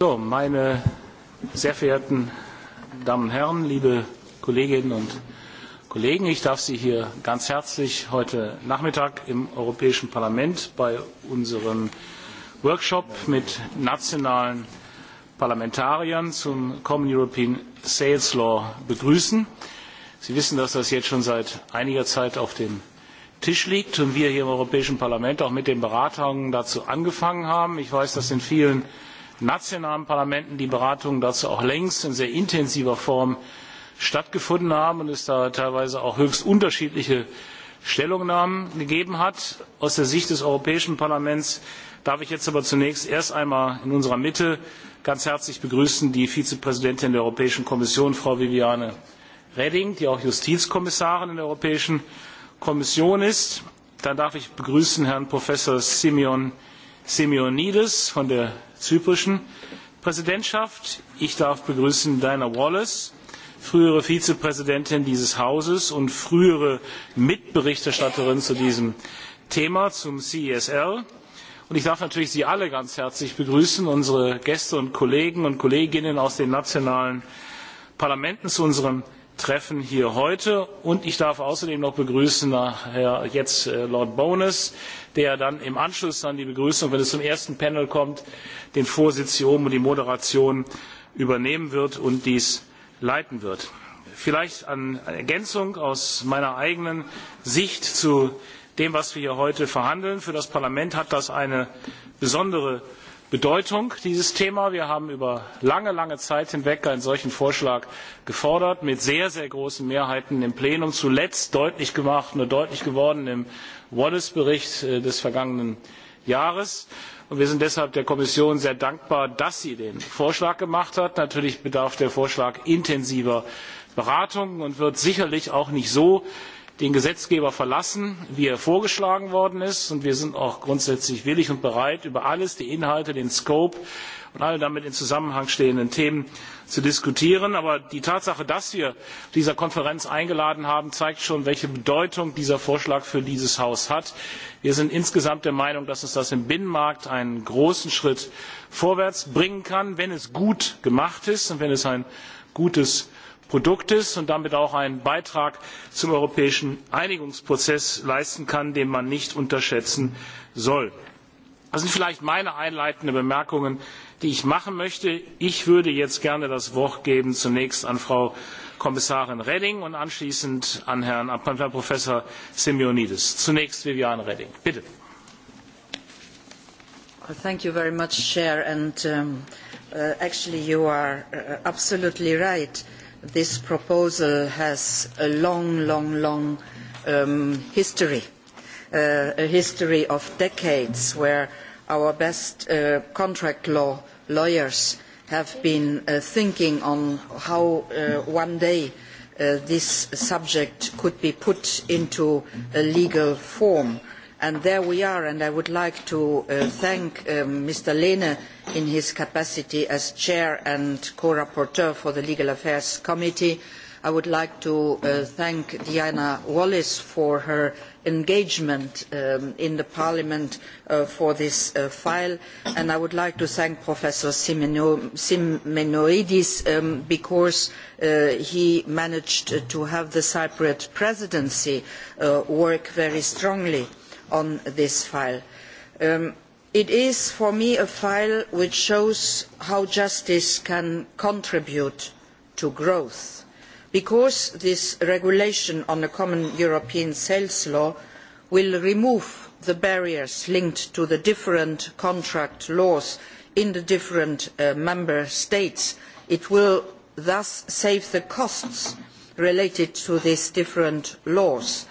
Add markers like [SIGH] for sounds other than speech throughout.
So, meine sehr verehrten Damen und Herren, liebe Kolleginnen und Kollegen, ich darf Sie hier ganz herzlich heute Nachmittag im Europäischen Parlament bei unserem Workshop mit nationalen Parlamentariern zum Common European Sales Law begrüßen. Sie wissen, dass das jetzt schon seit einiger Zeit auf dem Tisch liegt und wir hier im Europäischen Parlament auch mit den Beratungen dazu angefangen haben. Ich weiß, dass in vielen nationalen Parlamenten die Beratungen dazu auch längst in sehr intensiver Form stattgefunden haben und es da teilweise auch höchst unterschiedliche Stellungnahmen gegeben hat. Aus der Sicht des Europäischen Parlaments darf ich jetzt aber zunächst erst einmal in unserer Mitte ganz herzlich begrüßen die Vizepräsidentin der Europäischen Kommission, Frau Viviane Reding, die auch Justizkommissarin in der Europäischen Kommission ist. Dann darf ich begrüßen Herrn Professor Simeon Simeonides von der zyprischen Präsidentschaft. Ich darf begrüßen Diana Wallace, frühere Vizepräsidentin dieses Hauses und frühere Mitberichterstatterin zu diesem Thema, zum CESL. Und ich darf natürlich Sie alle ganz herzlich begrüßen, unsere Gäste und Kollegen und Kolleginnen aus den nationalen Parlamenten zu unserem treffen hier heute. Und ich darf außerdem noch begrüßen nachher jetzt äh, Lord Bowness, der dann im Anschluss an die Begrüßung, wenn es zum ersten Panel kommt, den Vorsitz hier oben und die Moderation übernehmen wird und dies leiten wird. Vielleicht eine Ergänzung aus meiner eigenen Sicht zu dem, was wir hier heute verhandeln. Für das Parlament hat das eine besondere Bedeutung dieses Thema. Wir haben über lange, lange Zeit hinweg einen solchen Vorschlag gefordert, mit sehr, sehr großen Mehrheiten im Plenum, zuletzt deutlich gemacht, nur deutlich geworden im Wallace-Bericht äh, des vergangenen Jahres. Und wir sind deshalb der Kommission sehr dankbar, dass sie den Vorschlag gemacht hat. Natürlich bedarf der Vorschlag intensiver Beratungen und wird sicherlich auch nicht so den Gesetzgeber verlassen, wie er vorgeschlagen worden ist. Und wir sind auch grundsätzlich willig und bereit, über alles, die Inhalte, den Scope und alle damit in Zusammenhang stehenden Themen zu diskutieren. Aber die Tatsache, dass wir dieser Konferenz eingeladen haben, zeigt schon, welche Bedeutung dieser Vorschlag für dieses Haus hat. Wir sind insgesamt der Meinung, dass uns das im Binnenmarkt einen großen Schritt vorwärts bringen kann, wenn es gut gemacht ist und wenn es ein gutes Produktes und damit auch einen Beitrag zum europäischen Einigungsprozess leisten kann, den man nicht unterschätzen soll. Das sind vielleicht meine einleitenden Bemerkungen, die ich machen möchte. Ich würde jetzt gerne das Wort geben zunächst an Frau Kommissarin Reding und anschließend an Herrn, Professor Simeonidis. Zunächst Viviane Reding. Bitte. Thank you very much, Chair. And um, uh, actually, you are uh, absolutely right. Uh, this proposal has a long, long, long um, history, uh, a history of decades where our best uh, contract law lawyers have been uh, thinking on how uh, one day uh, this subject could be put into a legal form and there we are and I would like to uh, thank um, Mr. Lehne in his capacity as chair and co-rapporteur for the Legal Affairs Committee. I would like to uh, thank Diana Wallis for her engagement um, in Parliament uh, for this uh, file and I would like to thank Professor Simeno Simenoidis um, because uh, he managed to have the Cypriot presidency uh, work very strongly on this file. Um, it is for me a file which shows how justice can contribute to growth because this regulation on the common European sales law will remove the barriers linked to the different contract laws in the different uh, member states. It will thus save the costs related to these different laws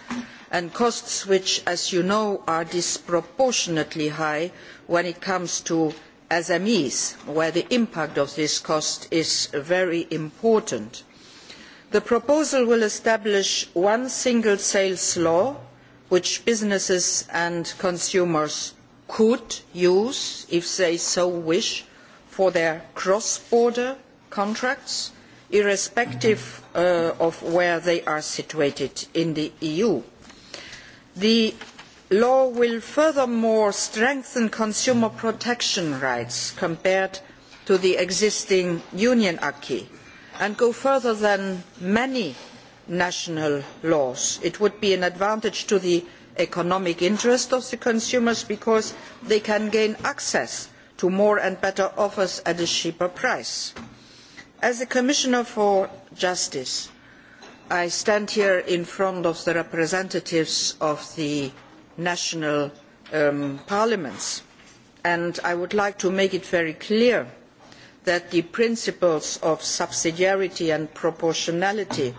and costs which as you know are disproportionately high when it comes to SMEs, where the impact of this cost is very important. The proposal will establish one single sales law which businesses and consumers could use if they so wish for their cross-border contracts irrespective uh, of where they are situated in the EU. The law will furthermore strengthen consumer protection rights compared to the existing union acquis and go further than many national laws. It would be an advantage to the economic interest of the consumers because they can gain access to more and better offers at a cheaper price. As the Commissioner for Justice, I stand here in front of the representatives of the national um, parliaments and I would like to make it very clear that the principles of subsidiarity and proportionality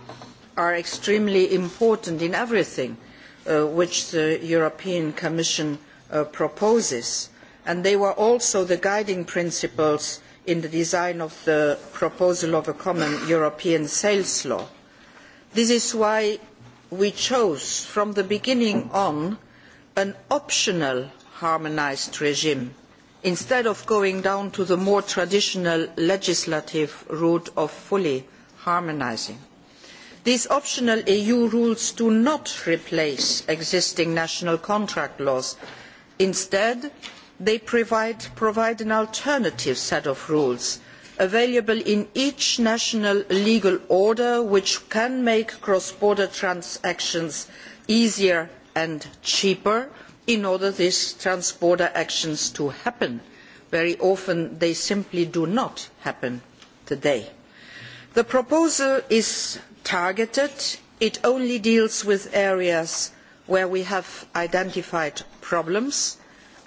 are extremely important in everything uh, which the European Commission uh, proposes and they were also the guiding principles in the design of the proposal of a common European sales law. This is why we chose from the beginning on an optional harmonised regime instead of going down to the more traditional legislative route of fully harmonising. These optional EU rules do not replace existing national contract laws. Instead, they provide, provide an alternative set of rules available in each national legal order which can make cross border transactions easier and cheaper in order for these trans border actions to happen. Very often they simply do not happen today. The proposal is targeted. It only deals with areas where we have identified problems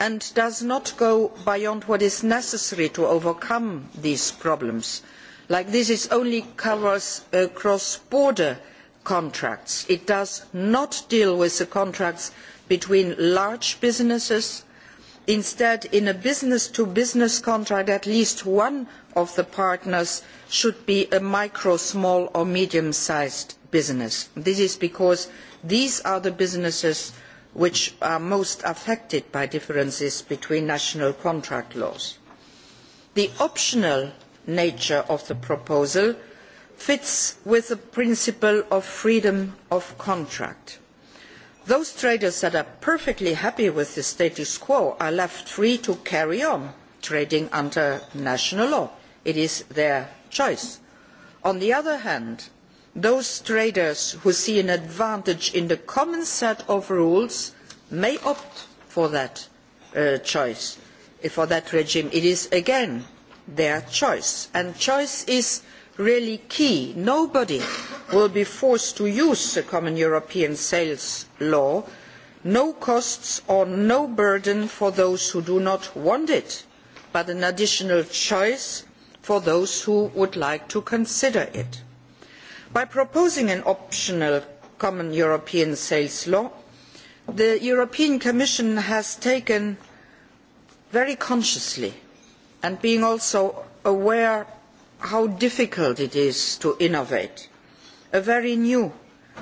and does not go beyond what is necessary to overcome these problems. Like this, it only covers uh, cross-border contracts. It does not deal with the contracts between large businesses. Instead, in a business to -business contract, at least one of the partners should be a micro, small or medium-sized business. This is because these are the businesses which are most affected by differences between national contract laws. The optional nature of the proposal fits with the principle of freedom of contract. Those traders that are perfectly happy with the status quo are left free to carry on trading under national law. It is their choice. On the other hand, those traders who see an advantage in the common set of rules may opt for that uh, choice, for that regime. It is again their choice. And choice is really key. Nobody will be forced to use the common European sales law. No costs or no burden for those who do not want it, but an additional choice for those who would like to consider it By proposing an optional common European sales law, the European Commission has taken very consciously and being also aware how difficult it is to innovate, a very new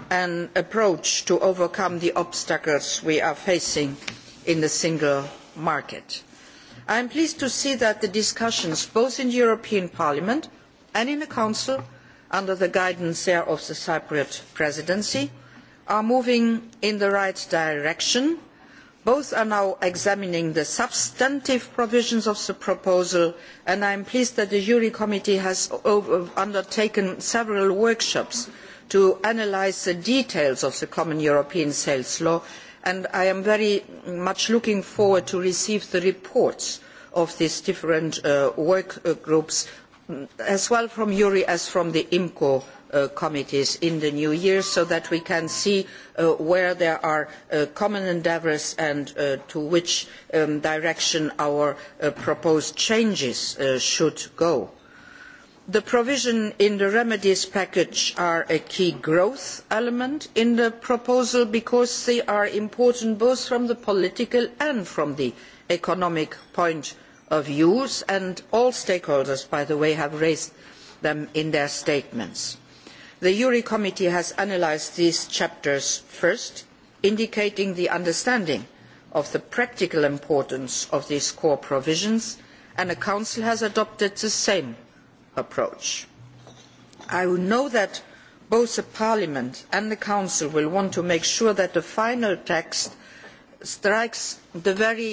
an approach to overcome the obstacles we are facing in the single market. I am pleased to see that the discussions both in the European Parliament and in the Council under the guidance of the Cypriot presidency, are moving in the right direction. Both are now examining the substantive provisions of the proposal, and I am pleased that the Juri Committee has undertaken several workshops to analyse the details of the common European sales law, and I am very much looking forward to receiving the reports of these different uh, work uh, groups as well from juri as from the imco uh, committees in the new year so that we can see uh, where there are uh, common endeavours and uh, to which um, direction our uh, proposed changes uh, should go. The provisions in the remedies package are a key growth element in the proposal because they are important both from the political and from the economic point of views and all stakeholders by the way have raised them in their statements. the juri committee has analysed these chapters first indicating the understanding of the practical importance of these core provisions and the council has adopted the same approach. i know that both parliament and the council will want to make sure that the final text strikes the very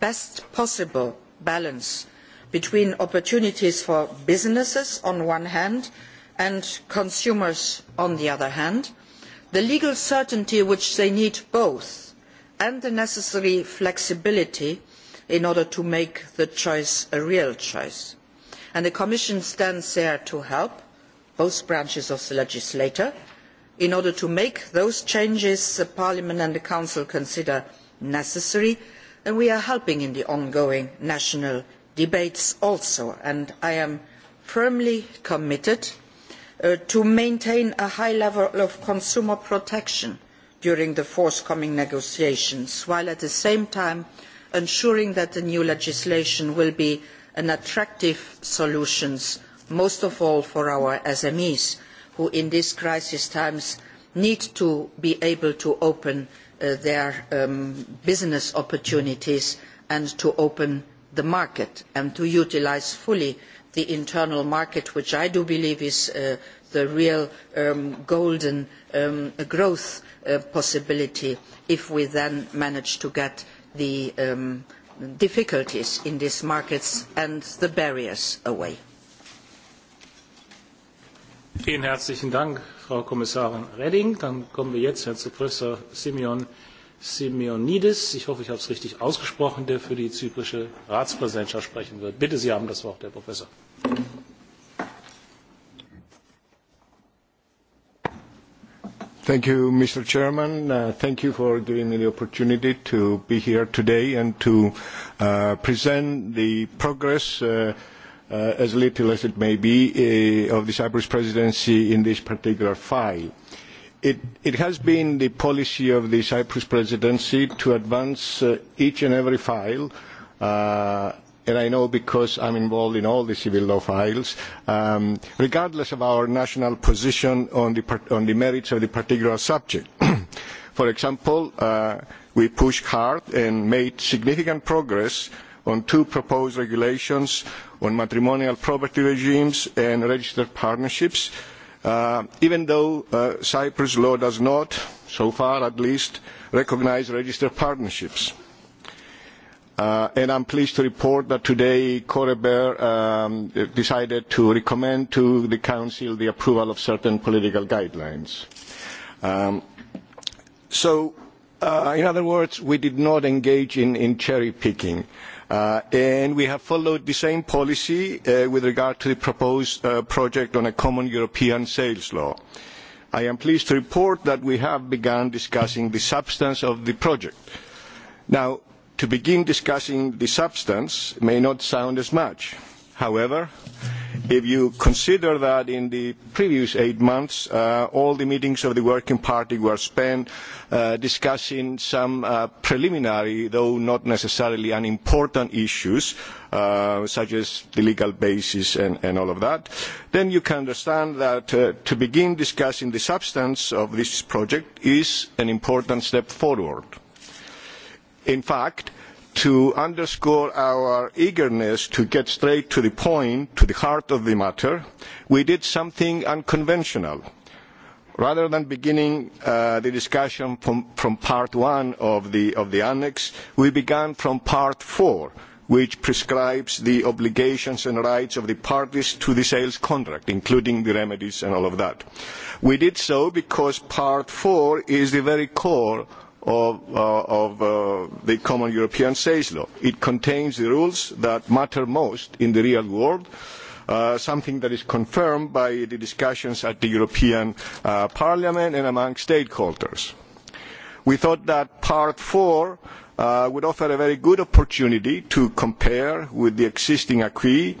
best possible balance between opportunities for businesses on the one hand and consumers on the other hand the legal certainty which they need both and the necessary flexibility in order to make the choice a real choice. the Commission stands there to help both branches of the legislature in order to make those changes Parliament and the Council consider necessary and we are helping in the ongoing national debates also and i am firmly committed uh, to maintaining a high level of consumer protection during the forthcoming negotiations while at the same time ensuring that the new legislation will be an attractive solution most of all for our smes who in these crisis times need to be able to open Uh, their um, business opportunities and to open the market and to utilise fully the internal market, which I do believe is uh, the real um, golden um, growth uh, possibility if we then manage to get the um, difficulties in these markets and the barriers away. Vielen herzlichen Dank, Frau Kommissarin Reding. Dann kommen wir jetzt Herrn Professor Simeon Simeonidis, ich hoffe, ich habe es richtig ausgesprochen, der für die zyprische Ratspräsidentschaft sprechen wird. Bitte, Sie haben das Wort, Herr Professor. Thank you, Mr. Chairman. Uh, thank you for giving me the opportunity to be here today and to uh, present the progress uh, uh, as little as it may be, uh, of the Cyprus presidency in this particular file. It, it has been the policy of the Cyprus presidency to advance uh, each and every file, uh, and I know because I'm involved in all the civil law files, um, regardless of our national position on the, on the merits of the particular subject. [CLEARS THROAT] For example, uh, we pushed hard and made significant progress uh, on two proposed regulations on matrimonial property regimes and registered partnerships, uh, even though uh, Cyprus law does not, so far at least, recognise registered partnerships. Uh, and I'm pleased to report that today Coreper um, decided to recommend to the Council the approval of certain political guidelines. Um, so, uh, in other words, we did not engage in, in cherry picking. Uh, Uh, and we have followed the same policy uh, with regard to the proposed uh, project on a common European sales law. I am pleased to report that we have begun discussing the substance of the project. Now, to begin discussing the substance may not sound as much, However, if you consider that in the previous eight months, uh, all the meetings of the Working Party were spent uh, discussing some uh, preliminary, though not necessarily unimportant issues, uh, such as the legal basis and, and, all of that, then you can understand that uh, to begin discussing the substance of this project is an important step forward. In fact, to underscore our eagerness to get straight to the point, to the heart of the matter, we did something unconventional. Rather than beginning uh, the discussion from, from part one of the, of the annex, we began from part four, which prescribes the obligations and rights of the parties to the sales contract, including the remedies and all of that. We did so because part four is the very core of, uh, of uh, the common European sales law. It contains the rules that matter most in the real world, uh, something that is confirmed by the discussions at the European uh, Parliament and among stakeholders. We thought that part four uh, would offer a very good opportunity to compare with the existing acquis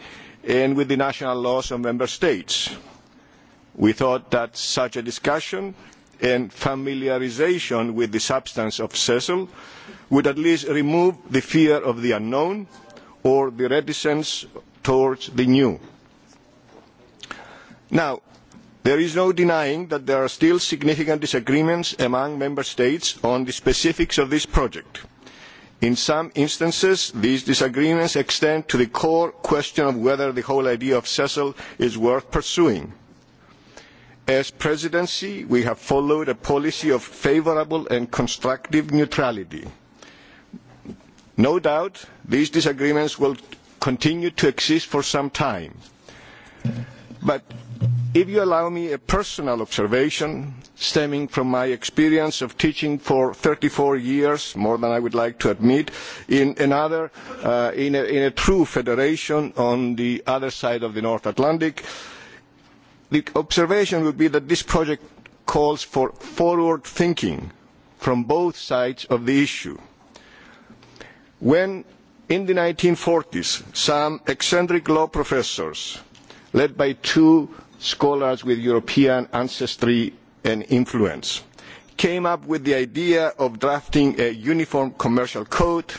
and with the national laws of member states. We thought that such a discussion and familiarisation with the substance of Cecil would at least remove the fear of the unknown or the reticence towards the new. Now, there is no denying that there are still significant disagreements among Member States on the specifics of this project. In some instances, these disagreements extend to the core question of whether the whole idea of Cecil is worth pursuing. As presidency, we have followed a policy of favourable and constructive neutrality. No doubt, these disagreements will continue to exist for some time. But if you allow me a personal observation stemming from my experience of teaching for thirty four years, more than I would like to admit, in another, uh, in, a, in a true federation on the other side of the North Atlantic, uh, the observation would be that this project calls for forward thinking from both sides of the issue. When in the 1940s, some eccentric law professors, led by two scholars with European ancestry and influence, came up with the idea of drafting a uniform commercial code,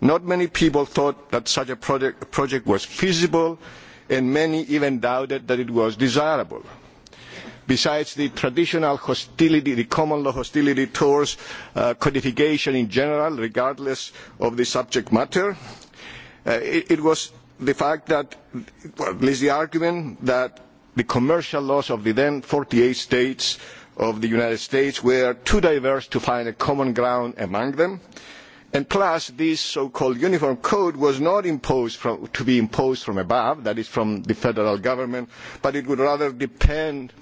not many people thought that such a project, project was feasible and many even doubted that it was desirable. Besides the traditional hostility, the common law hostility towards uh, codification in general, regardless of the subject matter, uh, it, it was the fact that, well, at least the argument that the commercial laws of the then 48 states of the United States were too diverse to find a common ground among them, And plus, this so-called uniform code was not imposed from, to be imposed from above, that is from the federal government, but it would rather depend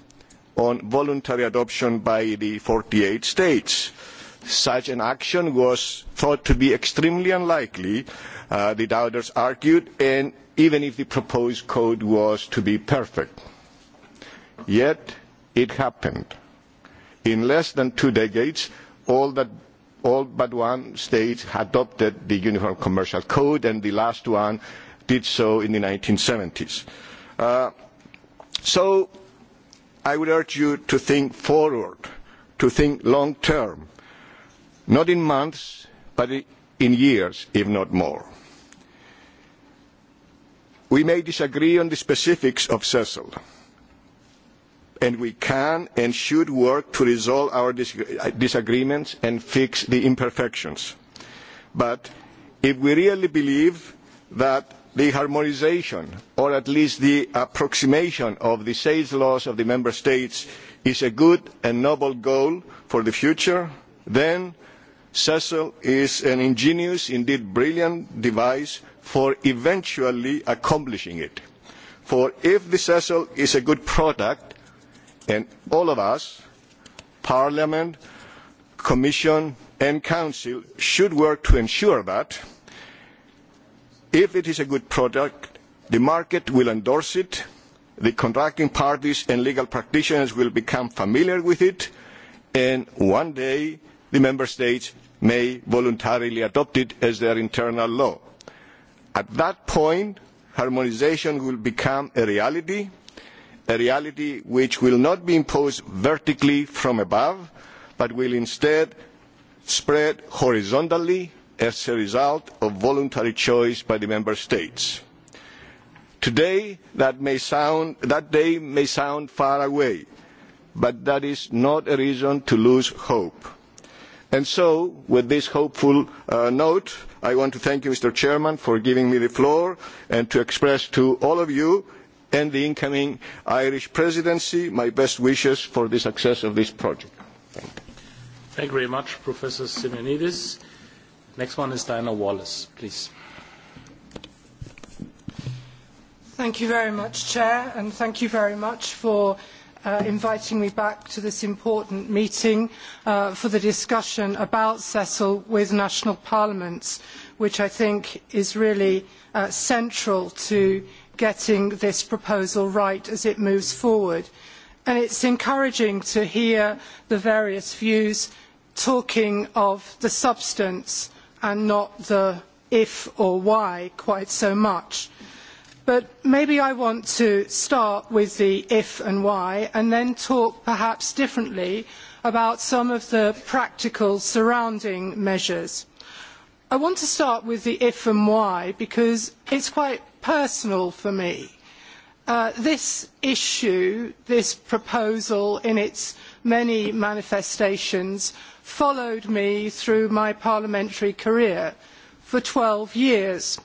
on voluntary adoption by the forty eight states. Such an action was thought to be extremely unlikely, uh, the doubters argued, and even if the proposed code was to be perfect. Yet, it happened. In less than two decades, all that all but one state adopted the Uniform Commercial Code, and the last one did so in the 1970s. Uh, so I would urge you to think forward, to think long term, not in months, but in years, if not more. We may disagree on the specifics of CECIL and we can and should work to resolve our disagreements and fix the imperfections. But if we really believe that the harmonisation or at least the approximation of the sales laws of the member states is a good and noble goal for the future, then Cecil is an ingenious, indeed brilliant device for eventually accomplishing it. For if the Cecil is a good product, And all of us, Parliament, Commission and Council, should work to ensure that if it is a good product, the market will endorse it, the contracting parties and legal practitioners will become familiar with it, and one day the Member States may voluntarily adopt it as their internal law. At that point, harmonisation will become a reality a reality which will not be imposed vertically from above, but will instead spread horizontally as a result of voluntary choice by the member states. Today, that, may sound, that day may sound far away, but that is not a reason to lose hope. And so, with this hopeful uh, note, I want to thank you, Mr. Chairman, for giving me the floor and to express to all of you and the incoming Irish presidency. My best wishes for the success of this project. Thank you, Thank you very much, Professor Simeonidis. Next one is Diana Wallace, please. Thank you very much, Chair, and thank you very much for uh, inviting me back to this important meeting uh, for the discussion about CECIL with national parliaments, which I think is really uh, central to getting this proposal right as it moves forward. And is encouraging to hear the various views talking of the substance and not the if or why quite so much. But maybe I want to start with the if and why and then talk perhaps differently about some of the practical surrounding measures. I want to start with the if and why because it's quite personal for me. Uh, this issue, this proposal in its many manifestations followed me through my parliamentary career for twelve years.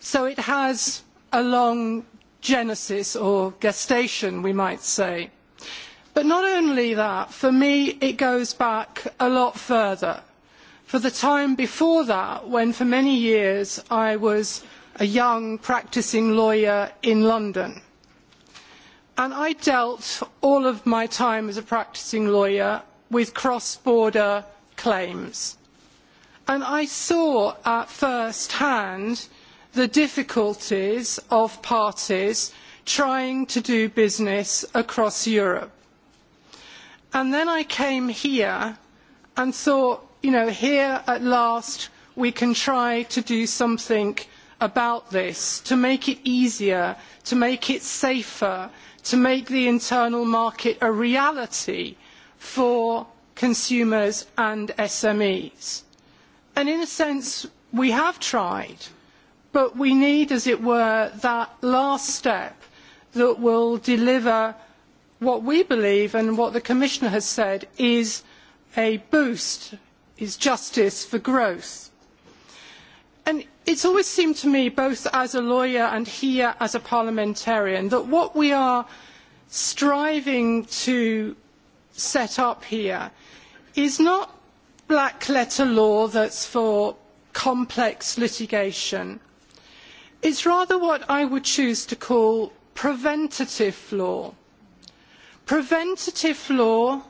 So it has a long genesis or gestation, we might say. But not only that, for me it goes back a lot further for the time before that, when for many years I was a young practising lawyer in London. And I dealt all of my time as a practising lawyer with cross-border claims. And I saw at first hand the difficulties of parties trying to do business across Europe. And then I came here and thought, you know, here at last we can try to do something about this, to make it easier, to make it safer, to make the internal market a reality for consumers and SMEs. And in a sense, we have tried, but we need, as it were, that last step that will deliver what we believe and what the Commissioner has said is a boost is justice for growth. And has always seemed to me, both as a lawyer and here as a parliamentarian, that what we are striving to set up here is not black letter law that is for complex litigation. It is rather what I would choose to call preventative law. Preventative law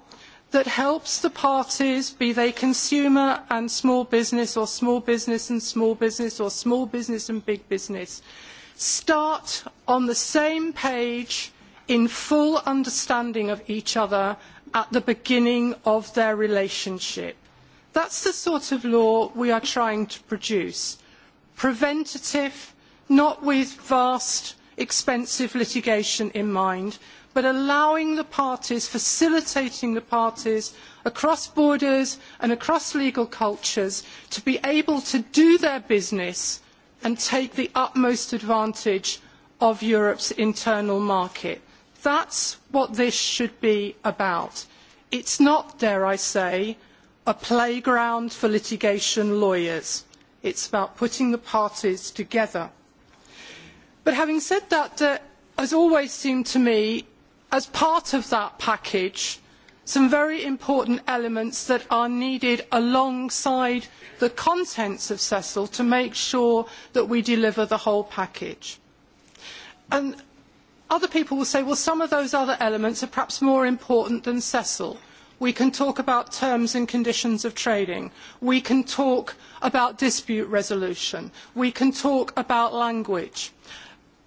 that helps the parties, be they consumer and small business, or small business and small business, or small business and big business, start on the same page in full understanding of each other at the beginning of their relationship. That is the sort of law we are trying to produce. Preventative, not with vast, expensive litigation in mind, but allowing the parties, facilitating the parties across borders and across legal cultures to be able to do their business and take the utmost advantage of Europe's internal market. That is what this should be about. It is not, dare I say, a playground for litigation lawyers. It is about putting the parties together. But having said that, there has always seemed to me as part of that package, some very important elements that are needed alongside the contents of CECIL to make sure that we deliver the whole package. And other people will say, well, some of those other elements are perhaps more important than CECIL. We can talk about terms and conditions of trading. We can talk about dispute resolution. We can talk about language.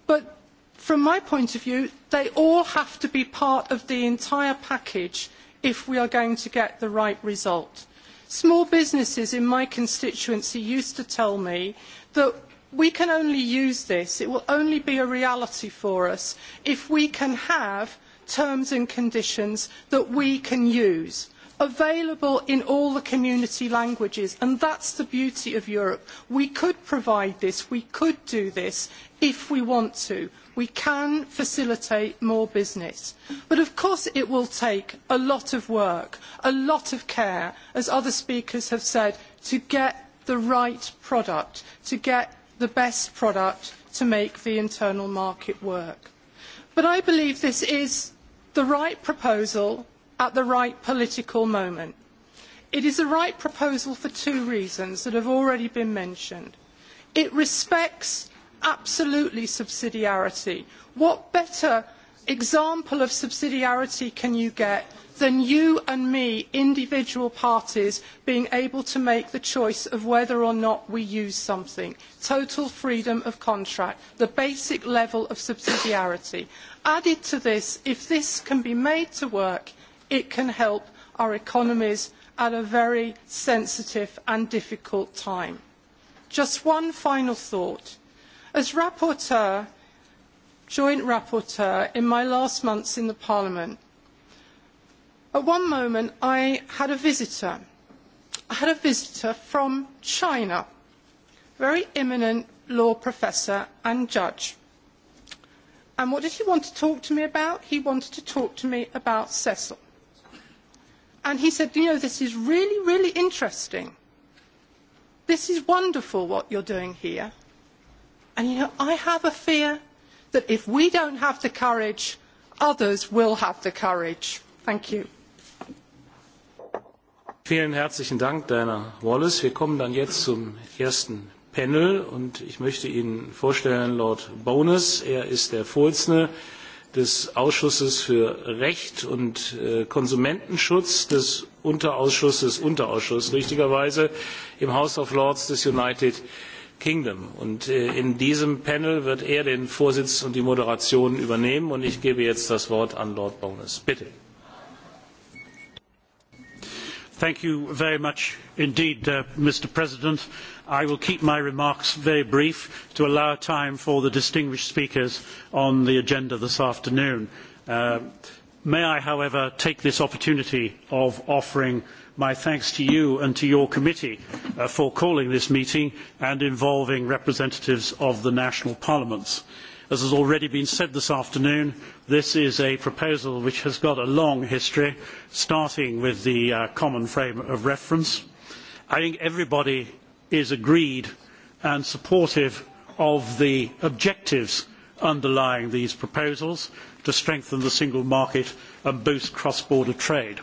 But From my point of view, they all have to be part of the entire package if we are going to get the right result. Small businesses in my constituency used to tell me that we can only use this, it will only be a reality for us if we can have terms and conditions that we can use available in all the community languages and that is the beauty of Europe. We could provide this, we could do this if we want to we can facilitate more business. But of course it will take a lot of work, a lot of care, as other speakers have said, to get the right product, to get the best product to make the internal market work. But I believe this is the right proposal at the right political moment. It is the right proposal for two reasons that have already been mentioned. It respects absolutely subsidiarity. What better example of subsidiarity can you get than you and me, individual parties, being able to make the choice of whether or not we use something. Total freedom of contract, the basic level of subsidiarity. Added to this, if this can be made to work, it can help our economies at a very sensitive and difficult time. Just one final thought As rapporteur, joint rapporteur, in my last months in the Parliament, at one moment I had a visitor. I had a visitor from China, a very eminent law professor and judge. And what did he want to talk to me about? He wanted to talk to me about Cecil. And he said, you know, this is really, really interesting. This is wonderful what you're doing here. And you know, I have a fear that if we don't have the courage, others will have the courage. Thank you. Vielen herzlichen Dank, Diana Wallace. Wir kommen dann jetzt zum ersten Panel und ich möchte Ihnen vorstellen Lord Bonus. Er ist der Vorsitzende des Ausschusses für Recht und äh, Konsumentenschutz des Unterausschusses, Unterausschuss richtigerweise im House of Lords des United Kingdom. Kingdom. Und äh, in diesem Panel wird er den Vorsitz und die Moderation übernehmen. Und ich gebe jetzt das Wort an Lord Bowness. Bitte. Thank you very much indeed, uh, Mr. President. I will keep my remarks very brief to allow time for the distinguished speakers on the agenda this afternoon. Uh, may I, however, take this opportunity of offering my thanks to you and to your committee uh, for calling this meeting and involving representatives of the national parliaments. As has already been said this afternoon, this is a proposal which has got a long history, starting with the uh, common frame of reference. I think everybody is agreed and supportive of the objectives underlying these proposals to strengthen the single market and boost cross-border trade.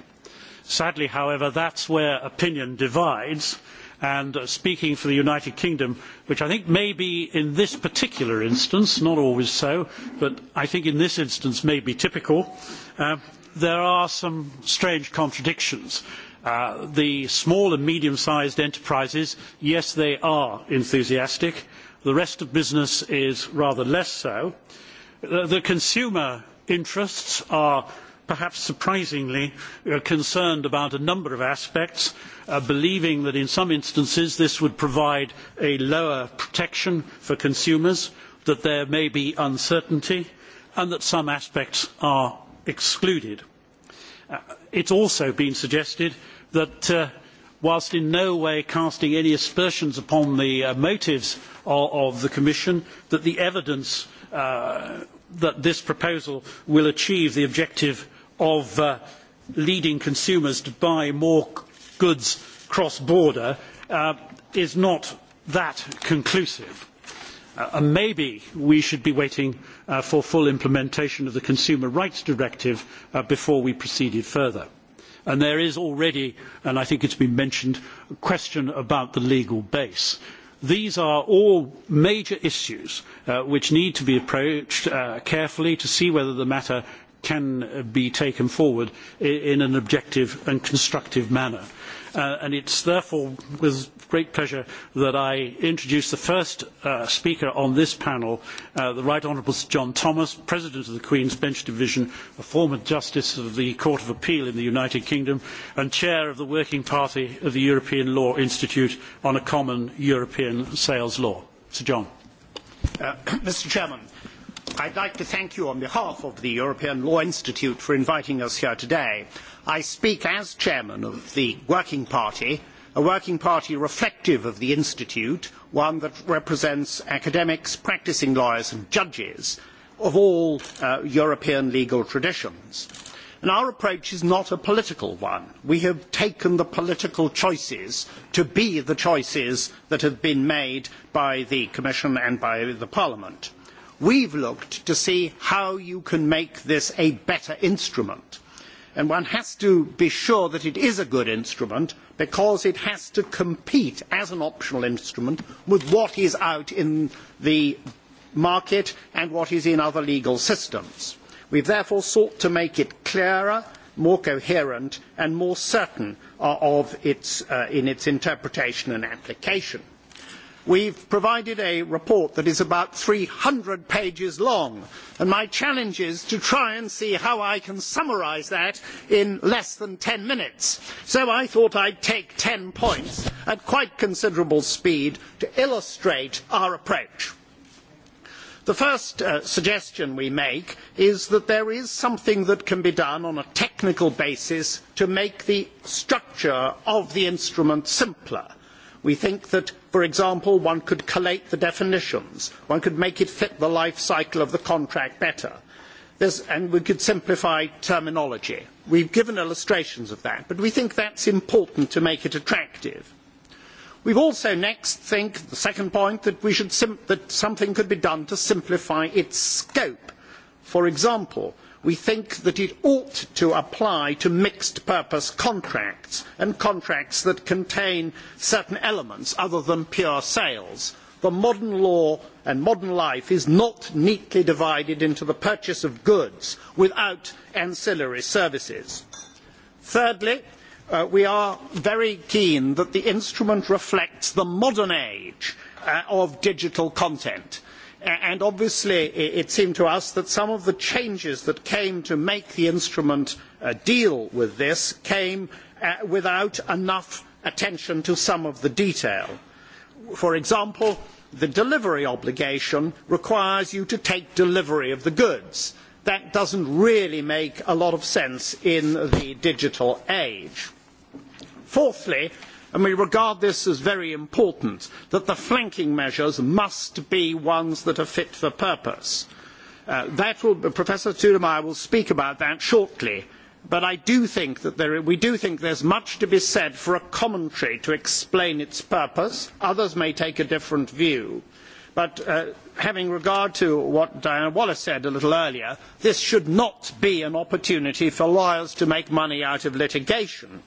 Sadly, however, that is where opinion divides. And uh, speaking for the United Kingdom, which I think may be in this particular instance, not always so, but I think in this instance may be typical, uh, there are some strange contradictions. Uh, the small and medium sized enterprises, yes, they are enthusiastic. The rest of business is rather less so. Uh, the consumer interests are perhaps surprisingly, uh, concerned about a number of aspects, uh, believing that in some instances this would provide a lower protection for consumers, that there may be uncertainty, and that some aspects are excluded. Uh, it has also been suggested that uh, whilst in no way casting any aspersions upon the uh, motives of, of, the Commission, that the evidence uh, that this proposal will achieve the objective of uh, leading consumers to buy more goods cross border uh, is not that conclusive. Uh, maybe we should be waiting uh, for full implementation of the Consumer Rights Directive uh, before we proceeded further. And there is already, and I think it has been mentioned, a question about the legal base. These are all major issues uh, which need to be approached uh, carefully to see whether the matter can be taken forward in an objective and constructive manner. Uh, and it is therefore with great pleasure that I introduce the first uh, speaker on this panel, uh, the Right Honourable Sir John Thomas, President of the Queen's Bench Division, a former Justice of the Court of Appeal in the United Kingdom, and Chair of the Working Party of the European Law Institute on a Common European Sales Law. Sir John. Uh, [COUGHS] Mr Chairman, I would like to thank you on behalf of the European Law Institute for inviting us here today. I speak as chairman of the Working Party, a working party reflective of the Institute, one that represents academics, practising lawyers and judges of all uh, European legal traditions. And our approach is not a political one. We have taken the political choices to be the choices that have been made by the Commission and by Parliament. We have looked to see how you can make this a better instrument. And one has to be sure that it is a good instrument because it has to compete as an optional instrument with what is out in the market and what is in other legal systems. We have therefore sought to make it clearer, more coherent and more certain uh, of its, uh, in its interpretation and application. We have provided a report that is about three hundred pages long, and my challenge is to try and see how I can summarise that in less than ten minutes. So I thought I would take ten points at quite considerable speed to illustrate our approach. The first uh, suggestion we make is that there is something that can be done on a technical basis to make the structure of the instrument simpler. We think that For example, one could collate the definitions. One could make it fit the life cycle of the contract better. and we could simplify terminology. We have given illustrations of that, but we think that is important to make it attractive. We also next think, the second point, that, that something could be done to simplify its scope. For example, we think that it ought to apply to mixed purpose contracts and contracts that contain certain elements other than pure sales. The modern law and modern life is not neatly divided into the purchase of goods without ancillary services. Thirdly, uh, we are very keen that the instrument reflects the modern age uh, of digital content and obviously it seemed to us that some of the changes that came to make the instrument uh, deal with this came uh, without enough attention to some of the detail. For example, the delivery obligation requires you to take delivery of the goods. That does not really make a lot of sense in the digital age. Fourthly, and we regard this as very important, that the flanking measures must be ones that are fit for purpose. Uh, will, Professor Tudemeyer will speak about that shortly, but I do think that there, we do think there is much to be said for a commentary to explain its purpose. Others may take a different view. But uh, having regard to what Diana Wallace said a little earlier, this should not be an opportunity for lawyers to make money out of litigation.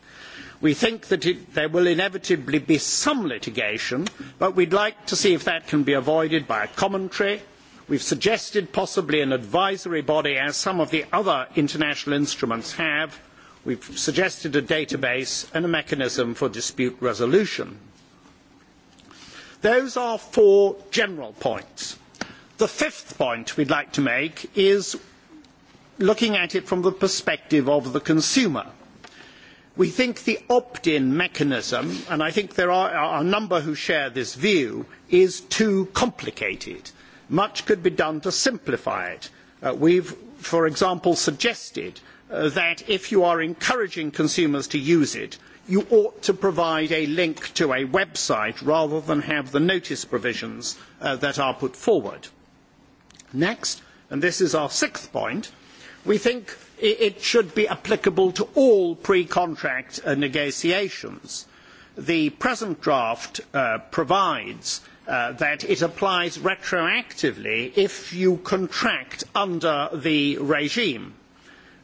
We think that it, there will inevitably be some litigation, but we would like to see if that can be avoided by a commentary. We have suggested possibly an advisory body, as some of the other international instruments have. We have suggested a database and a mechanism for dispute resolution. Those are four general points. The fifth point we would like to make is looking at it from the perspective of the consumer. We think the opt-in mechanism, and I think there are a number who share this view, is too complicated. Much could be done to simplify it. Uh, we have, for example, suggested uh, that if you are encouraging consumers to use it, you ought to provide a link to a website rather than have the notice provisions uh, that are put forward. Next, and this is our sixth point, we think it should be applicable to all pre-contract uh, negotiations. The present draft uh, provides uh, that it applies retroactively if you contract under the regime.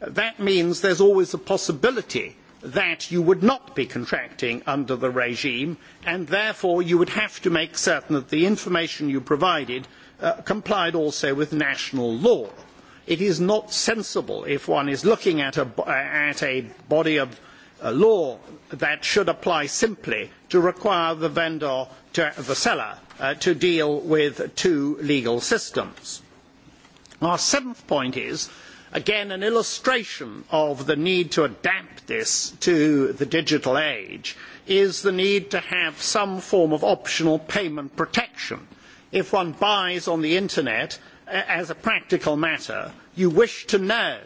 That means there is always a possibility that you would not be contracting under the regime and therefore you would have to make certain that the information you provided uh, complied also with national law it is not sensible if one is looking at a, at a body of a uh, law that should apply simply to require the vendor to, the seller uh, to deal with two legal systems. Our seventh point is again an illustration of the need to adapt this to the digital age is the need to have some form of optional payment protection. If one buys on the internet, as a practical matter, you wish to know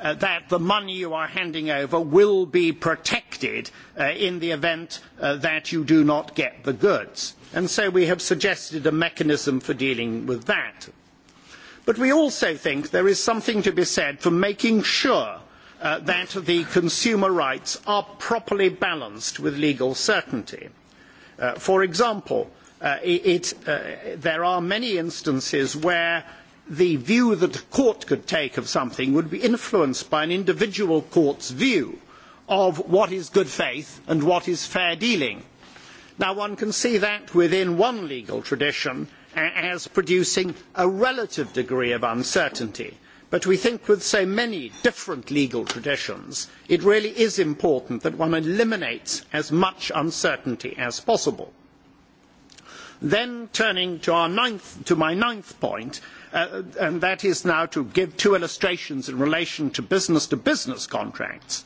uh, that the money you are handing over will be protected uh, in the event uh, that you do not get the goods. And so we have suggested a mechanism for dealing with that. But we also think there is something to be said for making sure uh, that the consumer rights are properly balanced with legal certainty. Uh, for example, uh, it, there are many instances where the view that a court could take of something would be influenced by an individual court's view of what is good faith and what is fair dealing. Now, one can see that within one legal tradition as producing a relative degree of uncertainty. But we think with so many different legal traditions, it really is important that one eliminates as much uncertainty as possible. Then, turning to, ninth, to my ninth point, uh, and that is now to give two illustrations in relation to business to business contracts.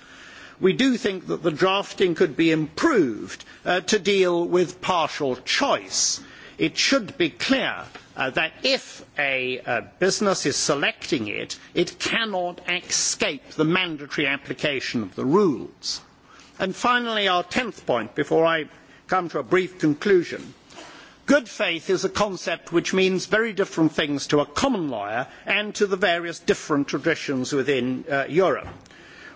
We do think that the drafting could be improved uh, to deal with partial choice. It should be clear uh, that if a uh, business is selecting it, it cannot escape the mandatory application of the rules. And finally, our tenth point, before I come to a brief conclusion Good faith is a concept which means very different things to a common lawyer and to the various different traditions within uh, Europe.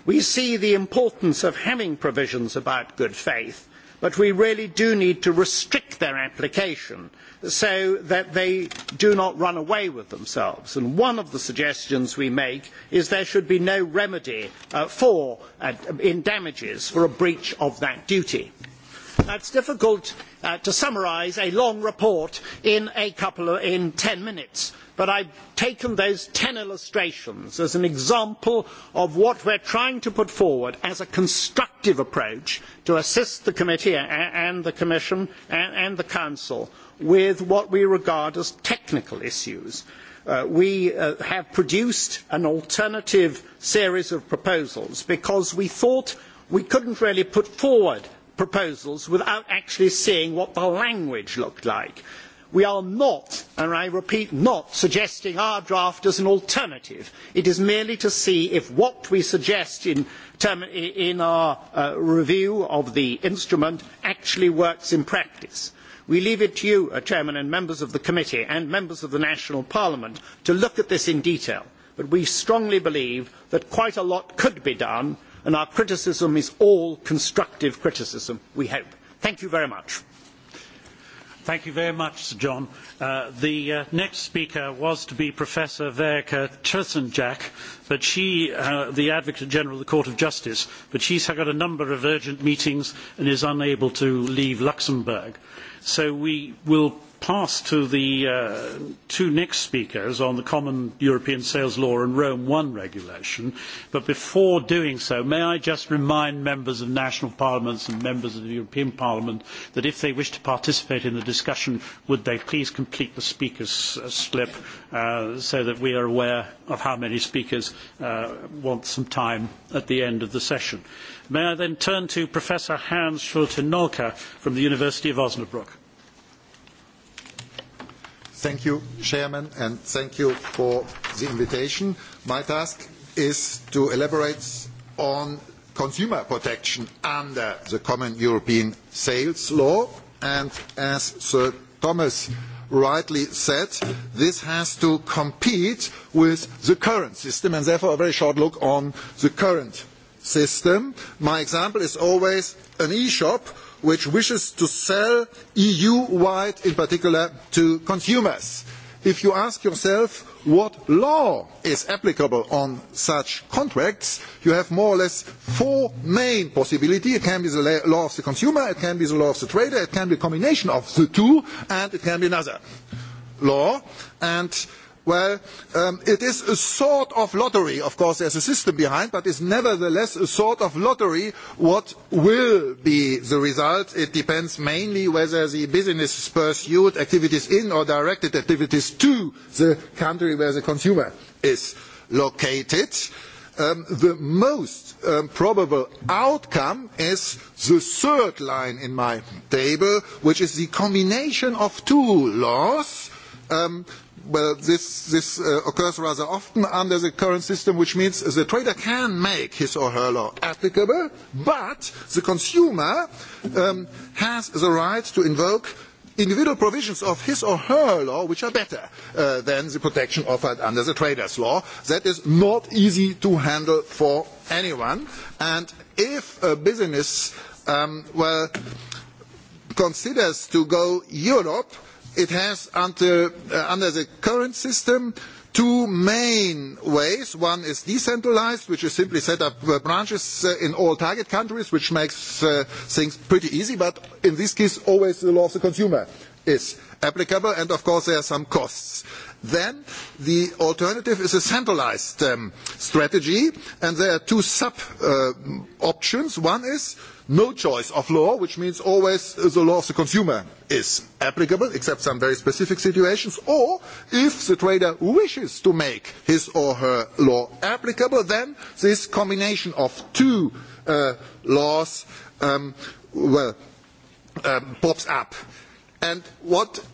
We see the importance of having provisions about good faith, but we really do need to restrict their application so that they do not run away with themselves. And one of the suggestions we make is there should be no remedy uh, for, uh, in damages for a breach of that duty. It is difficult Uh, to summarise a long report in, a couple of, in ten minutes. But I have taken those ten illustrations as an example of what we are trying to put forward as a constructive approach to assist the committee and the commission and the council with what we regard as technical issues. Uh, we uh, have produced an alternative series of proposals because we thought we could not really put forward proposals without actually seeing what the language looked like. We are not, and I repeat, not suggesting our draft as an alternative. It is merely to see if what we suggest in, term, in our uh, review of the instrument actually works in practice. We leave it to you, uh, Chairman, and members of the committee and members of the National Parliament to look at this in detail. But we strongly believe that quite a lot could be done and our criticism is all constructive criticism, we hope. Thank you very much. Thank you very much, Sir John. Uh, the uh, next speaker was to be Professor Verka Chersenjak, but she, uh, the Advocate General of the Court of Justice, but she's had a number of urgent meetings and is unable to leave Luxembourg. So we will pass to the uh, two next speakers on the common European sales law and Rome I regulation. But before doing so, may I just remind members of national parliaments and members of the European Parliament that if they wish to participate in the discussion, would they please complete the speaker's uh, slip uh, so that we are aware of how many speakers uh, want some time at the end of the session. May I then turn to Professor Hans Schulte-Nolke from the University of Osnabrück. Thank you, Chairman, and thank you for the invitation. My task is to elaborate on consumer protection under the common European sales law. And as Sir Thomas rightly said, this has to compete with the current system and therefore a very short look on the current system. My example is always an e-shop which wishes to sell EU-wide, in particular to consumers. If you ask yourself what law is applicable on such contracts, you have more or less four main possibilities. It can be the law of the consumer, it can be the law of the trader, it can be a combination of the two, and it can be another law. And Well, um, it is a sort of lottery. Of course, there is a system behind, but it is nevertheless a sort of lottery. What will be the result? It depends mainly whether the business is pursued activities in or directed activities to the country where the consumer is located. Um, the most um, probable outcome is the third line in my table, which is the combination of two laws. Um, well, this, this uh, occurs rather often under the current system, which means the trader can make his or her law applicable, but the consumer um, has the right to invoke individual provisions of his or her law which are better uh, than the protection offered under the trader's law. That is not easy to handle for anyone. And if a business, um, well, considers to go Europe, it has under, uh, under the current system two main ways. One is decentralized, which is simply set up uh, branches uh, in all target countries, which makes uh, things pretty easy, but in this case, always the law of the consumer is applicable, and of course there are some costs. Then the alternative is a centralised um, strategy, and there are two sub uh, options. One is no choice of law, which means always the law of the consumer is applicable, except some very specific situations, or if the trader wishes to make his or her law applicable, then this combination of two uh, laws um, well, um, pops up. And what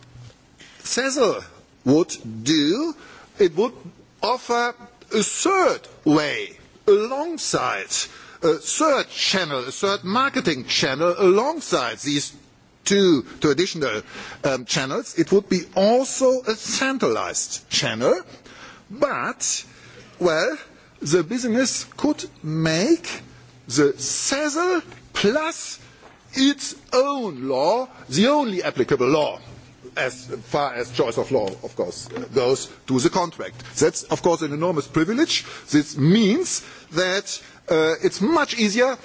CESL would do, it would offer a third way alongside a third channel, a third marketing channel alongside these two traditional um, channels. It would be also a centralized channel, but, well, the business could make the CESL plus its own law, the only applicable law as far as choice of law, of course, goes to the contract. That's, of course, an enormous privilege. This means that uh, it's much easier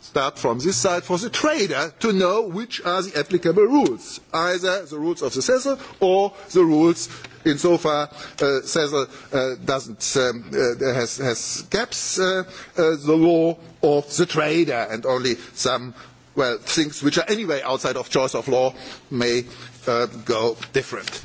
start from this side for the trader to know which are the applicable rules, either the rules of the CESL or the rules insofar uh, CESL uh, doesn't, um, uh, has, has gaps, uh, uh, the law of the trader and only some well, things which are anyway outside of choice of law may go different.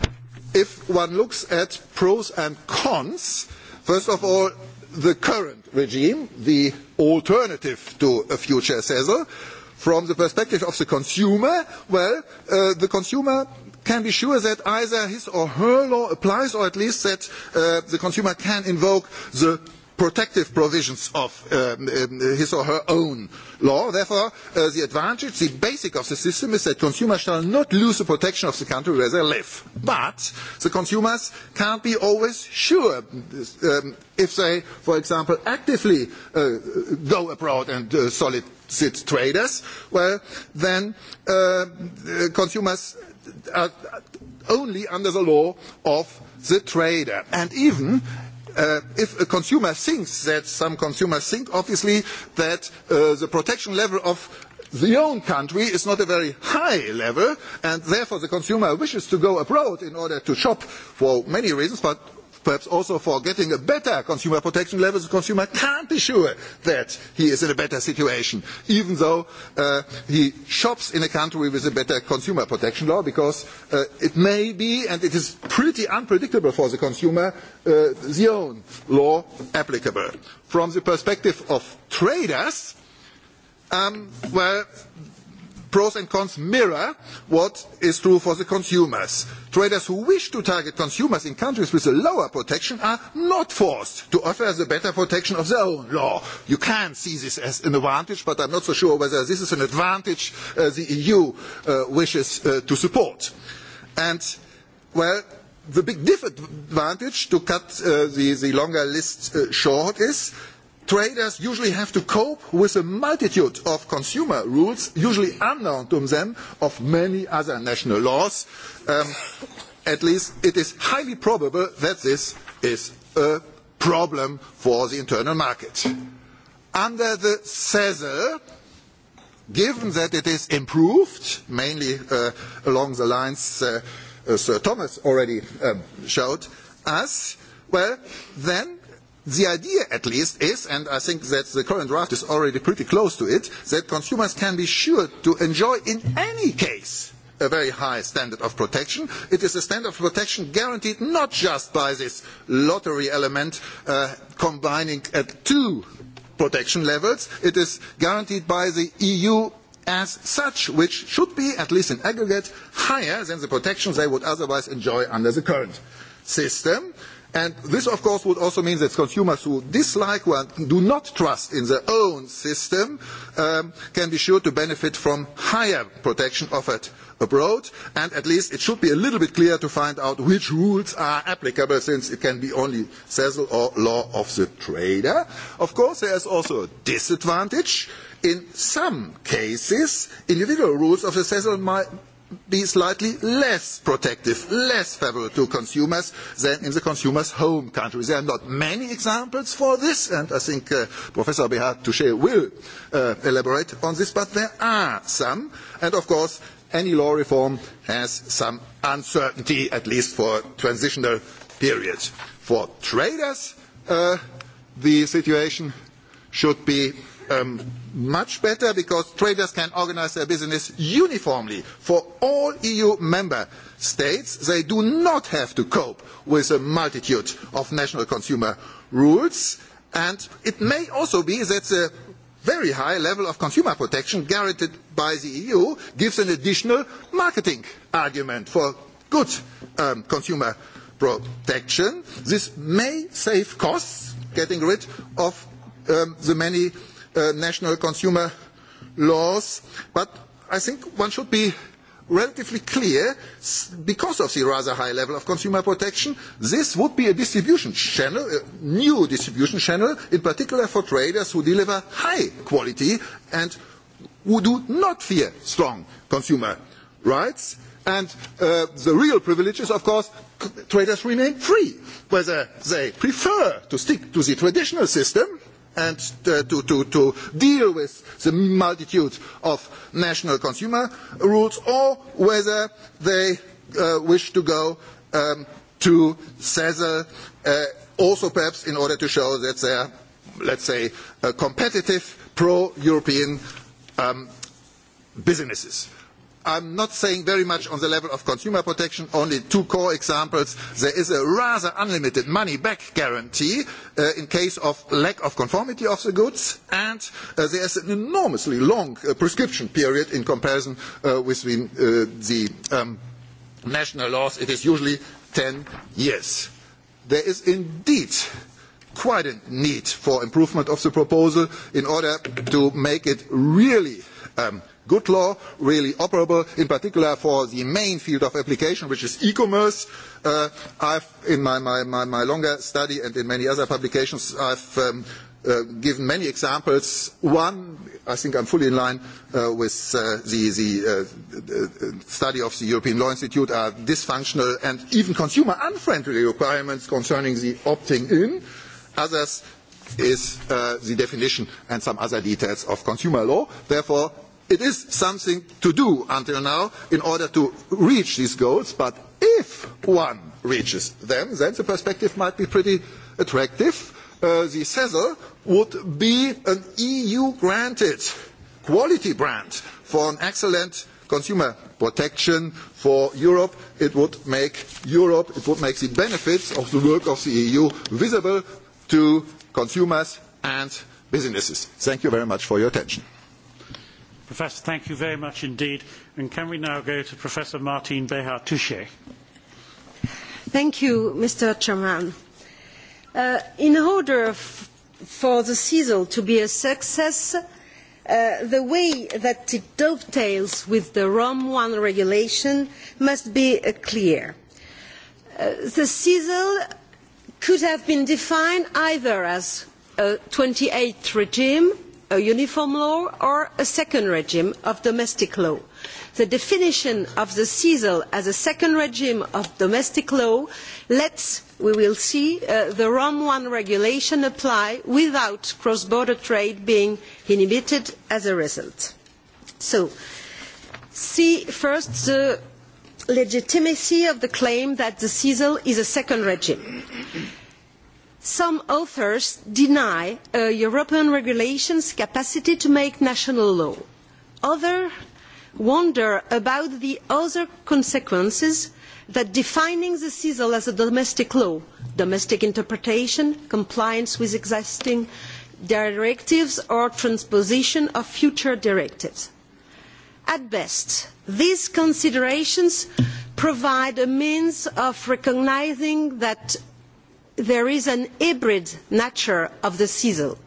If one looks at pros and cons, first of all, the current regime, the alternative to a future CESL, from the perspective of the consumer, well, uh, the consumer can be sure that either his or her law applies, or at least that uh, the consumer can invoke the protective provisions of um, um, his or her own law. Therefore, uh, the advantage, the basic of the system is that consumers shall not lose the protection of the country where they live. But the consumers cannot be always sure um, if they, for example, actively uh, go abroad and uh, solicit traders, well, then uh, consumers are only under the law of the trader. And even Uh, if a consumer thinks that some consumers think obviously that uh, the protection level of the own country is not a very high level and therefore the consumer wishes to go abroad in order to shop for many reasons but perhaps also for getting a better consumer protection level, the consumer can't be sure that he is in a better situation, even though uh, he shops in a country with a better consumer protection law, because uh, it may be, and it is pretty unpredictable for the consumer, uh, the own law applicable. From the perspective of traders, um, well, pros and cons mirror what is true for the consumers. Traders who wish to target consumers in countries with a lower protection are not forced to offer the better protection of their own law. You can see this as an advantage, but I am not so sure whether this is an advantage uh, the EU uh, wishes uh, to support. And, well, the big disadvantage to cut uh, the, the, longer list uh, short is traders usually have to cope with a multitude of consumer rules, usually unknown to them, of many other national laws. Um, at least it is highly probable that this is a problem for the internal market. Under the CESAR, given that it is improved, mainly uh, along the lines uh, uh Sir Thomas already um, showed us, well, then The idea, at least, is, and I think that the current draft is already pretty close to it, that consumers can be sure to enjoy, in any case, a very high standard of protection. It is a standard of protection guaranteed not just by this lottery element uh, combining at two protection levels, it is guaranteed by the EU as such, which should be, at least in aggregate, higher than the protections they would otherwise enjoy under the current system. And this, of course, would also mean that consumers who dislike one, do not trust in their own system, um, can be sure to benefit from higher protection offered abroad. And at least it should be a little bit clear to find out which rules are applicable, since it can be only CESL or law of the trader. Of course, there is also a disadvantage. In some cases, individual rules of the CESL might be slightly less protective, less favourable to consumers than in the consumers' home countries. There are not many examples for this, and I think uh, Professor Behar Touche will uh, elaborate on this, but there are some, and of course, any law reform has some uncertainty, at least for a transitional period. For traders, uh, the situation should be um, much better because traders can organise their business uniformly for all EU member states. They do not have to cope with a multitude of national consumer rules. And it may also be that the very high level of consumer protection guaranteed by the EU gives an additional marketing argument for good um, consumer protection. This may save costs, getting rid of um, the many Uh, national consumer laws. But I think one should be relatively clear because of the rather high level of consumer protection this would be a distribution channel a new distribution channel in particular for traders who deliver high quality and who do not fear strong consumer rights and uh, the real privilege is of course traders remain free whether they prefer to stick to the traditional system and uh, to, to, to, deal with the multitude of national consumer rules or whether they uh, wish to go um, to CESL uh, also perhaps in order to show that they are, let's say, uh, competitive pro-European um, businesses. I am not saying very much on the level of consumer protection, only two core examples. There is a rather unlimited money back guarantee uh, in case of lack of conformity of the goods, and uh, there is an enormously long uh, prescription period in comparison uh, with the, uh, the um, national laws. It is usually ten years. There is indeed quite a need for improvement of the proposal in order to make it really um, good law, really operable, in particular for the main field of application, which is e-commerce. Uh, I've, in my, my, my, my longer study and in many other publications, I've um, uh, given many examples. One, I think I'm fully in line uh, with uh, the, the uh, study of the European Law Institute, are dysfunctional and even consumer-unfriendly requirements concerning the opting in. Others is uh, the definition and some other details of consumer law. Therefore, it is something to do until now in order to reach these goals, but if one reaches them, then the perspective might be pretty attractive. Uh, the CESL would be an EU-granted quality brand for an excellent consumer protection for Europe. It would make Europe, it would make the benefits of the work of the EU visible to consumers and businesses. Thank you very much for your attention. Professor, thank you very much indeed. And can we now go to Professor Martin Behar Touche? Thank you, Mr. Chairman. Uh, in order for the CISL to be a success, uh, the way that it dovetails with the Rom 1 regulation must be uh, clear. Uh, the CISL could have been defined either as a 28th regime a uniform law or a second regime of domestic law. The definition of the CESL as a second regime of domestic law lets, we will see, uh, the Rome 1 regulation apply without cross-border trade being inhibited as a result. So, see first the legitimacy of the claim that the CESL is a second regime some authors deny a uh, European regulations' capacity to make national law. Others wonder about the other consequences that defining the CISL as a domestic law, domestic interpretation, compliance with existing directives or transposition of future directives. At best, these considerations provide a means of recognising that there is an hybrid nature of the CISL.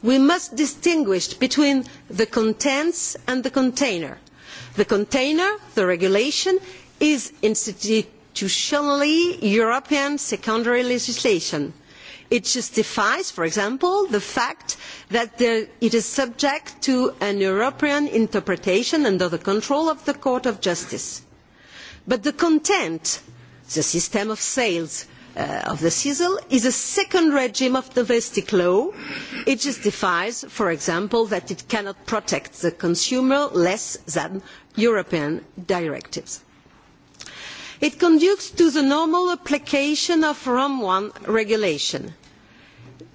We must distinguish between the contents and the container. The container, the regulation, is institutionally European secondary legislation. It justifies, for example, the fact that it is subject to an European interpretation under the control of the Court of Justice. But the content, the system of sales, uh, of the CISL is a second regime of domestic law. It justifies, for example, that it cannot protect the consumer less than European directives. It conducts to the normal application of ROM 1 regulation.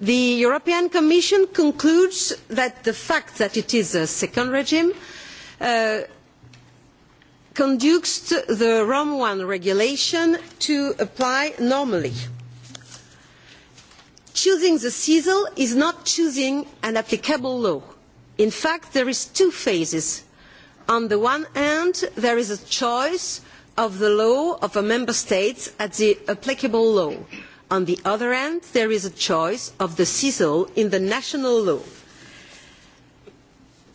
The European Commission concludes that the fact that it is a second regime uh, conducts the Rome I regulation to apply normally. Choosing the CISL is not choosing an applicable law. In fact, there is two phases. On the one hand, there is a choice of the law of a member state at the applicable law. On the other hand, there is a choice of the CISL in the national law.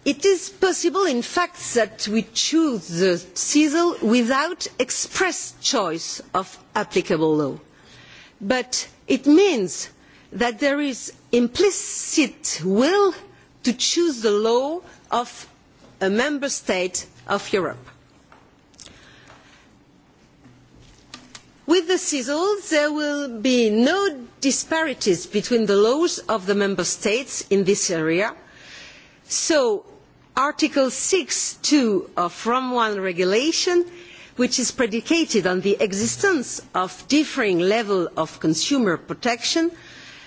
It is possible, in fact, that we choose the CISL without express choice of applicable law. But it means that there is implicit will to choose the law of a member state of Europe. With the CISL, there will be no disparities between the laws of the member states in this area. So Article six of From One Regulation, which is predicated on the existence of differing levels of consumer protection,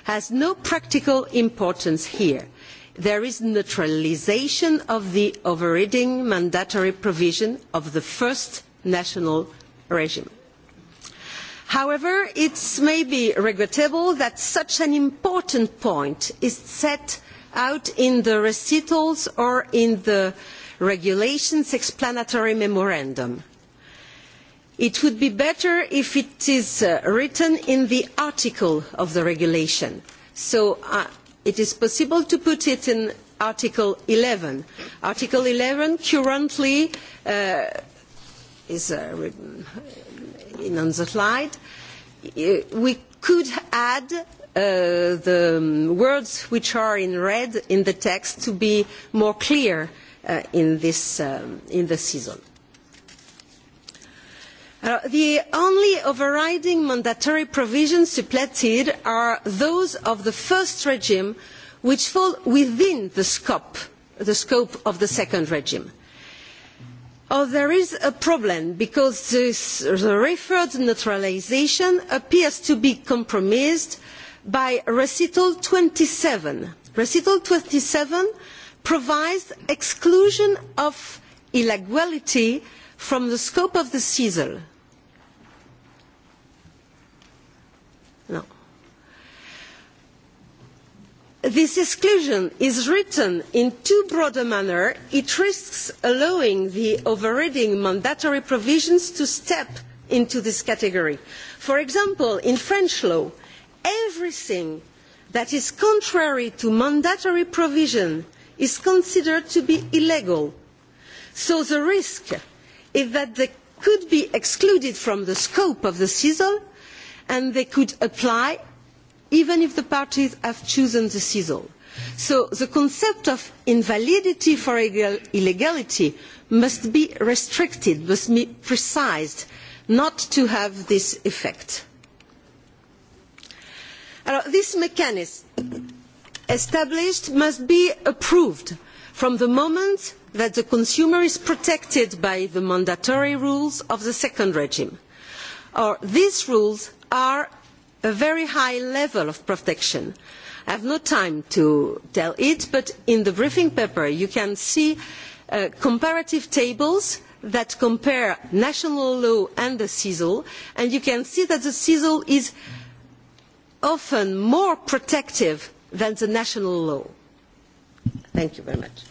has no practical importance here. There is neutralisation of the overriding mandatory provision of the first national regime. However, it may be regrettable that such an important point is set out in the recitals or in the regulations explanatory memorandum. It would be better if it is uh, written in the article of the regulation. So uh, it is possible to put it in Article eleven. Article eleven currently uh, is uh, in on the slide. Uh, we could add Uh, the words which are in red in the text to be more clear uh, in this um, in the season. Uh, the only overriding mandatory provisions suppleted are those of the first regime which fall within the scope, the scope of the second regime. Oh, there is a problem because this, the referred neutralisation appears to be compromised uh, by recital twenty seven. Recital twenty seven provides exclusion of illegality from the scope of the CESL. No. This exclusion is written in too broad a manner. It risks allowing the overriding mandatory provisions to step into this category. For example, in French law, everything that is contrary to mandatory provision is considered to be illegal. So the risk is that they could be excluded from the scope of the CISL and they could apply even if the parties have chosen the CISL. So the concept of invalidity for illegality must be restricted, must be precise, not to have this effect this mechanism established must be approved from the moment that the consumer is protected by the mandatory rules of the second regime. Or, these rules are a very high level of protection. I have no time to tell it, but in the briefing paper you can see uh, comparative tables that compare national law and the CISL, and you can see that the CISL is often more protective than the national law. Thank you very much.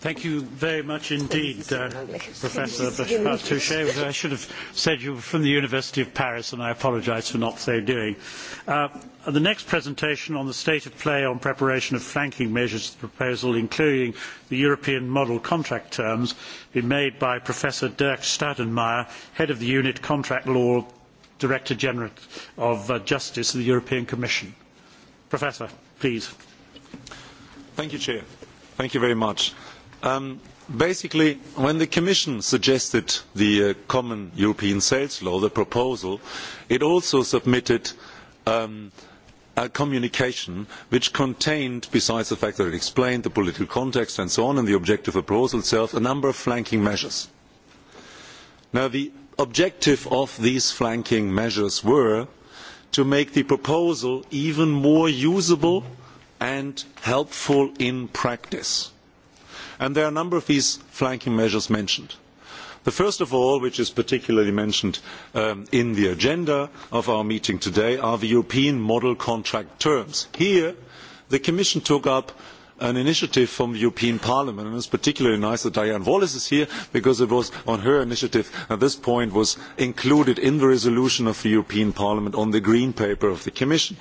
Thank you very much indeed, uh, Professor Bachar-Touche. I should have said you were from the University of Paris, and I apologise for not so doing. Uh, the next presentation on the state of play on preparation of flanking measures to the proposal, including the European model contract terms, will be made by Professor Dirk Stadenmeier, Head of the Unit Contract Law Director General of uh, Justice of the European Commission. Professor, please. Thank you, Chair. Thank you very much. Um, basically, when the Commission suggested the uh, Common European Sales Law, the proposal, it also submitted um, a communication which contained, besides the fact that it explained the political context and so on and the objective of the proposal itself, a number of flanking measures. Now, the objective of these flanking measures were to make the proposal even more usable and helpful in practice. And there are a number of these flanking measures mentioned. The first of all, which is particularly mentioned um, in the agenda of our meeting today, are the European model contract terms. Here, the Commission took up an initiative from the European Parliament, and it's particularly nice that Diane Wallace is here because it was on her initiative that this point was included in the resolution of the European Parliament on the Green Paper of the Commission.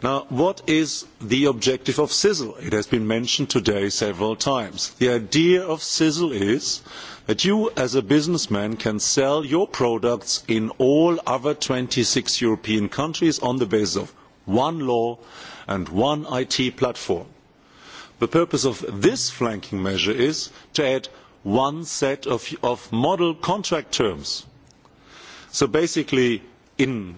Now, what is the objective of CISL? It has been mentioned today several times. The idea of CISL is that you, as a businessman, can sell your products in all other twenty six European countries on the basis of one law and one IT platform. The purpose of this flanking measure is to add one set of, of model contract terms. So basically, in,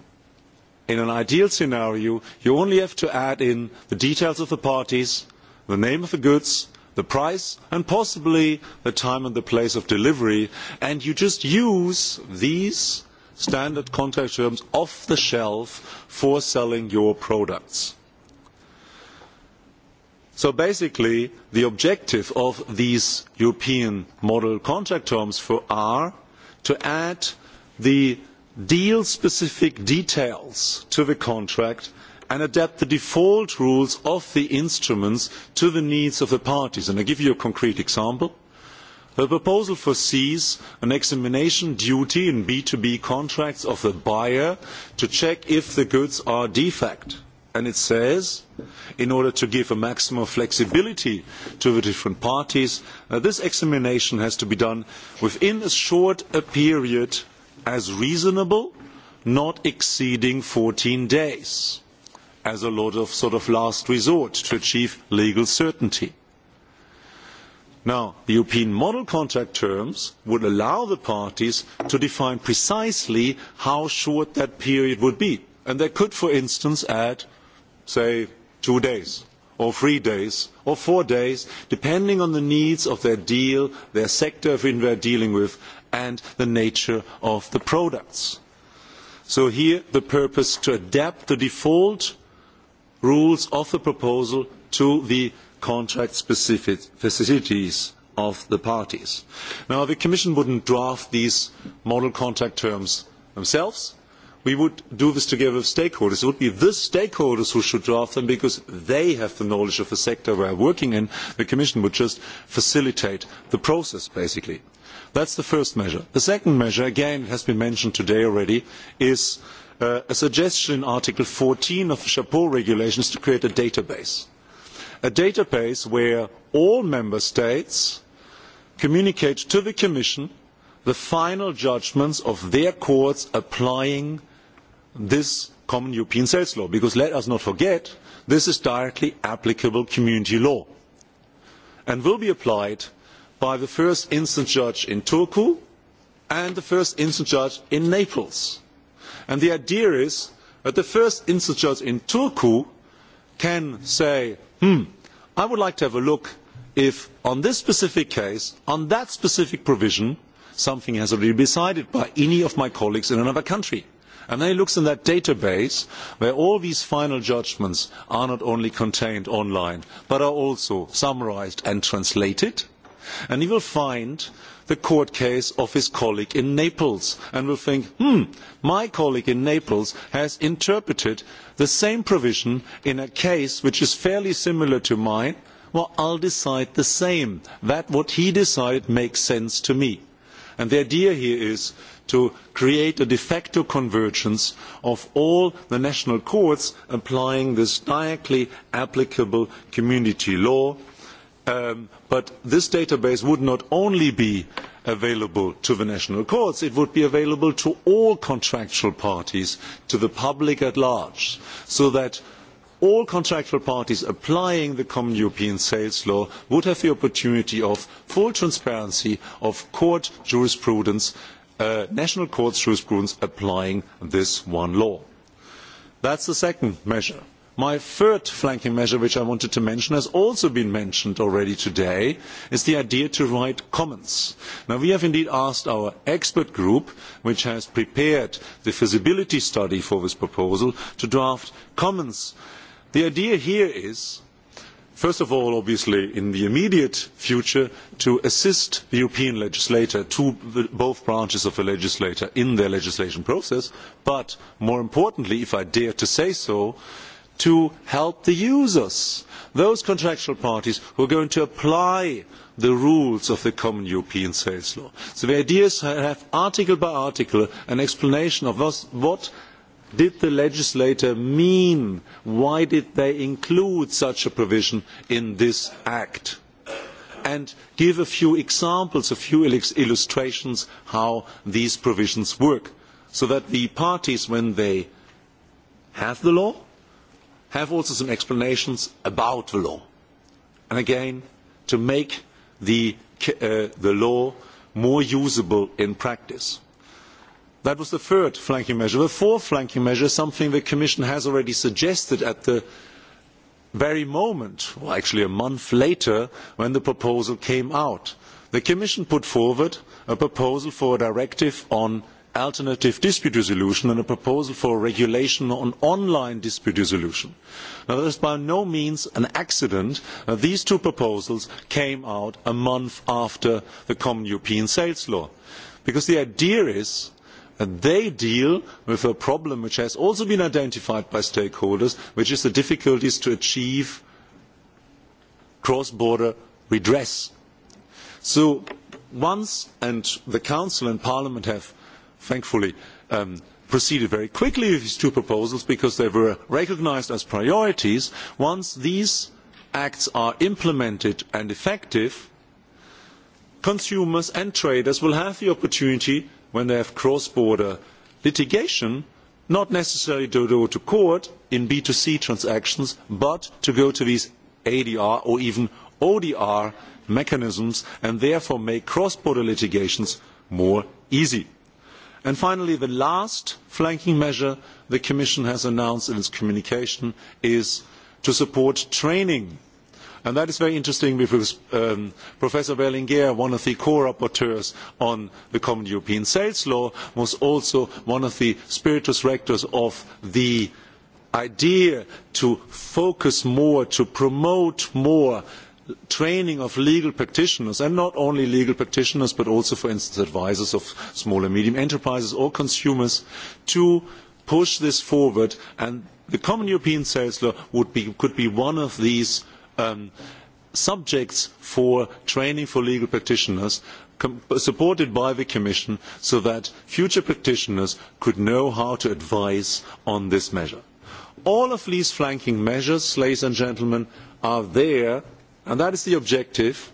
in an ideal scenario, you only have to add in the details of the parties, the name of the goods, the price and possibly the time and the place of delivery and you just use these standard contract terms off the shelf for selling your products. So basically, the objective of these European model contract terms for are to add the deal-specific details to the contract and adapt the default rules of the instruments to the needs of the parties. And I give you a concrete example. The proposal foresees an examination duty in B2B contracts of the buyer to check if the goods are defect and it says, in order to give a maximum flexibility to the different parties, uh, this examination has to be done within as short a period as reasonable, not exceeding 14 days, as a lot of sort of last resort to achieve legal certainty. Now, the European model contract terms would allow the parties to define precisely how short that period would be. And they could, for instance, add say, two days or three days or four days, depending on the needs of their deal, their sector of in they're dealing with, and the nature of the products. So here the purpose to adapt the default rules of the proposal to the contract specific facilities of the parties. Now the Commission would not draft these model contract terms themselves we would do this together with stakeholders. It would be the stakeholders who should draft them because they have the knowledge of the sector we are working in. The Commission would just facilitate the process, basically. That is the first measure. The second measure, again, has been mentioned today already, is uh, a suggestion in Article fourteen of the Chapeau regulations to create a database. A database where all member states communicate to the Commission the final judgments of their courts applying this common European sales law, because let us not forget, this is directly applicable community law and will be applied by the first instance judge in Turku and the first instance judge in Naples. And the idea is that the first instance judge in Turku can say, hmm, I would like to have a look if on this specific case, on that specific provision, something has already been decided by any of my colleagues in another country. And then he looks in that database where all these final judgments are not only contained online, but are also summarised and translated. And he will find the court case of his colleague in Naples and will think, hmm, my colleague in Naples has interpreted the same provision in a case which is fairly similar to mine. Well, I'll decide the same. That what he decided makes sense to me. And the idea here is to create a de facto convergence of all the national courts applying this directly applicable community law. Um, but this database would not only be available to the national courts, it would be available to all contractual parties, to the public at large, so that all contractual parties applying the common European sales law would have the opportunity of full transparency of court jurisprudence Uh, national courts jurisprudence applying this one law. That is the second measure. My third flanking measure, which I wanted to mention, has also been mentioned already today, is the idea to write comments. Now, we have indeed asked our expert group, which has prepared the feasibility study for this proposal, to draft comments. The idea here is first of all, obviously, in the immediate future, to assist the European legislator, to both branches of the legislator in their legislation process, but more importantly, if I dare to say so, to help the users, those contractual parties who are going to apply the rules of the common European sales law. So the idea is to have article by article an explanation of what did the legislator mean? Why did they include such a provision in this act? And give a few examples, a few illustrations of how these provisions work, so that the parties, when they have the law, have also some explanations about the law. And again, to make the, uh, the law more usable in practice. That was the third flanking measure. The fourth flanking measure is something the Commission has already suggested at the very moment, or actually a month later, when the proposal came out. The Commission put forward a proposal for a directive on alternative dispute resolution and a proposal for a regulation on online dispute resolution. Now, that is by no means an accident. that these two proposals came out a month after the Common European Sales Law. Because the idea is And they deal with a problem which has also been identified by stakeholders, which is the difficulties to achieve cross-border redress. So once, and the Council and Parliament have thankfully um, proceeded very quickly with these two proposals because they were recognised as priorities, once these acts are implemented and effective, consumers and traders will have the opportunity when they have cross-border litigation, not necessarily to go to court in b two c transactions, but to go to these ADR or even ODR mechanisms and therefore make cross-border litigations more easy. And finally, the last flanking measure the Commission has announced in its communication is to support training And that is very interesting because um, Professor Berlinguer, one of the co-rapporteurs on the Common European Sales Law, was also one of the spiritus rectors of the idea to focus more, to promote more training of legal practitioners, and not only legal practitioners, but also, for instance, advisors of small and medium enterprises or consumers, to push this forward. And the common European sales law would be, could be one of these um, subjects for training for legal practitioners supported by the Commission so that future practitioners could know how to advise on this measure. All of these flanking measures, ladies and gentlemen, are there, and that is the objective,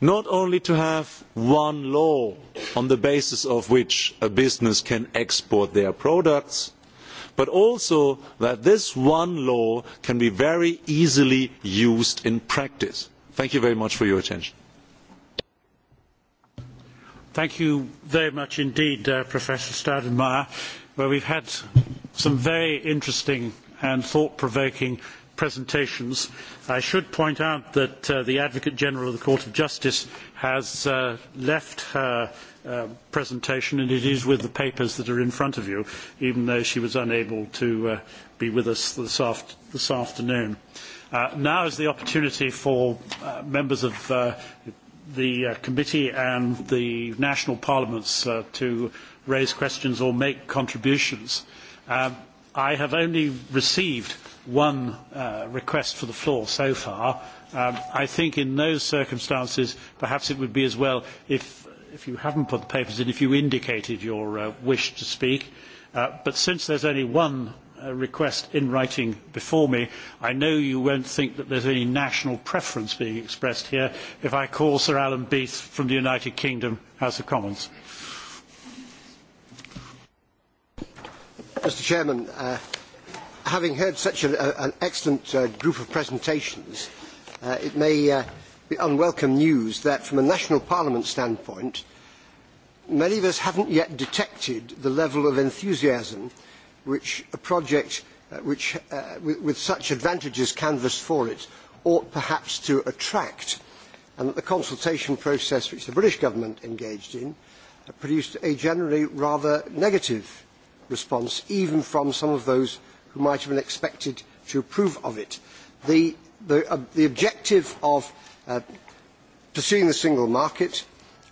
not only to have one law on the basis of which a business can export their products, but also that this one law can be very easily used in practice. Thank you very much for your attention. Thank you very much indeed, uh, Professor Stadenmeyer, where we've had some very interesting and thought-provoking presentations. I should point out that uh, the Advocate General of the Court of Justice has uh, left her Um, presentation, and it is with the papers that are in front of you, even though she was unable to uh, be with us this, aft this afternoon. Uh, now is the opportunity for uh, members of uh, the uh, committee and the national parliaments uh, to raise questions or make contributions. Uh, I have only received one uh, request for the floor so far. Um, I think in those circumstances, perhaps it would be as well if if you haven't put the papers in, if you indicated your uh, wish to speak. Uh, but since there's only one uh, request in writing before me, I know you won't think that there's any national preference being expressed here if I call Sir Alan Beath from the United Kingdom House of Commons. Mr Chairman, uh, having heard such a, a, an excellent uh, group of presentations, uh, it may uh, the unwelcome news that, from a national parliament standpoint, many of us have not yet detected the level of enthusiasm which a project uh, which, uh, with, with, such advantages canvassed for it ought perhaps to attract, and that the consultation process which the British government engaged in uh, produced a generally rather negative response, even from some of those who might have been expected to approve of it. The, the, uh, the objective of Uh, pursuing the single market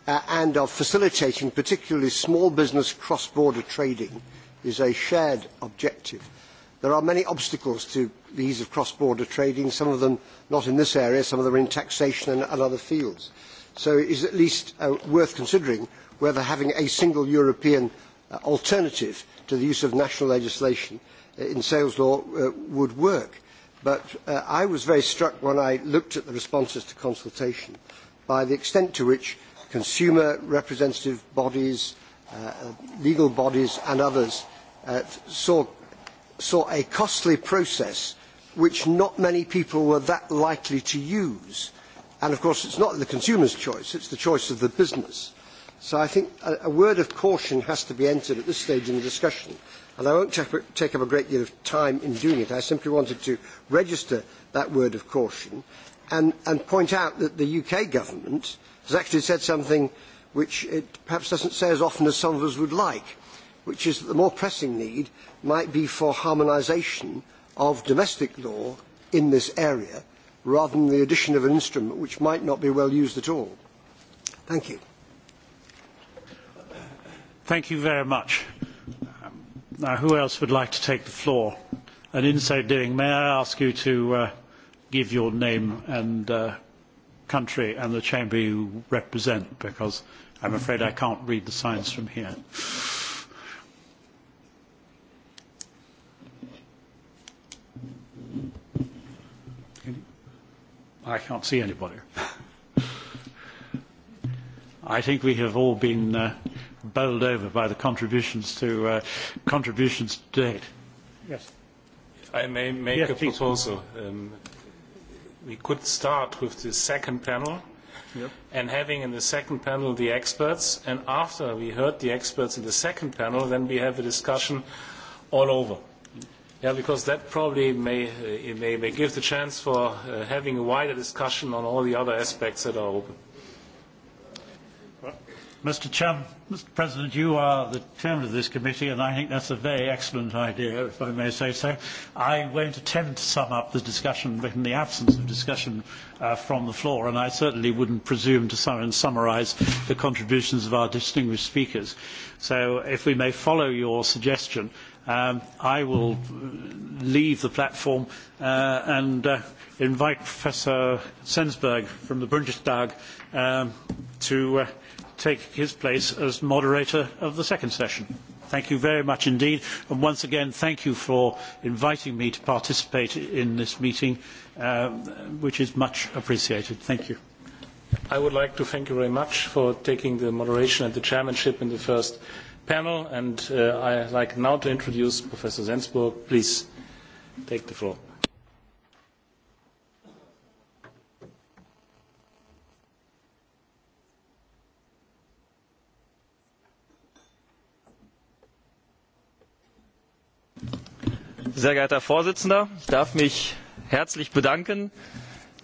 uh, and of facilitating particularly small business cross-border trading is a shared objective. There are many obstacles to the ease of cross-border trading, some of them not in this area, some of them in taxation and, and other fields. So it is at least uh, worth considering whether having a single European uh, alternative to the use of national legislation uh, in sales law uh, would work. But uh, I was very struck when I looked at the responses to consultation by the extent to which consumer representative bodies, uh, legal bodies and others uh, saw, saw a costly process which not many people were that likely to use. And of course it's not the consumer's choice, it's the choice of the business. So I think a, a word of caution has to be entered at this stage in the discussion and I won't take up a great deal of time in doing it. I simply wanted to register that word of caution and, and point out that the UK government has actually said something which it perhaps doesn't say as often as some of us would like, which is that the more pressing need might be for harmonisation of domestic law in this area rather than the addition of an instrument which might not be well used at all. Thank you. Thank you very much. Now, who else would like to take the floor? And in so doing, may I ask you to uh, give your name and uh, country and the chamber you represent, because I'm afraid I can't read the signs from here. I can't see anybody. [LAUGHS] I think we have all been uh, bowled over by the contributions to, uh, contributions to date. Yes. I may make yes, a please. proposal. Um, we could start with the second panel yep. and having in the second panel the experts and after we heard the experts in the second panel then we have a discussion all over. Yeah, because that probably may, uh, may, may give the chance for uh, having a wider discussion on all the other aspects that are open. Mr. Chum, Mr. President, you are the chairman of this committee, and I think that's a very excellent idea, if I may say so. I won't attempt to sum up the discussion, but in the absence of discussion uh, from the floor, and I certainly wouldn't presume to sum and summarise the contributions of our distinguished speakers. So if we may follow your suggestion, um, I will leave the platform uh, and uh, invite Professor Sensberg from the Bundestag um, to... Uh, take his place as moderator of the second session. Thank you very much indeed. And once again, thank you for inviting me to participate in this meeting, uh, which is much appreciated. Thank you. I would like to thank you very much for taking the moderation and the chairmanship in the first panel. And uh, I'd like now to introduce Professor Zensburg. Please take the floor. sehr geehrter Herr Vorsitzender, ich darf mich herzlich bedanken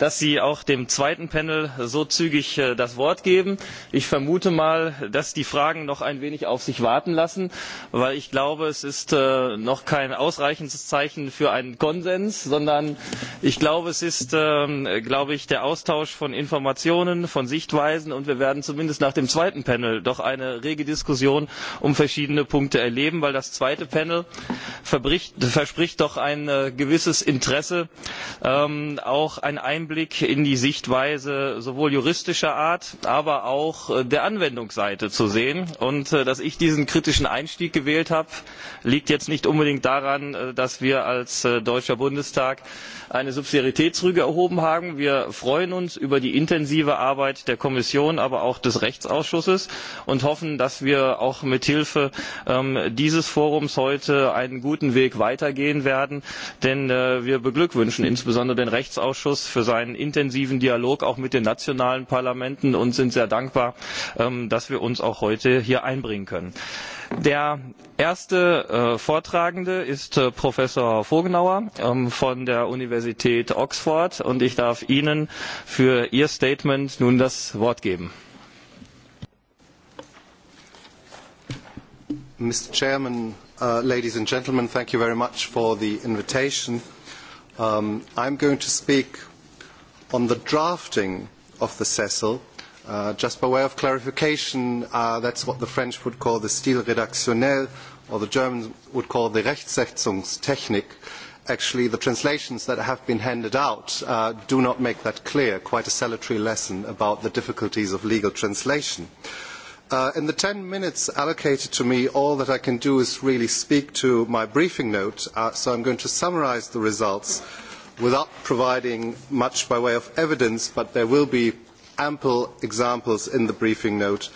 dass Sie auch dem zweiten Panel so zügig äh, das Wort geben. Ich vermute mal, dass die Fragen noch ein wenig auf sich warten lassen, weil ich glaube, es ist äh, noch kein ausreichendes Zeichen für einen Konsens, sondern ich glaube, es ist, ähm, glaube ich, der Austausch von Informationen, von Sichtweisen und wir werden zumindest nach dem zweiten Panel doch eine rege Diskussion um verschiedene Punkte erleben, weil das zweite Panel verspricht doch ein äh, gewisses Interesse, ähm, auch ein Einblick Einblick in die Sichtweise sowohl juristischer Art, aber auch äh, der Anwendungsseite zu sehen. Und äh, dass ich diesen kritischen Einstieg gewählt habe, liegt jetzt nicht unbedingt daran, äh, dass wir als Deutscher Bundestag eine Subsidiaritätsrüge erhoben haben. Wir freuen uns über die intensive Arbeit der Kommission, aber auch des Rechtsausschusses und hoffen, dass wir auch mit Hilfe ähm, dieses Forums heute einen guten Weg weitergehen werden. Denn wir beglückwünschen insbesondere den Rechtsausschuss einen intensiven Dialog auch mit den nationalen Parlamenten und sind sehr dankbar, ähm, dass wir uns auch heute hier einbringen können. Der erste äh, Vortragende ist äh, Professor Vogenauer ähm, von der Universität Oxford und ich darf Ihnen für Ihr Statement nun das Wort geben. Mr. Chairman, uh, ladies and gentlemen, thank you very much for the invitation. Um, going to speak on the drafting of the CECL, uh, just by way of clarification, uh, that's what the French would call the style redactionnel or the Germans would call the Rechtsetzungstechnik. Actually, the translations that have been handed out uh, do not make that clear, quite a salutary lesson about the difficulties of legal translation. Uh, in the ten minutes allocated to me, all that I can do is really speak to my briefing note, uh, so I am going to summarise the results. Uh, without providing much by way of evidence, but there will be ample examples in the briefing note.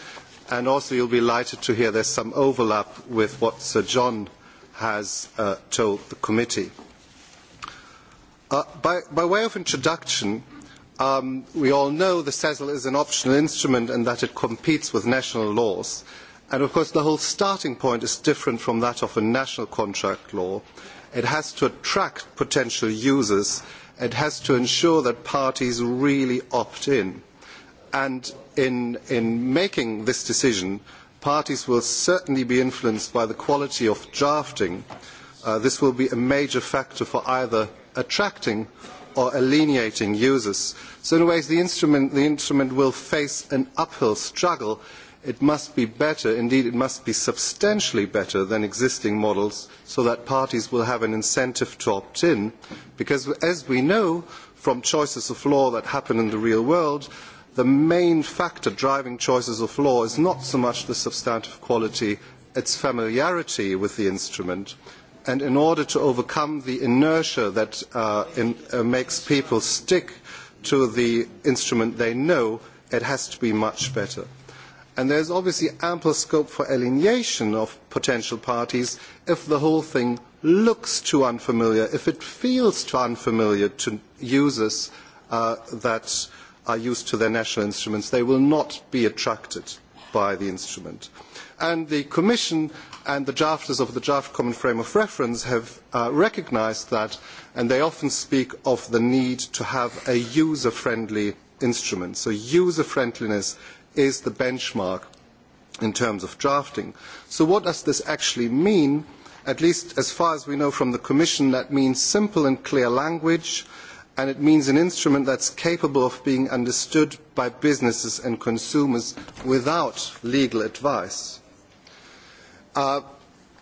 And also you will be delighted to hear there is some overlap with what Sir John has uh, told the committee. Uh, by, by, way of introduction, um, we all know the CESL is an optional instrument and that it competes with national laws. And of course the whole starting point is different from that of a national contract law. It has to attract potential users. It has to ensure that parties really opt in. And in, in making this decision, parties will certainly be influenced by the quality of drafting. Uh, this will be a major factor for either attracting or alienating users. So in a way, the instrument, the instrument will face an uphill struggle it must be better, indeed it must be substantially better than existing models so that parties will have an incentive to opt in because as we know from choices of law that happen in the real world, the main factor driving choices of law is not so much the substantive quality, its familiarity with the instrument. And in order to overcome the inertia that uh, in, uh, makes people stick to the instrument they know, it has to be much better and there is obviously ample scope for alienation of potential parties if the whole thing looks too unfamiliar, if it feels too unfamiliar to users uh, that are used to their national instruments, they will not be attracted by the instrument. And the Commission and the drafters of the draft common frame of reference have uh, recognised that, and they often speak of the need to have a user-friendly instrument. So user-friendliness is the benchmark in terms of drafting. So what does this actually mean? At least as far as we know from the Commission, that means simple and clear language, and it means an instrument that is capable of being understood by businesses and consumers without legal advice. Uh,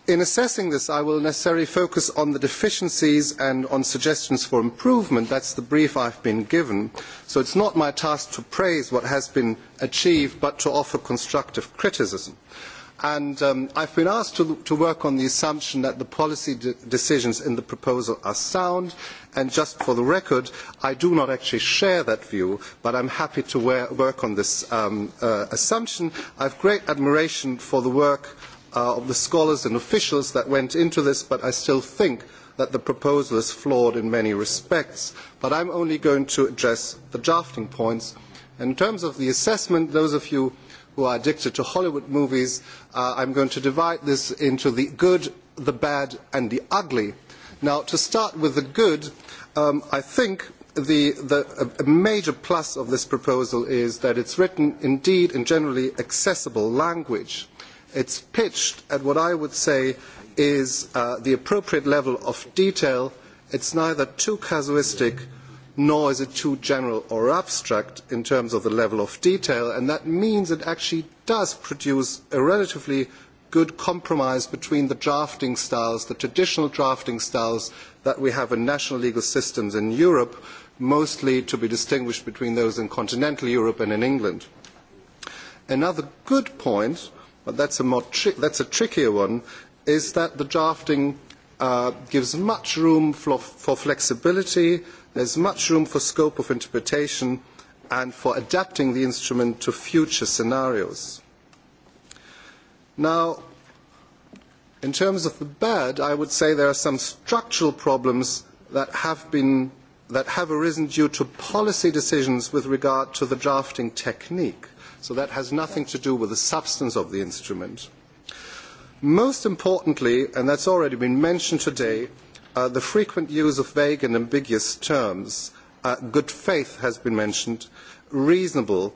In assessing this, I will necessarily focus on the deficiencies and on suggestions for improvement. That is the brief I have been given. So it is not my task to praise what has been achieved, but to offer constructive criticism. And um, I have been asked to, to, work on the assumption that the policy de decisions in the proposal are sound. And just for the record, I do not actually share that view, but I am happy to work on this um, uh, assumption. I have great admiration for the work uh, of the scholars and officials that went into this, but I still think that the proposal is flawed in many respects. But I am only going to address the drafting points. In terms of the assessment, those of you who are addicted to Hollywood movies, uh, I am going to divide this into the good, the bad, and the ugly. Now, to start with the good, um, I think the, the a major plus of this proposal is that it is written indeed in generally accessible language. It is pitched at what I would say is uh, the appropriate level of detail. It is neither too casuistic nor is it too general or abstract in terms of the level of detail, and that means it actually does produce a relatively good compromise between the drafting styles, the traditional drafting styles that we have in national legal systems in Europe, mostly to be distinguished between those in continental Europe and in England. Another good point but that's a, more tri that's a trickier one, is that the drafting uh, gives much room for, for flexibility, there is much room for scope of interpretation, and for adapting the instrument to future scenarios. Now, in terms of the bad, I would say there are some structural problems that have, been, that have arisen due to policy decisions with regard to the drafting technique. So that has nothing to do with the substance of the instrument. Most importantly, and that has already been mentioned today, uh, the frequent use of vague and ambiguous terms. Uh, good faith has been mentioned. Reasonable.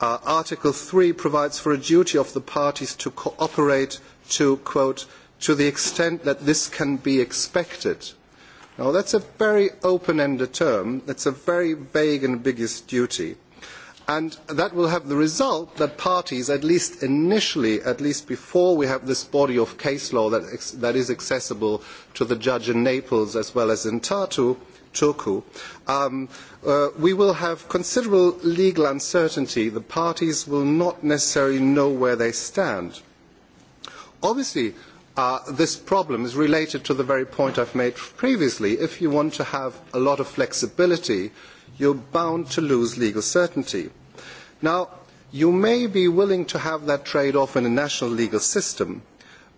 Uh, Article three provides for a duty of the parties to cooperate to, quote, to the extent that this can be expected. Now, is a very open-ended term. that is a very vague and ambiguous duty and that will have the result that parties, at least initially, at least before we have this body of case law that, that is accessible to the judge in Naples as well as in Tartu, Turku, um, uh, we will have considerable legal uncertainty. The parties will not necessarily know where they stand. Obviously, Uh, this problem is related to the very point I have made previously. If you want to have a lot of flexibility, you are bound to lose legal certainty. Now, you may be willing to have that trade-off in a national legal system,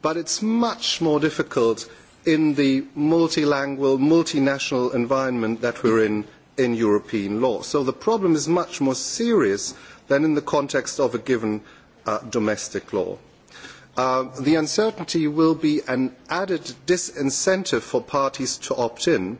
but it is much more difficult in the multilingual, multinational environment that we are in in European law. So the problem is much more serious than in the context of a given uh, domestic law. Uh, the uncertainty will be an added disincentive for parties to opt in,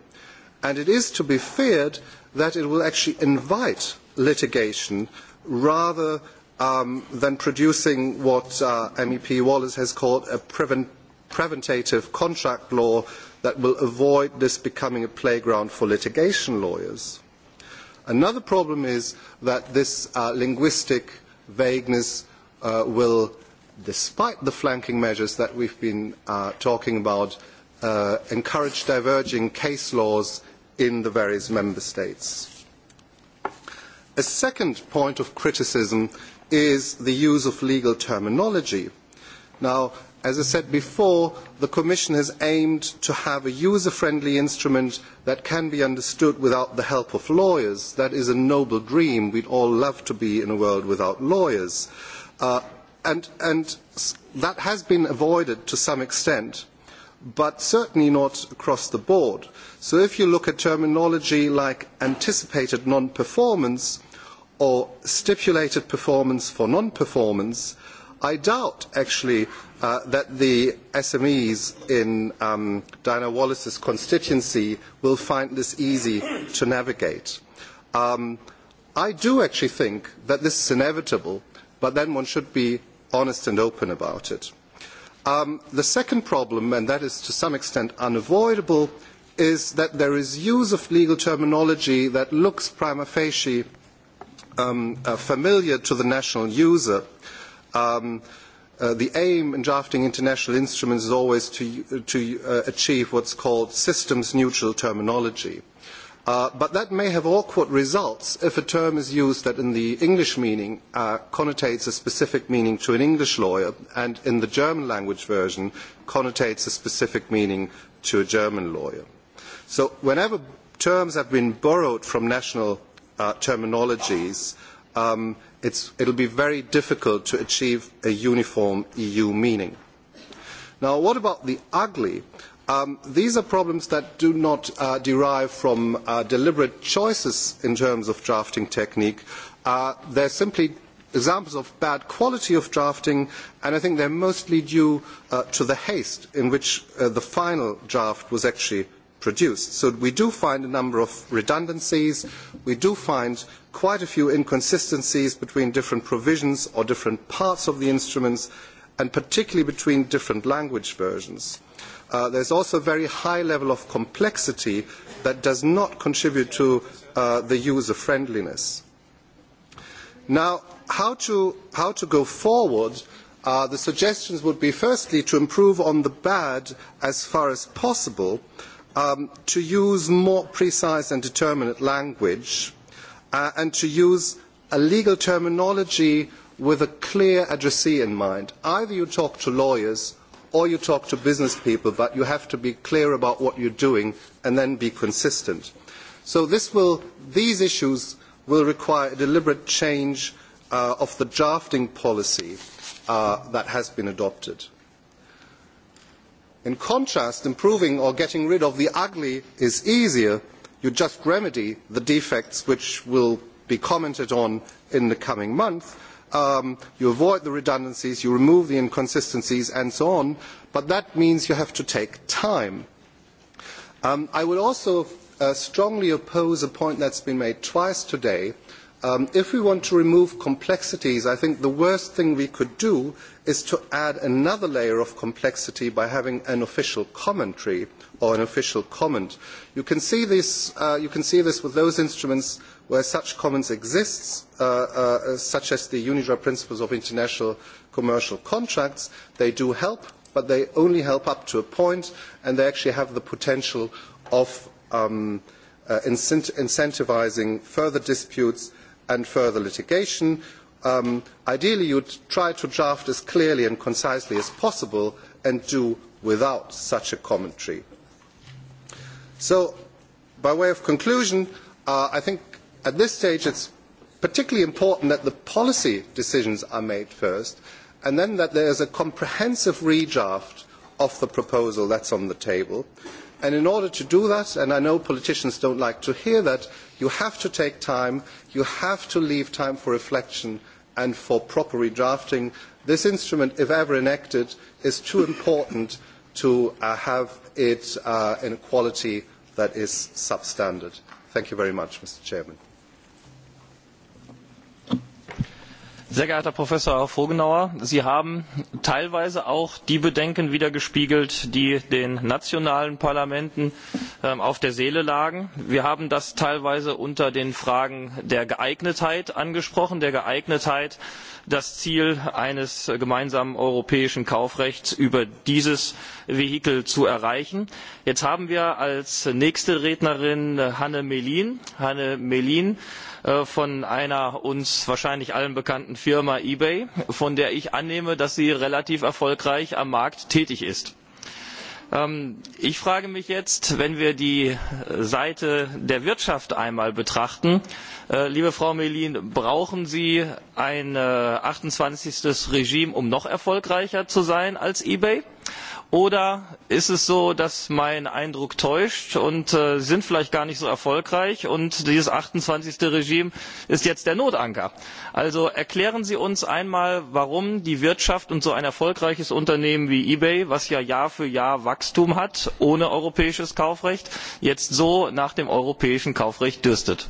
and it is to be feared that it will actually invite litigation rather um, than producing what uh, MEP Wallace has called a prevent preventative contract law that will avoid this becoming a playground for litigation lawyers. Another problem is that this uh, linguistic vagueness uh, will, despite the flanking measures that we have been uh, talking about, uh, encourage diverging case laws in the various member states. A second point of criticism is the use of legal terminology. Now, as I said before, the Commission has aimed to have a user-friendly instrument that can be understood without the help of lawyers. That is a noble dream. We would all love to be in a world without lawyers. Uh, and, and that has been avoided to some extent, but certainly not across the board. So if you look at terminology like anticipated non-performance, or stipulated performance for non-performance, I doubt actually uh, that the SMEs in um, Diana Wallace's constituency will find this easy to navigate. Um, I do actually think that this is inevitable, but then one should be honest and open about it. Um, the second problem, and that is to some extent unavoidable, is that there is use of legal terminology that looks prima facie um, uh, familiar to the national user, um, uh, the aim in drafting international instruments is always to, to uh, achieve what's called systems neutral terminology. Uh, but that may have awkward results if a term is used that in the English meaning uh, connotates a specific meaning to an English lawyer and in the German language version connotates a specific meaning to a German lawyer. So whenever terms have been borrowed from national uh, terminologies, um, it will be very difficult to achieve a uniform EU meaning. Now, what about the ugly? Um, these are problems that do not uh, derive from uh, deliberate choices in terms of drafting technique. Uh, They are simply examples of bad quality of drafting, and I think they are mostly due uh, to the haste in which uh, the final draft was actually produced. So we do find a number of redundancies, we do find quite a few inconsistencies between different provisions or different parts of the instruments, and particularly between different language versions. Uh, There is also a very high level of complexity that does not contribute to uh, the user friendliness. Now, how to, how to go forward? Uh, the suggestions would be firstly to improve on the bad as far as possible, um, to use more precise and determinate language uh, and to use a legal terminology with a clear addressee in mind. Either you talk to lawyers or you talk to business people, but you have to be clear about what you are doing and then be consistent. So will, these issues will require a deliberate change uh, of the drafting policy uh, that has been adopted. In contrast, improving or getting rid of the ugly is easier. You just remedy the defects which will be commented on in the coming month. Um, you avoid the redundancies, you remove the inconsistencies and so on, but that means you have to take time. Um, I would also uh, strongly oppose a point that has been made twice today. Um, if we want to remove complexities, I think the worst thing we could do is to add another layer of complexity by having an official commentary or an official comment. You can see this, uh, you can see this with those instruments where such comments exist, uh, uh, uh such as the UNIDRA principles of international commercial contracts. They do help, but they only help up to a point, and they actually have the potential of um, uh, incent incentivising further disputes and further litigation um, ideally you would try to draft as clearly and concisely as possible and do without such a commentary. So, by way of conclusion, uh, I think at this stage it is particularly important that the policy decisions are made first and then that there is a comprehensive redraft of the proposal that is on the table. And in order to do that, and I know politicians do not like to hear that, you have to take time, you have to leave time for reflection and for proper redrafting. This instrument, if ever enacted, is too important to uh, have it uh, in a quality that is substandard. Thank you very much, Mr. Chairman. Sehr geehrter Professor Vogenauer, Sie haben teilweise auch die Bedenken wiedergespiegelt, die den nationalen Parlamenten ähm, auf der Seele lagen. Wir haben das teilweise unter den Fragen der Geeignetheit angesprochen, der Geeignetheit, das Ziel eines gemeinsamen europäischen Kaufrechts über dieses Vehikel zu erreichen. Jetzt haben wir als nächste Rednerin Hanne Melin. Hanne Melin Äh, von einer uns wahrscheinlich allen bekannten Firma eBay, von der ich annehme, dass sie relativ erfolgreich am Markt tätig ist. Ähm, ich frage mich jetzt, wenn wir die äh, Seite der Wirtschaft einmal betrachten, äh, liebe Frau Melin, brauchen Sie ein 28. Regime, um noch erfolgreicher zu sein als eBay? Oder ist es so, dass mein Eindruck täuscht und äh, sind vielleicht gar nicht so erfolgreich und dieses 28. Regime ist jetzt der Notanker? Also erklären Sie uns einmal, warum die Wirtschaft und so ein erfolgreiches Unternehmen wie eBay, was ja Jahr für Jahr Wachstum hat, ohne europäisches Kaufrecht, jetzt so nach dem europäischen Kaufrecht dürstet.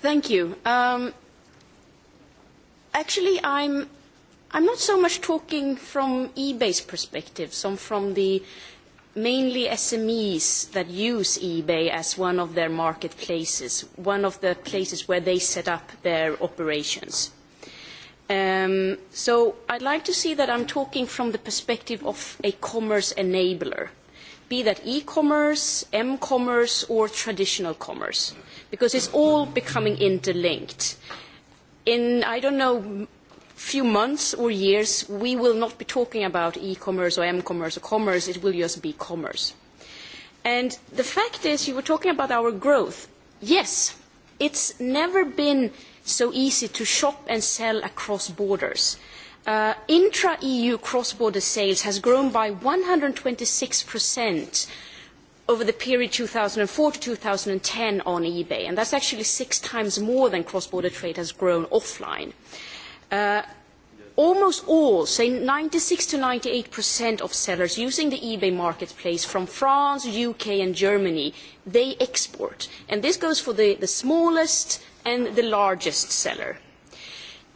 Thank you. Um, actually, I'm, I'm not so much talking from eBay's perspective, so from the mainly SMEs that use eBay as one of their marketplaces, one of the places where they set up their operations. Um, so I'd like to see that I'm talking from the perspective of a commerce enabler, be that e-commerce, m-commerce, or traditional commerce because it's all becoming interlinked. In, I don't know, few months or years, we will not be talking about e-commerce or m-commerce or commerce, it will just be commerce. And the fact is, you were talking about our growth. Yes, it's never been so easy to shop and sell across borders. Uh, Intra-EU cross-border sales has grown by one hundred and twenty over the period 2004 to 2010 on eBay, and that's actually six times more than cross-border trade has grown offline. Uh, almost all, say 96 to 98 percent of sellers using the eBay marketplace from France, UK and Germany, they export. And this goes for the, the smallest and the largest seller.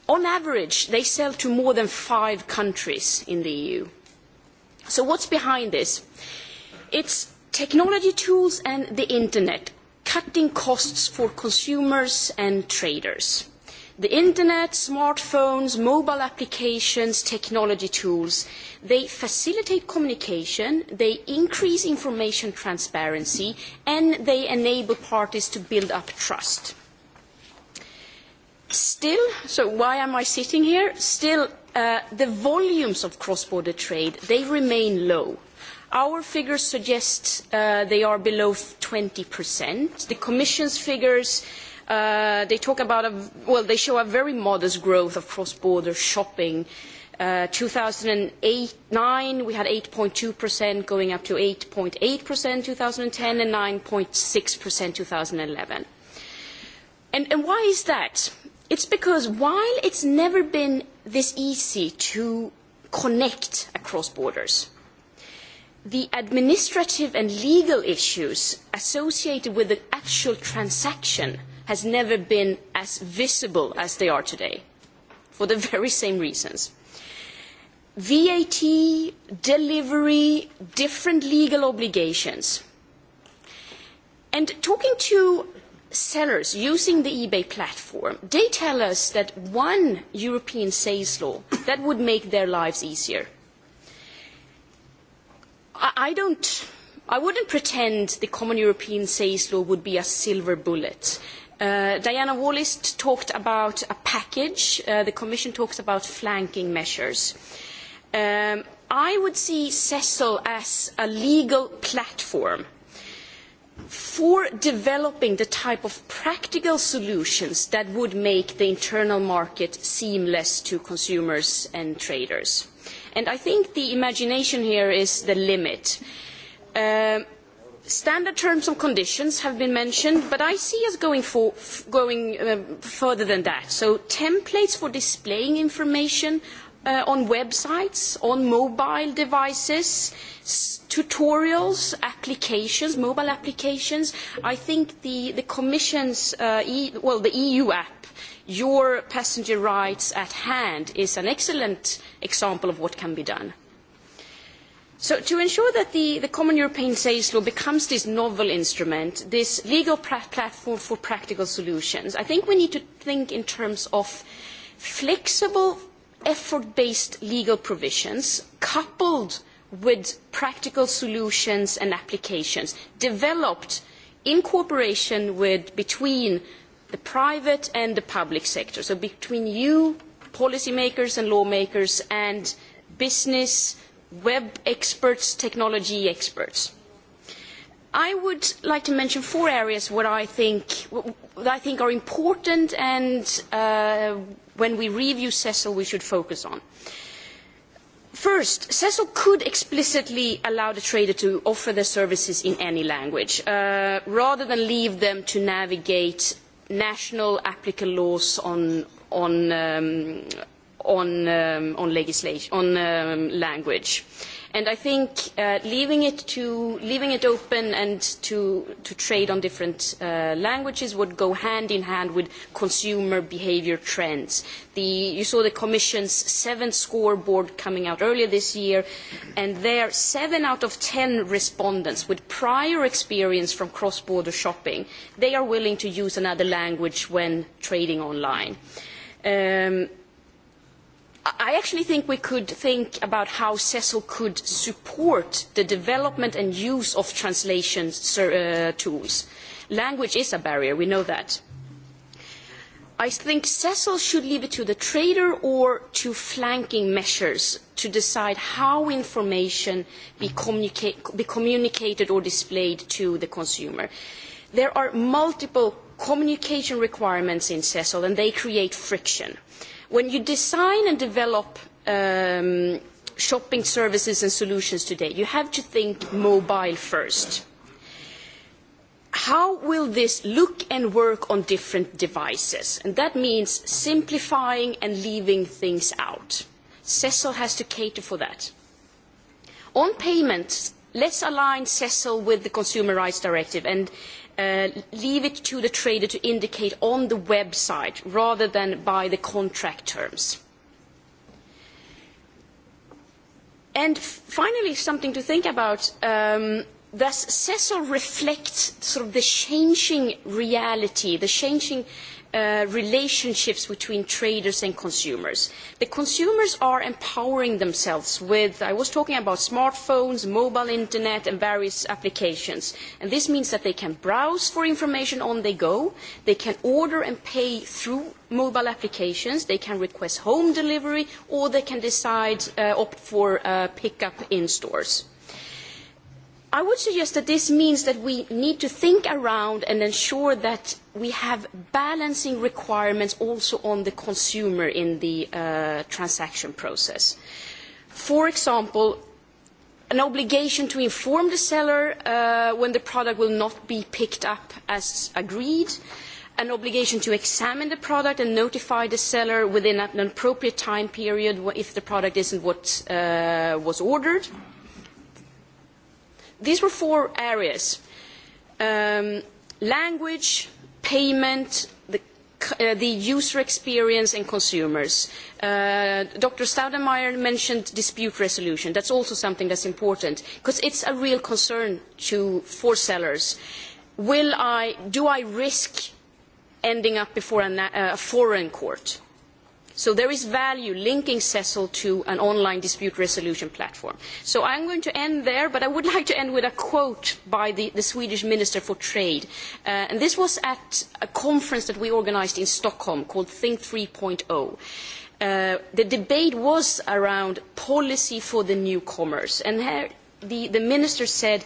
On average, they sell to more than five countries in the EU. So what's behind this? It's technology tools and the internet, cutting costs for consumers and traders. The internet, smartphones, mobile applications, technology tools, they facilitate communication, they increase information transparency, and they enable parties to build up trust. Still, so why am I sitting here? Still, uh, the volumes of cross-border trade, they remain low Our figures suggest uh, they are below 20%. The Commission's figures, uh, they talk about, a, well, they show a very modest growth of cross-border shopping. Uh, 2008-9, we had 8.2% going up to 8.8% 2010 and 9.6% 2011. And, and why is that? It's because while it's never been this easy to connect across borders, the administrative and legal issues associated with the actual transaction has never been as visible as they are today for the [LAUGHS] very same reasons. VAT, delivery, different legal obligations. And talking to sellers using the eBay platform, they tell us that one European sales law that would make their lives easier – I, I don't, I wouldn't pretend the common European sales law would be a silver bullet. Uh, Diana Wallis talked about a package. Uh, the Commission talks about flanking measures. Um, I would see CESL as a legal platform for developing the type of practical solutions that would make the internal market seamless to consumers and traders. And I think the imagination here is the limit. Uh, standard terms and conditions have been mentioned, but I see us going, for, going uh, further than that. So templates for displaying information uh, on websites, on mobile devices, tutorials, applications, mobile applications. I think the, the Commission's, uh, e well, the EU app your passenger rights at hand is an excellent example of what can be done. So to ensure that the, the Common European Sales Law becomes this novel instrument, this legal platform for practical solutions, I think we need to think in terms of flexible, effort-based legal provisions coupled with practical solutions and applications developed in cooperation with, between the private and the public sector. So between you, policymakers and lawmakers, and business, web experts, technology experts. I would like to mention four areas where I think, that I think are important and uh, when we review CECIL we should focus on. First, CECIL could explicitly allow the trader to offer their services in any language uh, rather than leave them to navigate national applicable laws on, on, um, on, um, on legislation, on um, language. And I think uh, leaving, it to, leaving it open and to, to trade on different uh, languages would go hand in hand with consumer behaviour trends. The, you saw the Commission's seventh scoreboard coming out earlier this year, and there seven out of ten respondents with prior experience from cross-border shopping, they are willing to use another language when trading online. Um, I actually think we could think about how CESL could support the development and use of translation uh, tools. Language is a barrier, we know that. I think CESL should leave it to the trader or to flanking measures to decide how information be, communica be communicated or displayed to the consumer. There are multiple communication requirements in CESL and they create friction. Uh, When you design and develop um, shopping services and solutions today, you have to think mobile first. How will this look and work on different devices? And that means simplifying and leaving things out. CECIL has to cater for that. On payments, let's align CECIL with the Consumer Rights Directive and Uh, leave it to the trader to indicate on the website rather than by the contract terms. And finally, something to think about. Um, does CESO reflect sort of the changing reality, the changing Uh, relationships between traders and consumers. The consumers are empowering themselves with, I was talking about smartphones, mobile internet and various applications. And this means that they can browse for information on the go, they can order and pay through mobile applications, they can request home delivery or they can decide, uh, opt for uh, pick up in stores. I would suggest that this means that we need to think around and ensure that we have balancing requirements also on the consumer in the uh, transaction process. For example, an obligation to inform the seller uh, when the product will not be picked up as agreed, an obligation to examine the product and notify the seller within an appropriate time period if the product is not what uh, was ordered these were four areas. Um, language, payment, the, uh, the user experience and consumers. Uh, Dr. Staudemeyer mentioned dispute resolution. That's also something that's important because it's a real concern to, for sellers. Will I, do I risk ending up before a, uh, a foreign court? So there is value linking CESL to an online dispute resolution platform. So I am going to end there, but I would [LAUGHS] like to end with a quote by the, the Swedish Minister for Trade. Uh, this was at a conference that we organised in Stockholm called Think 3.0. Uh, the debate was around policy for the new commerce. And the, the minister said,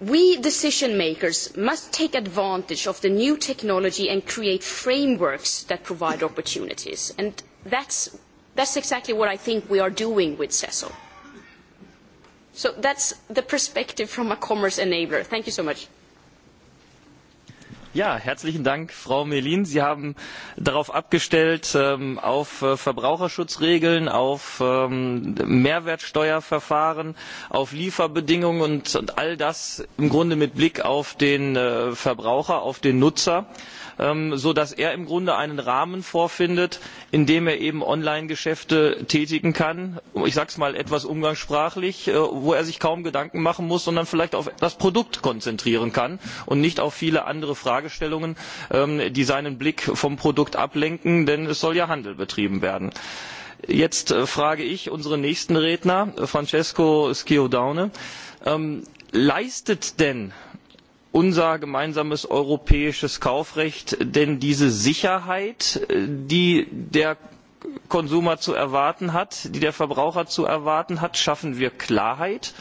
We decision makers must take advantage of the new technology and create frameworks that provide opportunities. And that's, that's exactly what I think we are doing with CESO. So that's the perspective from a commerce enabler. Thank you so much. Ja, herzlichen Dank, Frau Melin. Sie haben darauf abgestellt, ähm, auf äh, Verbraucherschutzregeln, auf ähm, Mehrwertsteuerverfahren, auf Lieferbedingungen und, und all das im Grunde mit Blick auf den äh, Verbraucher, auf den Nutzer. Ähm, so dass er im Grunde einen Rahmen vorfindet, in dem er eben Online-Geschäfte tätigen kann. Ich sage es mal etwas umgangssprachlich, äh, wo er sich kaum Gedanken machen muss, sondern vielleicht auf das Produkt konzentrieren kann und nicht auf viele andere Fragestellungen, ähm, die seinen Blick vom Produkt ablenken, denn es soll ja Handel betrieben werden. Jetzt äh, frage ich unseren nächsten Redner, äh, Francesco Schiodaune, ähm, leistet denn unser gemeinsames europäisches Kaufrecht denn diese Sicherheit, die der Konsumer zu erwarten hat, die der Verbraucher zu erwarten hat? Schaffen wir Klarheit?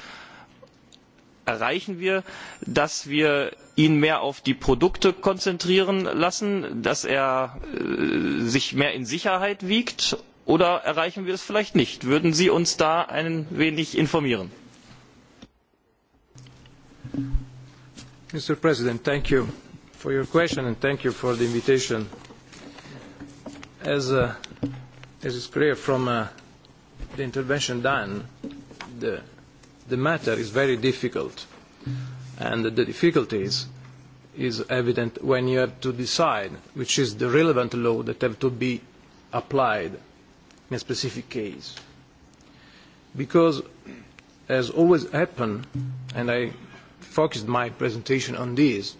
Erreichen wir, dass wir ihn mehr auf die Produkte konzentrieren lassen, dass er äh, sich mehr in Sicherheit wiegt? Oder erreichen wir es vielleicht nicht? Würden Sie uns da ein wenig informieren? Mr. President, thank you for your question and thank you for the invitation. As, uh, as is clear from uh, the intervention done, the, the matter is very difficult and the difficulties is evident when you have to decide which is the relevant law that have to be applied in a specific case. Because, as always happened, and I focused my presentation on this.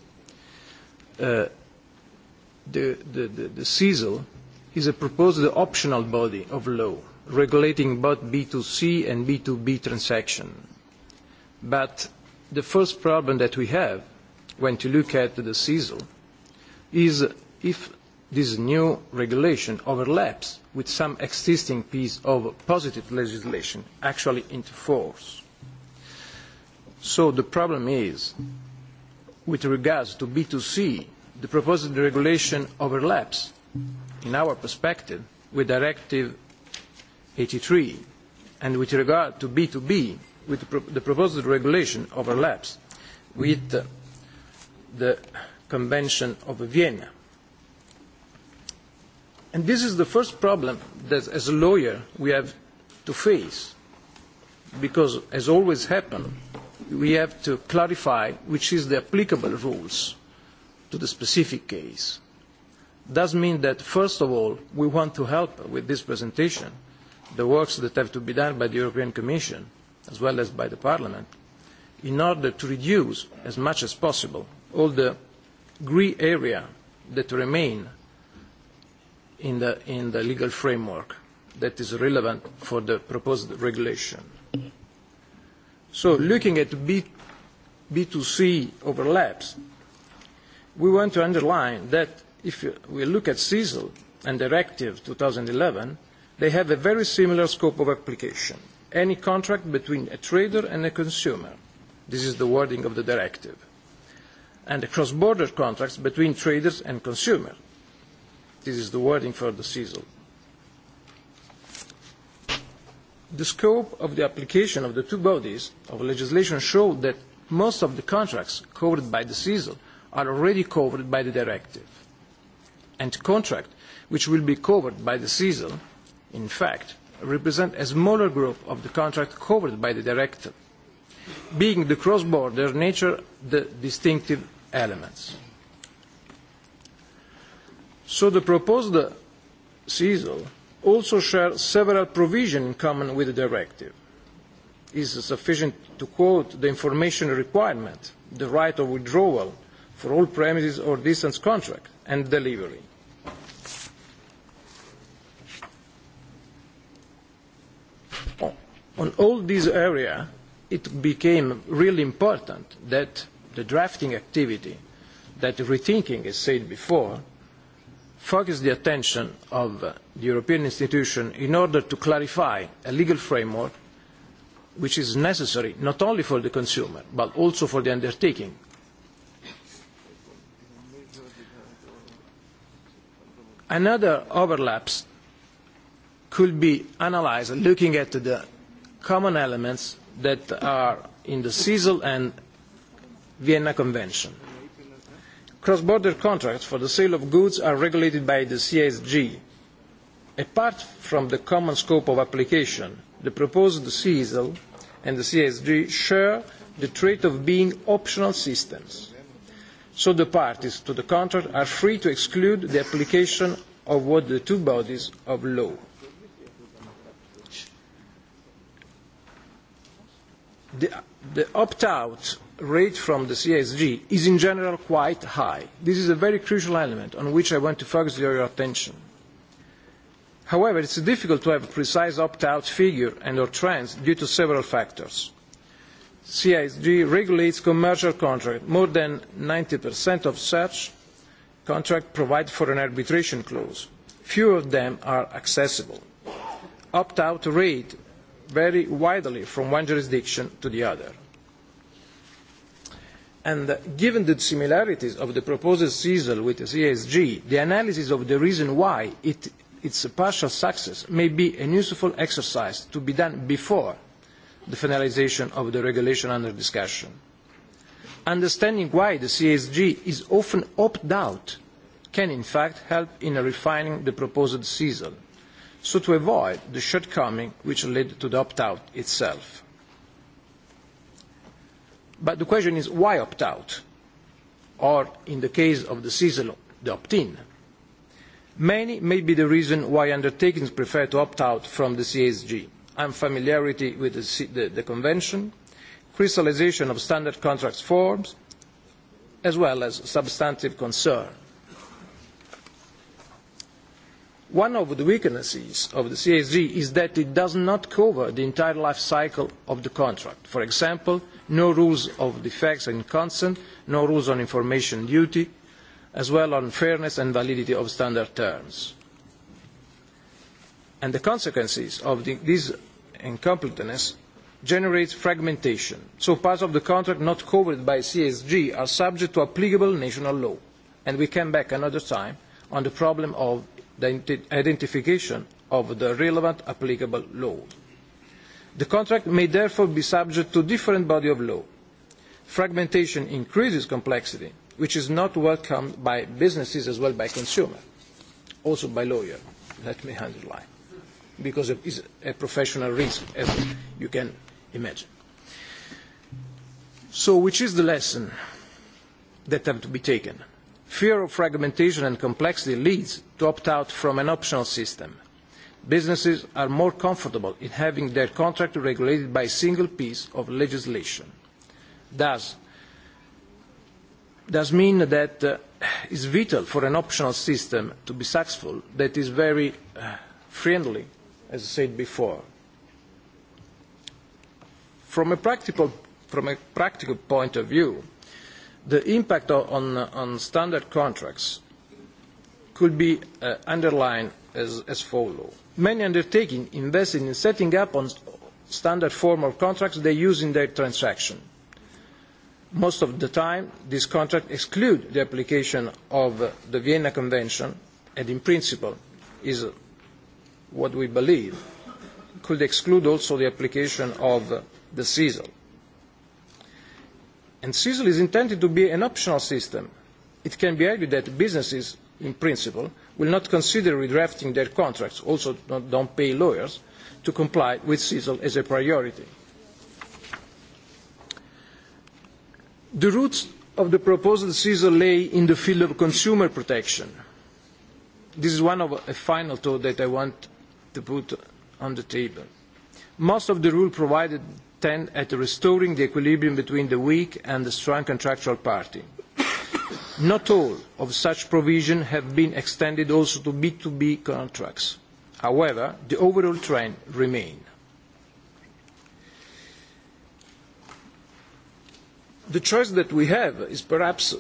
Uh, the, the, the, the CISL is a proposed optional body of law regulating both B2C and B2B transactions. But the first problem that we have when to look at the CISL is if this new regulation overlaps with some existing piece of positive legislation actually into force. So the problem is, with regards to B2C, the proposed regulation overlaps, in our perspective, with Directive 83, and with regard to B2B, with the proposed regulation overlaps with the Convention of Vienna. And this is the first problem that, as a lawyer, we have to face, because, as always happens, we have to clarify which is the applicable rules to the specific case. Does mean that, first of all, we want to help with this presentation, the works that have to be done by the European Commission, as well as by the Parliament, in order to reduce, as much as possible, all the grey area that remain in the, in the legal framework that is relevant for the proposed regulation. So looking at B, B2C overlaps, we want to underline that if we look at CISL and Directive 2011, they have a very similar scope of application. Any contract between a trader and a consumer. This is the wording of the directive. And cross-border contracts between traders and consumers. This is the wording for the CISL. The scope of the application of the two bodies of legislation showed that most of the contracts covered by the CISL are already covered by the directive. And contracts which will be covered by the CISL, in fact, represent a smaller group of the contracts covered by the directive, being the cross-border nature the distinctive elements. So the proposed CISL also share several provisions in common with the directive. It is sufficient to quote the information requirement, the right of withdrawal for all premises or distance contract and delivery. On all these areas, it became really important that the drafting activity, that rethinking, as said before, focus the attention of the European institution in order to clarify a legal framework which is necessary not only for the consumer but also for the undertaking. Another overlaps could be analysed looking at the common elements that are in the CISL and Vienna Convention. Cross-border contracts for the sale of goods are regulated by the CSG. Apart from the common scope of application, the proposed CISL and the CSG share the trait of being optional systems. So the parties to the contract are free to exclude the application of what the two bodies of law. The the opt-out rate from the CSG is in general quite high. This is a very crucial element on which I want to focus your attention. However, it is difficult to have a precise opt-out figure and or trends due to several factors. CISG regulates commercial contracts. More than 90% of such contracts provide for an arbitration clause. Few of them are accessible. Opt-out rate vary widely from one jurisdiction to the other. And uh, given the similarities of the proposed CSL with the CSG, the analysis of the reason why it, its partial success may be a useful exercise to be done before the finalisation of the regulation under discussion. Understanding why the CSG is often opt out can in fact help in refining the proposed CSL so to avoid the shortcoming which led to the opt-out itself. But the question is why opt-out? Or in the case of the CISL, the opt-in. Many may be the reason why undertakings prefer to opt out from the CSG. Unfamiliarity with the, C the, the convention, crystallization of standard contracts forms, as well as substantive concern One of the weaknesses of the CSD is that it does not cover the entire life cycle of the contract. For example, no rules of defects and consent, no rules on information duty, as well on fairness and validity of standard terms. And the consequences of the, this incompleteness generates fragmentation, so parts of the contract not covered by CSG are subject to applicable national law. And we came back another time on the problem of the identification of the relevant applicable law. The contract may therefore be subject to different body of law. Fragmentation increases complexity, which is not welcomed by businesses as well by consumers, also by lawyers, let me underline, because it is a professional risk, as you can imagine. So which is the lesson that have to be taken? Fear of fragmentation and complexity leads to opt out from an optional system. Businesses are more comfortable in having their contract regulated by a single piece of legislation. Thus, does mean that uh, is vital for an optional system to be successful that is very uh, friendly, as I said before. From a, practical, from a practical point of view, The impact on, on standard contracts could be uh, underlined as, as follows. Many undertakings invest in setting up on standard form of contracts they use in their transaction. Most of the time, these contracts exclude the application of uh, the Vienna Convention, and in principle is what we believe, could exclude also the application of uh, the CESL. And CISL is intended to be an optional system. It can be argued that businesses, in principle, will not consider redrafting their contracts, also don't pay lawyers, to comply with CISL as a priority. The roots of the proposal CISL lay in the field of consumer protection. This is one of a final thought that I want to put on the table. Most of the rules provided ten at restoring the equilibrium between the weak and the strong contractual party. Not all of such provisions have been extended also to B2B contracts. However, the overall trend remains. The choice that we have is perhaps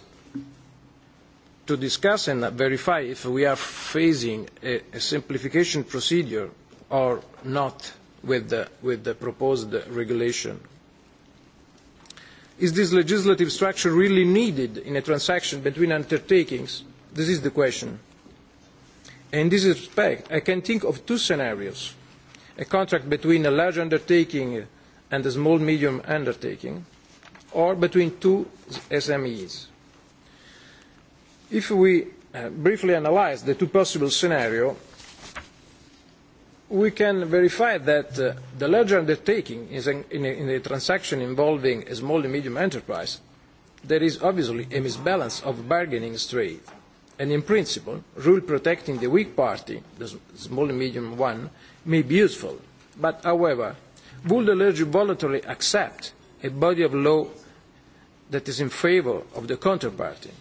to discuss and verify if we are facing a, a simplification procedure or not with the, with the proposed regulation. Is this legislative structure really needed in a transaction between undertakings? This is the question. In this respect, I can think of two scenarios. A contract between a large undertaking and a small medium undertaking, or between two SMEs. If we uh, briefly analyse the two possible scenarios, we can verify that uh, the larger undertaking is an, in, a, in a transaction involving a small and medium enterprise, there is obviously a misbalance of bargaining trade And in principle, rule protecting the weak party, the small and medium one, may be useful. But however, would the larger voluntarily accept a body of law that is in favour of the counterparty?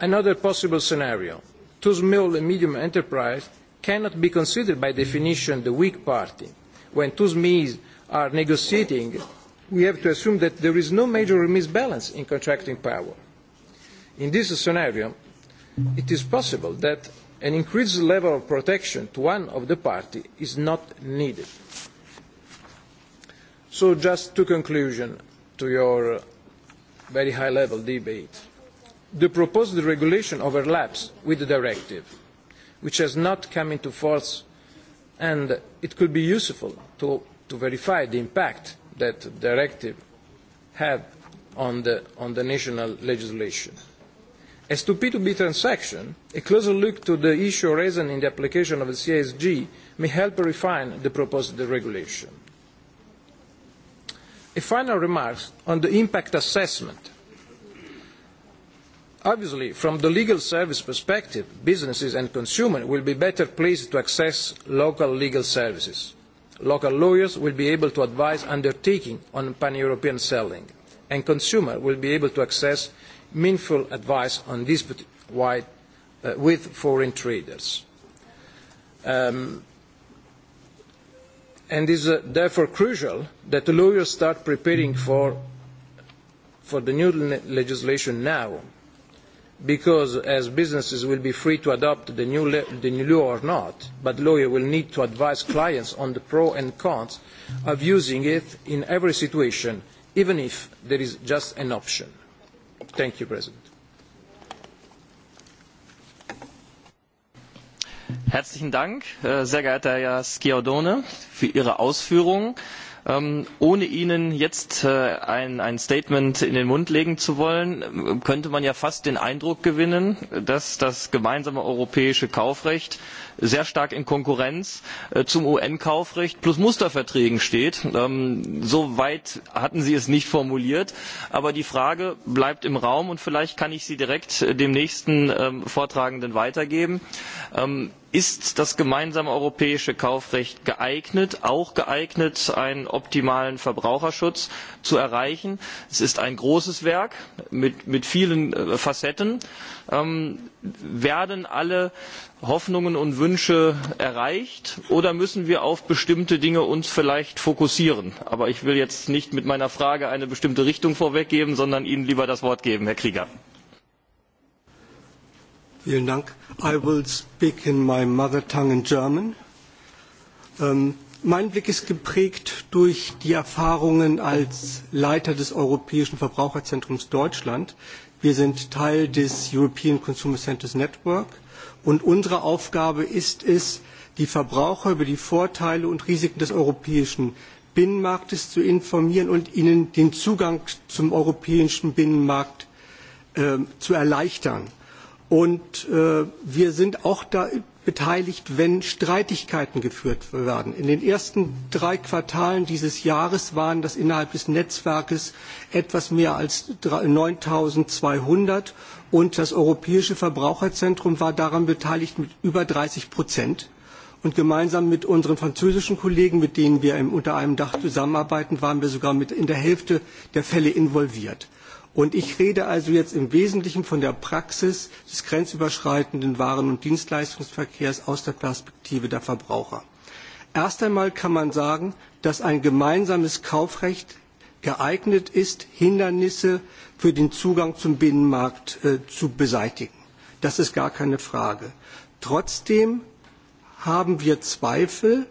Another possible scenario, two small and medium enterprises cannot be considered by definition the weak party. When two SMEs are negotiating, we have to assume that there is no major misbalance in contracting power. In this scenario, it is possible that an increased level of protection to one of the party is not needed. So just to conclusion to your very high level debate. The proposed regulation overlaps with the directive, which has not come into force, and it could be useful to, to verify the impact that the directive had on the, on the national legislation. As to P2B transaction, a closer look to the issue raised in the application of the CSG may help refine the proposed regulation. A final remark on the impact assessment Obviously, from the legal service perspective, businesses and consumers will be better placed to access local legal services. Local lawyers will be able to advise undertaking on pan-European selling, and consumers will be able to access meaningful advice on dispute wide, uh, with foreign traders. Um, and is uh, therefore crucial that the lawyers start preparing for, for the new legislation now because as businesses will be free to adopt the new, the new law or not, but lawyers will need to advise clients on the pros and cons of using it in every situation, even if there is just an option. Thank you, President. Herzlichen Dank, äh, sehr geehrter Herr Sciordone, für Ihre Ausführungen. Ähm, ohne Ihnen jetzt äh, ein, ein Statement in den Mund legen zu wollen, könnte man ja fast den Eindruck gewinnen, dass das gemeinsame europäische Kaufrecht sehr stark in Konkurrenz äh, zum UN-Kaufrecht plus Musterverträgen steht. Ähm, so weit hatten Sie es nicht formuliert, aber die Frage bleibt im Raum und vielleicht kann ich sie direkt äh, dem nächsten ähm, Vortragenden weitergeben. Ähm, ist das gemeinsame europäische Kaufrecht geeignet, auch geeignet, einen optimalen Verbraucherschutz zu erreichen? Es ist ein großes Werk mit, mit vielen äh, Facetten. Ähm, werden alle Hoffnungen und Wünsche erreicht oder müssen wir uns auf bestimmte Dinge vielleicht fokussieren? Aber ich will jetzt nicht mit meiner Frage eine bestimmte Richtung vorweggeben, sondern Ihnen lieber das Wort geben, Herr Krieger. Vielen Dank. I will speak in my mother tongue in German. Ähm, mein Blick ist geprägt durch die Erfahrungen als Leiter des Europäischen Verbraucherzentrums Deutschland. Wir sind Teil des European Consumer Centers Network – Und unsere Aufgabe ist es, die Verbraucher über die Vorteile und Risiken des europäischen Binnenmarktes zu informieren und ihnen den Zugang zum europäischen Binnenmarkt äh, zu erleichtern. Und äh, wir sind auch da, beteiligt, wenn Streitigkeiten geführt werden. In den ersten drei Quartalen dieses Jahres waren das innerhalb des Netzwerkes etwas mehr als 9200 und das Europäische Verbraucherzentrum war daran beteiligt mit über 30 Prozent. Und gemeinsam mit unseren französischen Kollegen, mit denen wir unter einem Dach zusammenarbeiten, waren wir sogar mit in der Hälfte der Fälle involviert. Und ich rede also jetzt im Wesentlichen von der Praxis des grenzüberschreitenden Waren- und Dienstleistungsverkehrs aus der Perspektive der Verbraucher. Erst einmal kann man sagen, dass ein gemeinsames Kaufrecht geeignet ist, Hindernisse für den Zugang zum Binnenmarkt äh, zu beseitigen. Das ist gar keine Frage. Trotzdem haben wir Zweifel,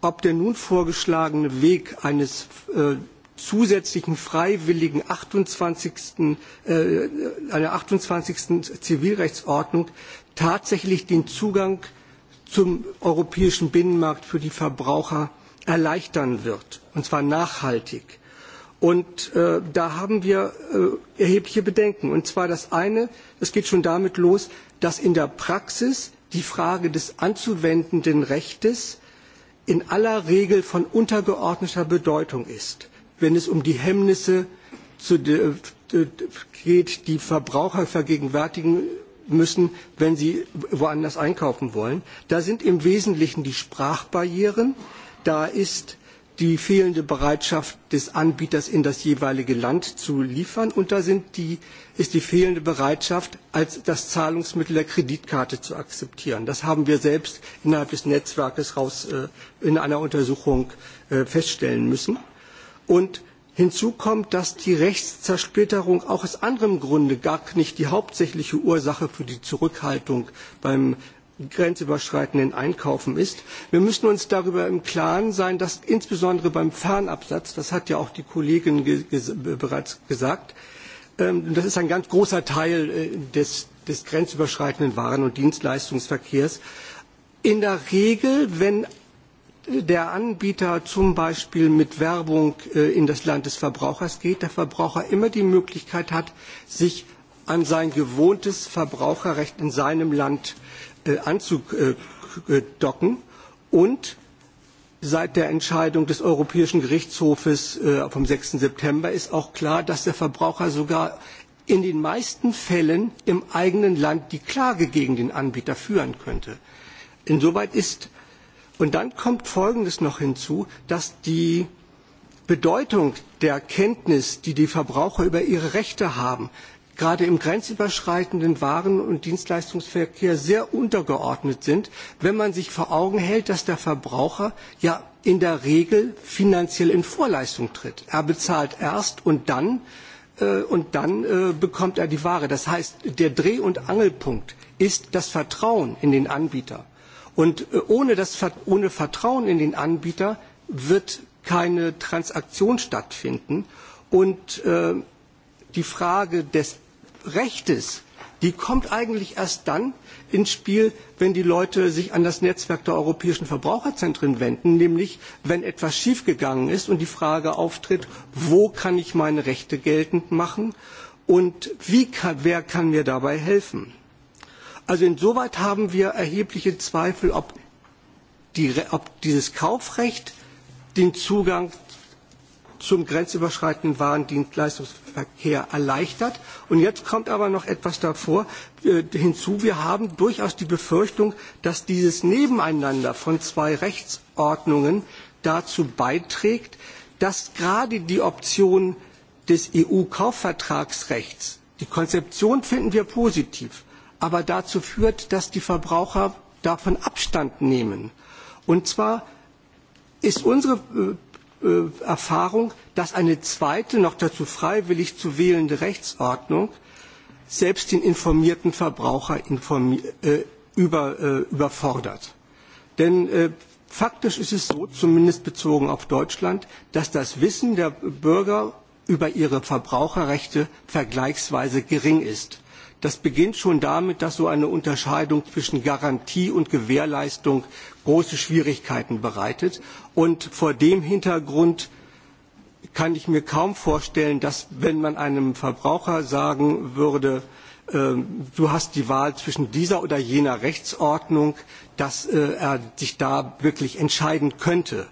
ob der nun vorgeschlagene Weg eines äh, zusätzlichen freiwilligen 28. Äh, einer 28. Zivilrechtsordnung tatsächlich den Zugang zum europäischen Binnenmarkt für die Verbraucher erleichtern wird, und zwar nachhaltig. Und äh, da haben wir äh, erhebliche Bedenken. Und zwar das eine, das geht schon damit los, dass in der Praxis die Frage des anzuwendenden Rechtes in aller Regel von untergeordneter Bedeutung ist wenn es um die Hemmnisse geht, die Verbraucher vergegenwärtigen müssen, wenn sie woanders einkaufen wollen. Da sind im Wesentlichen die Sprachbarrieren, da ist die fehlende Bereitschaft des Anbieters in das jeweilige Land zu liefern und da die, ist die fehlende Bereitschaft, als das Zahlungsmittel der Kreditkarte zu akzeptieren. Das haben wir selbst innerhalb des Netzwerkes raus, äh, in einer Untersuchung äh, feststellen müssen. Und hinzu kommt, dass die Rechtszersplitterung auch aus anderem Grunde gar nicht die hauptsächliche Ursache für die Zurückhaltung beim grenzüberschreitenden Einkaufen ist. Wir müssen uns darüber im Klaren sein, dass insbesondere beim Fernabsatz, das hat ja auch die Kollegin ge ge bereits gesagt, ähm, das ist ein ganz großer Teil äh, des, des grenzüberschreitenden Waren- und Dienstleistungsverkehrs, in der Regel, wenn der Anbieter zum Beispiel mit Werbung äh, in das Land des Verbrauchers geht, der Verbraucher immer die Möglichkeit hat, sich an sein gewohntes Verbraucherrecht in seinem Land äh, anzudocken und Seit der Entscheidung des Europäischen Gerichtshofes äh, vom 6. September ist auch klar, dass der Verbraucher sogar in den meisten Fällen im eigenen Land die Klage gegen den Anbieter führen könnte. Insoweit ist Und dann kommt Folgendes noch hinzu, dass die Bedeutung der Kenntnis, die die Verbraucher über ihre Rechte haben, gerade im grenzüberschreitenden Waren- und Dienstleistungsverkehr sehr untergeordnet sind, wenn man sich vor Augen hält, dass der Verbraucher ja in der Regel finanziell in Vorleistung tritt. Er bezahlt erst und dann, äh, und dann äh, bekommt er die Ware. Das heißt, der Dreh- und Angelpunkt ist das Vertrauen in den Anbieter. Und äh, ohne, das, ohne Vertrauen in den Anbieter wird keine Transaktion stattfinden. Und äh, die Frage des Rechtes, die kommt eigentlich erst dann ins Spiel, wenn die Leute sich an das Netzwerk der europäischen Verbraucherzentren wenden, nämlich wenn etwas schiefgegangen ist und die Frage auftritt, wo kann ich meine Rechte geltend machen und wie kann, wer kann mir dabei helfen? Also insoweit haben wir erhebliche Zweifel, ob, die, ob dieses Kaufrecht den Zugang zum grenzüberschreitenden Warendienstleistungsverkehr erleichtert. Und jetzt kommt aber noch etwas davor äh, hinzu. Wir haben durchaus die Befürchtung, dass dieses Nebeneinander von zwei Rechtsordnungen dazu beiträgt, dass gerade die Option des EU-Kaufvertragsrechts, die Konzeption finden wir positiv, aber dazu führt, dass die Verbraucher davon Abstand nehmen. Und zwar ist unsere äh, äh, Erfahrung, dass eine zweite, noch dazu freiwillig zu wählende Rechtsordnung selbst den informierten Verbraucher informi äh, über, äh, überfordert. Denn äh, faktisch ist es so, zumindest bezogen auf Deutschland, dass das Wissen der Bürger über ihre Verbraucherrechte vergleichsweise gering ist. Das beginnt schon damit, dass so eine Unterscheidung zwischen Garantie und Gewährleistung große Schwierigkeiten bereitet. Und vor dem Hintergrund kann ich mir kaum vorstellen, dass wenn man einem Verbraucher sagen würde, ähm, du hast die Wahl zwischen dieser oder jener Rechtsordnung, dass äh, er sich da wirklich entscheiden könnte.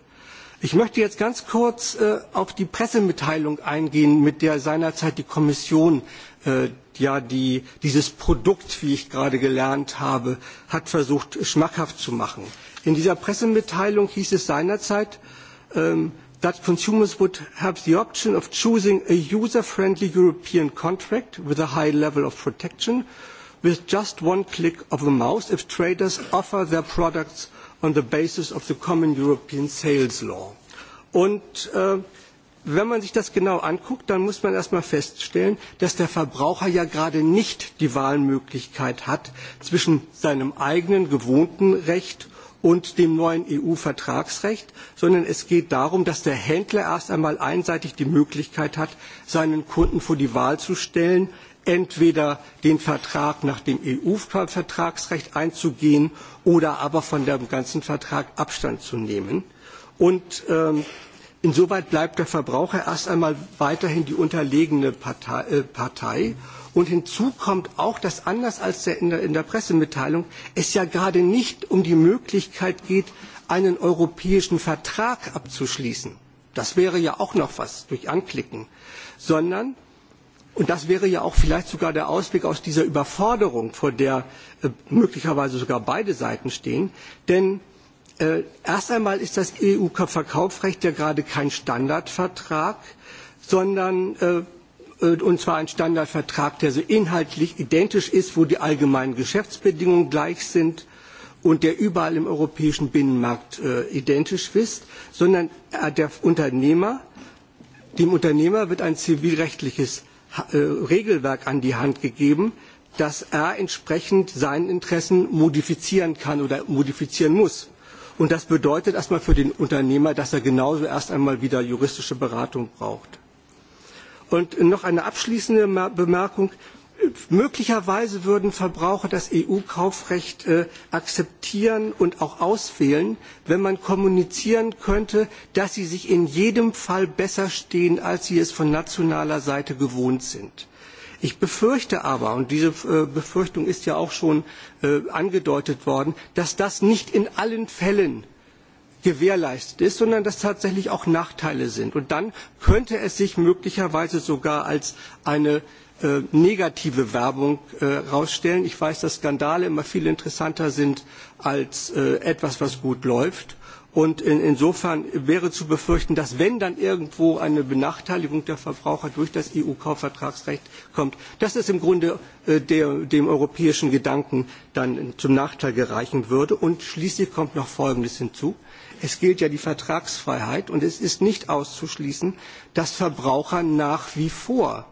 Ich möchte jetzt ganz kurz äh, auf die Pressemitteilung eingehen, mit der seinerzeit die Kommission äh, ja die, dieses Produkt, wie ich gerade gelernt habe, hat versucht schmackhaft zu machen. In dieser Pressemitteilung hieß es seinerzeit, ähm, that consumers would have the option of choosing a user-friendly European contract with a high level of protection with just one click of a mouse if traders offer their products on the basis of the common European sales law. Und äh, Wenn man sich das genau anguckt, dann muss man erst erstmal feststellen, dass der Verbraucher ja gerade nicht die Wahlmöglichkeit hat zwischen seinem eigenen gewohnten Recht und dem neuen EU-Vertragsrecht, sondern es geht darum, dass der Händler erst einmal einseitig die Möglichkeit hat, seinen Kunden vor die Wahl zu stellen, entweder den Vertrag nach dem EU-Vertragsrecht einzugehen oder aber von dem ganzen Vertrag Abstand zu nehmen. Und ähm, Insoweit bleibt der Verbraucher erst einmal weiterhin die unterlegene Partei, äh, Partei. Und hinzu kommt auch, dass anders als in der, in der Pressemitteilung es ja gerade nicht um die Möglichkeit geht, einen europäischen Vertrag abzuschließen. Das wäre ja auch noch was durch Anklicken. Sondern, und das wäre ja auch vielleicht sogar der Ausweg aus dieser Überforderung, vor der äh, möglicherweise sogar beide Seiten stehen, denn Äh, erst einmal ist das EU-Verkaufsrecht ja gerade kein Standardvertrag, sondern äh, äh, und zwar ein Standardvertrag, der so inhaltlich identisch ist, wo die allgemeinen Geschäftsbedingungen gleich sind und der überall im europäischen Binnenmarkt identisch ist, sondern der Unternehmer, dem Unternehmer wird ein zivilrechtliches Regelwerk an die Hand gegeben, das er entsprechend seinen Interessen modifizieren kann oder modifizieren muss. Und das bedeutet erstmal für den Unternehmer, dass er genauso erst einmal wieder juristische Beratung braucht. Und noch eine abschließende Bemerkung. Möglicherweise würden Verbraucher das EU-Kaufrecht äh, akzeptieren und auch auswählen, wenn man kommunizieren könnte, dass sie sich in jedem Fall besser stehen, als sie es von nationaler Seite gewohnt sind. Ich befürchte aber, und diese äh, Befürchtung ist ja auch schon äh, angedeutet worden, dass das nicht in allen Fällen gewährleistet ist, sondern dass tatsächlich auch Nachteile sind. Und dann könnte es sich möglicherweise sogar als eine äh, negative Werbung herausstellen. ich weiß, dass Skandale immer viel interessanter sind als äh, etwas, was gut läuft. Und in, insofern wäre zu befürchten, dass wenn dann irgendwo eine Benachteiligung der Verbraucher durch das EU-Kaufvertragsrecht kommt, dass es im Grunde äh, der, dem europäischen Gedanken dann zum Nachteil gereichen würde. Und schließlich kommt noch Folgendes hinzu. Es gilt ja die Vertragsfreiheit und es ist nicht auszuschließen, dass Verbraucher nach wie vor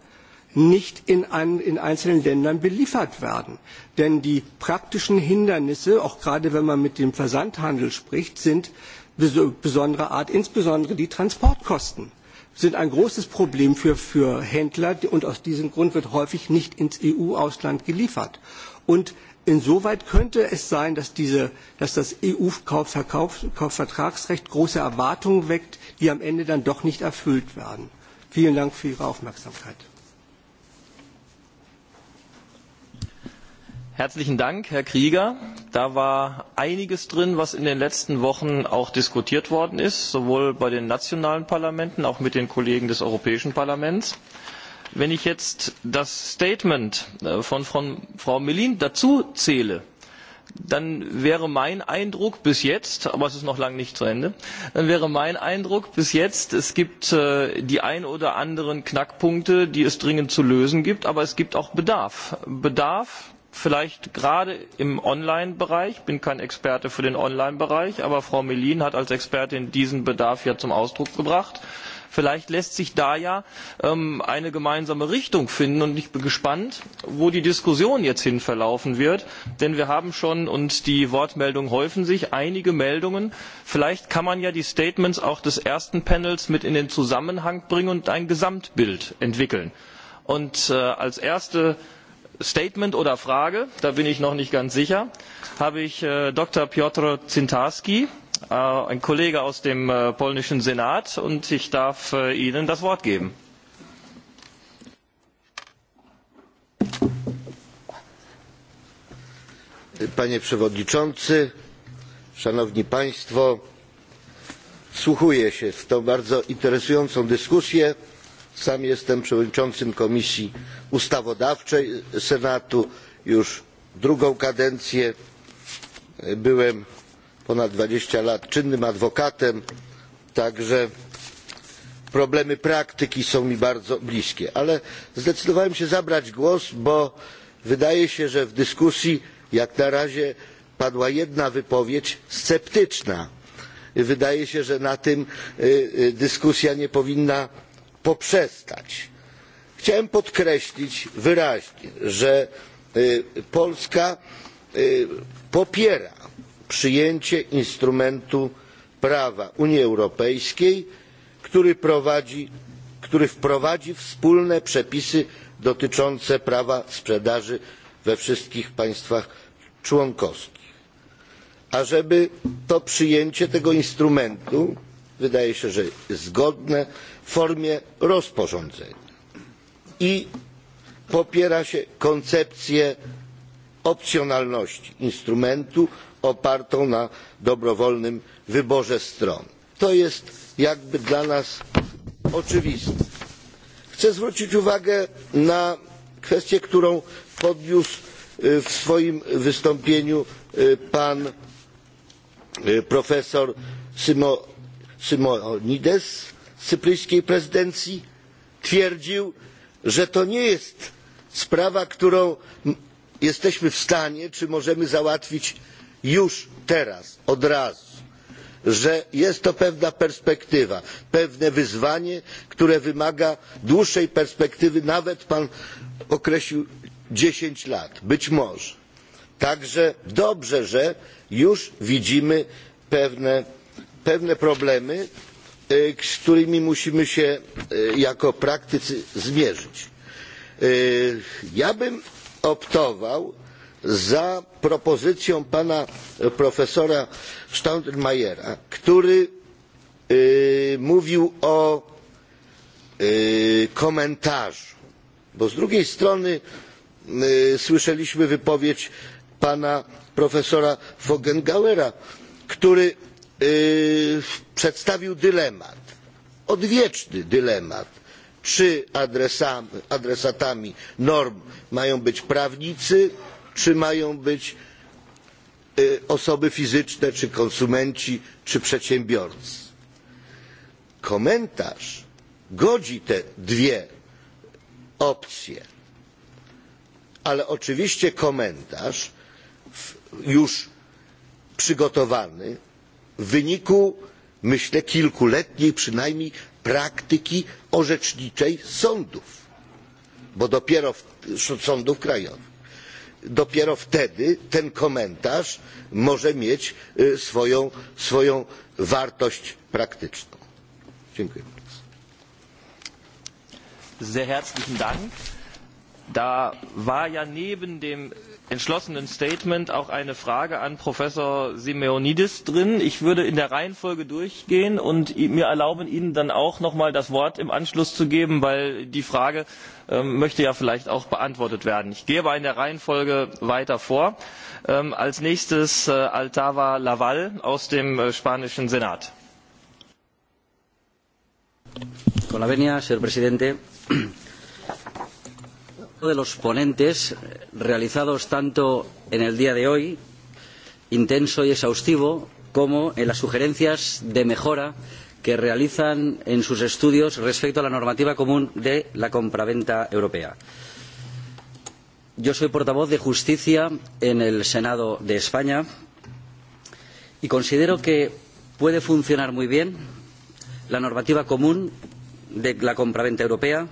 nicht in, ein, in einzelnen Ländern beliefert werden. Denn die praktischen Hindernisse, auch gerade wenn man mit dem Versandhandel spricht, sind besonderer Art, insbesondere die Transportkosten sind ein großes Problem für, für Händler und aus diesem Grund wird häufig nicht ins EU-Ausland geliefert. Und Insoweit könnte es sein, dass, diese, dass das EU-Kaufvertragsrecht große Erwartungen weckt, die am Ende dann doch nicht erfüllt werden. Vielen Dank für Ihre Aufmerksamkeit. Herzlichen Dank, Herr Krieger. Da war einiges drin, was in den letzten Wochen auch diskutiert worden ist, sowohl bei den nationalen Parlamenten, auch mit den Kollegen des Europäischen Parlaments. Wenn ich jetzt das Statement äh, von Frau Melin dazu zähle, dann wäre mein Eindruck bis jetzt, aber es ist noch lange nicht zu Ende, dann wäre mein Eindruck bis jetzt, es gibt äh, die ein oder anderen Knackpunkte, die es dringend zu lösen gibt, aber es gibt auch Bedarf. Bedarf vielleicht gerade im Online-Bereich, Ich bin kein Experte für den Online-Bereich, aber Frau Melin hat als Expertin diesen Bedarf ja zum Ausdruck gebracht. Vielleicht lässt sich da ja ähm, eine gemeinsame Richtung finden und ich bin gespannt, wo die Diskussion jetzt hin verlaufen wird, denn wir haben schon und die Wortmeldungen häufen sich einige Meldungen. Vielleicht kann man ja die Statements auch des ersten Panels mit in den Zusammenhang bringen und ein Gesamtbild entwickeln. Und äh, als erste Statement oder Frage, da bin ich noch nicht ganz sicher, habe ich äh, Dr. Piotr Zintarski, einen äh, ein Kollege aus dem äh, polnischen Senat, und ich darf Ihnen das Wort geben. Panie Przewodniczący, Szanowni Państwo, wsłuchuję się w tą bardzo interesującą dyskusję. Sam jestem przewodniczącym Komisji Ustawodawczej Senatu już drugą kadencję. Byłem ponad dwadzieścia lat czynnym adwokatem, także problemy praktyki są mi bardzo bliskie. Ale zdecydowałem się zabrać głos, bo wydaje się, że w dyskusji jak na razie padła jedna wypowiedź sceptyczna. Wydaje się, że na tym dyskusja nie powinna poprzestać. Chciałem podkreślić wyraźnie, że Polska popiera przyjęcie instrumentu prawa Unii Europejskiej, który, prowadzi, który wprowadzi wspólne przepisy dotyczące prawa sprzedaży we wszystkich państwach członkowskich. A żeby to przyjęcie tego instrumentu wydaje się, że zgodne w formie rozporządzenia i popiera się koncepcję opcjonalności instrumentu opartą na dobrowolnym wyborze stron. To jest jakby dla nas oczywiste. Chcę zwrócić uwagę na kwestię, którą podniósł w swoim wystąpieniu pan profesor Simon. Symonides z cypryjskiej prezydencji twierdził, że to nie jest sprawa, którą jesteśmy w stanie czy możemy załatwić już teraz, od razu, że jest to pewna perspektywa, pewne wyzwanie, które wymaga dłuższej perspektywy, nawet pan określił dziesięć lat, być może. Także dobrze, że już widzimy pewne pewne problemy, e, z którymi musimy się e, jako praktycy zmierzyć. E, ja bym optował za propozycją pana profesora Staudenmayera, który mówił o komentarzu, bo z drugiej strony słyszeliśmy wypowiedź pana profesora Vogengauera, który przedstawił dylemat, odwieczny dylemat, czy adresatami norm mają być prawnicy, czy mają być osoby fizyczne, czy konsumenci, czy przedsiębiorcy. Komentarz godzi te dwie opcje, ale oczywiście komentarz już przygotowany wyniku, myślę, kilkuletniej przynajmniej praktyki orzeczniczej sądów, bo dopiero w, sądów krajowych. Dopiero wtedy ten komentarz może mieć swoją, swoją wartość praktyczną. Dziękuję bardzo. Sehr herzlichen Dank. Da war ja neben dem entschlossenen Statement auch eine Frage an Professor Simeonidis drin. Ich würde in der Reihenfolge durchgehen und mir erlauben, Ihnen dann auch noch mal das Wort im Anschluss zu geben, weil die Frage ähm, möchte ja vielleicht auch beantwortet werden. Ich gehe aber in der Reihenfolge weiter vor. Ähm, als nächstes äh, Altava Laval aus dem äh, spanischen Senat. Con la venia, señor presidente de los ponentes realizados tanto en el día de hoy, intenso y exhaustivo, como en las sugerencias de mejora que realizan en sus estudios respecto a la normativa común de la compraventa europea. Yo soy portavoz de Justicia en el Senado de España y considero que puede funcionar muy bien la normativa común de la compraventa europea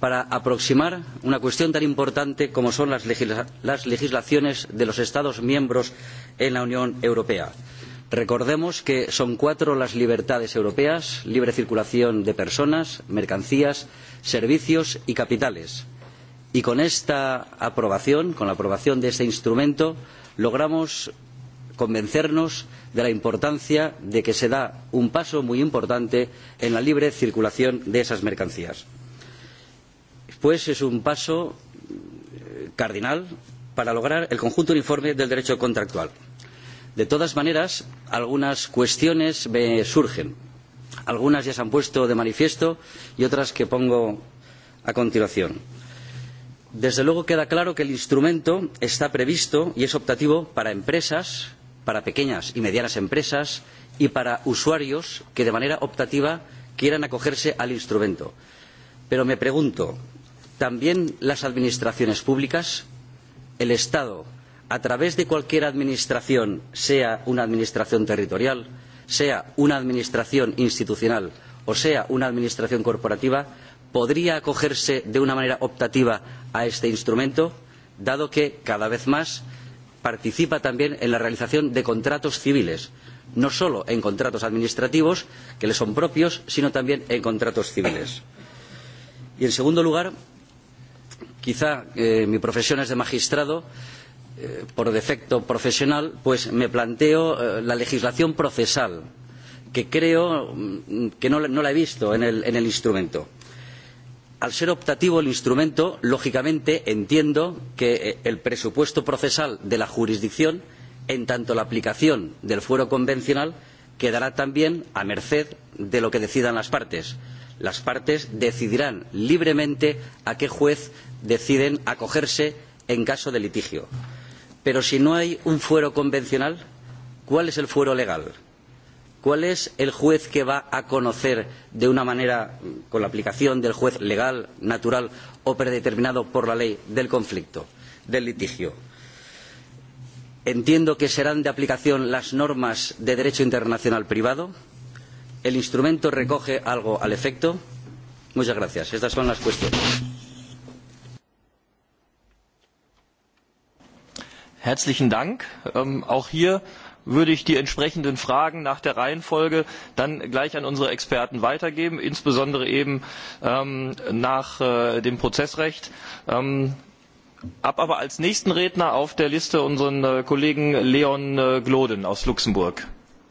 para aproximar una cuestión tan importante como son las, legisla las legislaciones de los Estados miembros en la Unión Europea. Recordemos que son cuatro las libertades europeas, libre circulación de personas, mercancías, servicios y capitales. Y con esta aprobación, con la aprobación de este instrumento, logramos convencernos de la importancia de que se da un paso muy importante en la libre circulación de esas mercancías pues es un paso eh, cardinal para lograr el conjunto uniforme del derecho contractual. De todas maneras, algunas cuestiones me surgen. Algunas ya se han puesto de manifiesto y otras que pongo a continuación. Desde luego queda claro que el instrumento está previsto y es optativo para empresas, para pequeñas y medianas empresas y para usuarios que de manera optativa quieran acogerse al instrumento. Pero me pregunto, También las administraciones públicas, el Estado, a través de cualquier administración, sea una administración territorial, sea una administración institucional o sea una administración corporativa, podría acogerse de una manera optativa a este instrumento, dado que cada vez más participa también en la realización de contratos civiles, no solo en contratos administrativos, que le son propios, sino también en contratos civiles. Y en segundo lugar, quizá eh, mi profesión es de magistrado, eh, por defecto profesional, pues me planteo eh, la legislación procesal, que creo mm, que no, no la he visto en el, en el instrumento. Al ser optativo el instrumento, lógicamente entiendo que eh, el presupuesto procesal de la jurisdicción, en tanto la aplicación del fuero convencional, quedará también a merced de lo que decidan las partes. Las partes decidirán libremente a qué juez deciden acogerse en caso de litigio. Pero si no hay un fuero convencional, ¿cuál es el fuero legal? ¿Cuál es el juez que va a conocer de una manera, con la aplicación del juez legal, natural o predeterminado por la ley del conflicto, del litigio? Entiendo que serán de aplicación las normas de derecho internacional privado. ¿El instrumento recoge algo al efecto? Muchas gracias. Estas son las cuestiones. Herzlichen Dank. Ähm, auch hier würde ich die entsprechenden Fragen nach der Reihenfolge dann gleich an unsere Experten weitergeben, insbesondere eben ähm, nach äh, dem Prozessrecht. Ähm, habe aber als nächsten Redner auf der Liste unseren äh, Kollegen Leon äh, Gloden aus Luxemburg,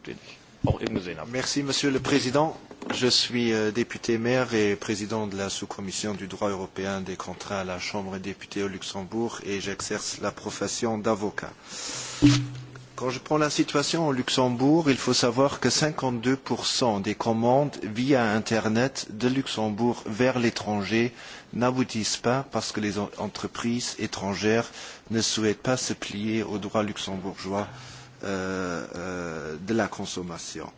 den ich auch eben gesehen habe. Merci, Monsieur le Président. Je suis euh, député maire et président de la sous-commission du droit européen des contrats à la Chambre des députés au Luxembourg et j'exerce la profession d'avocat. Quand je prends la situation au Luxembourg, il faut savoir que 52% des commandes via Internet de Luxembourg vers l'étranger n'aboutissent pas parce que les entreprises étrangères ne souhaitent pas se plier aux droits luxembourgeois euh, euh, de la consommation.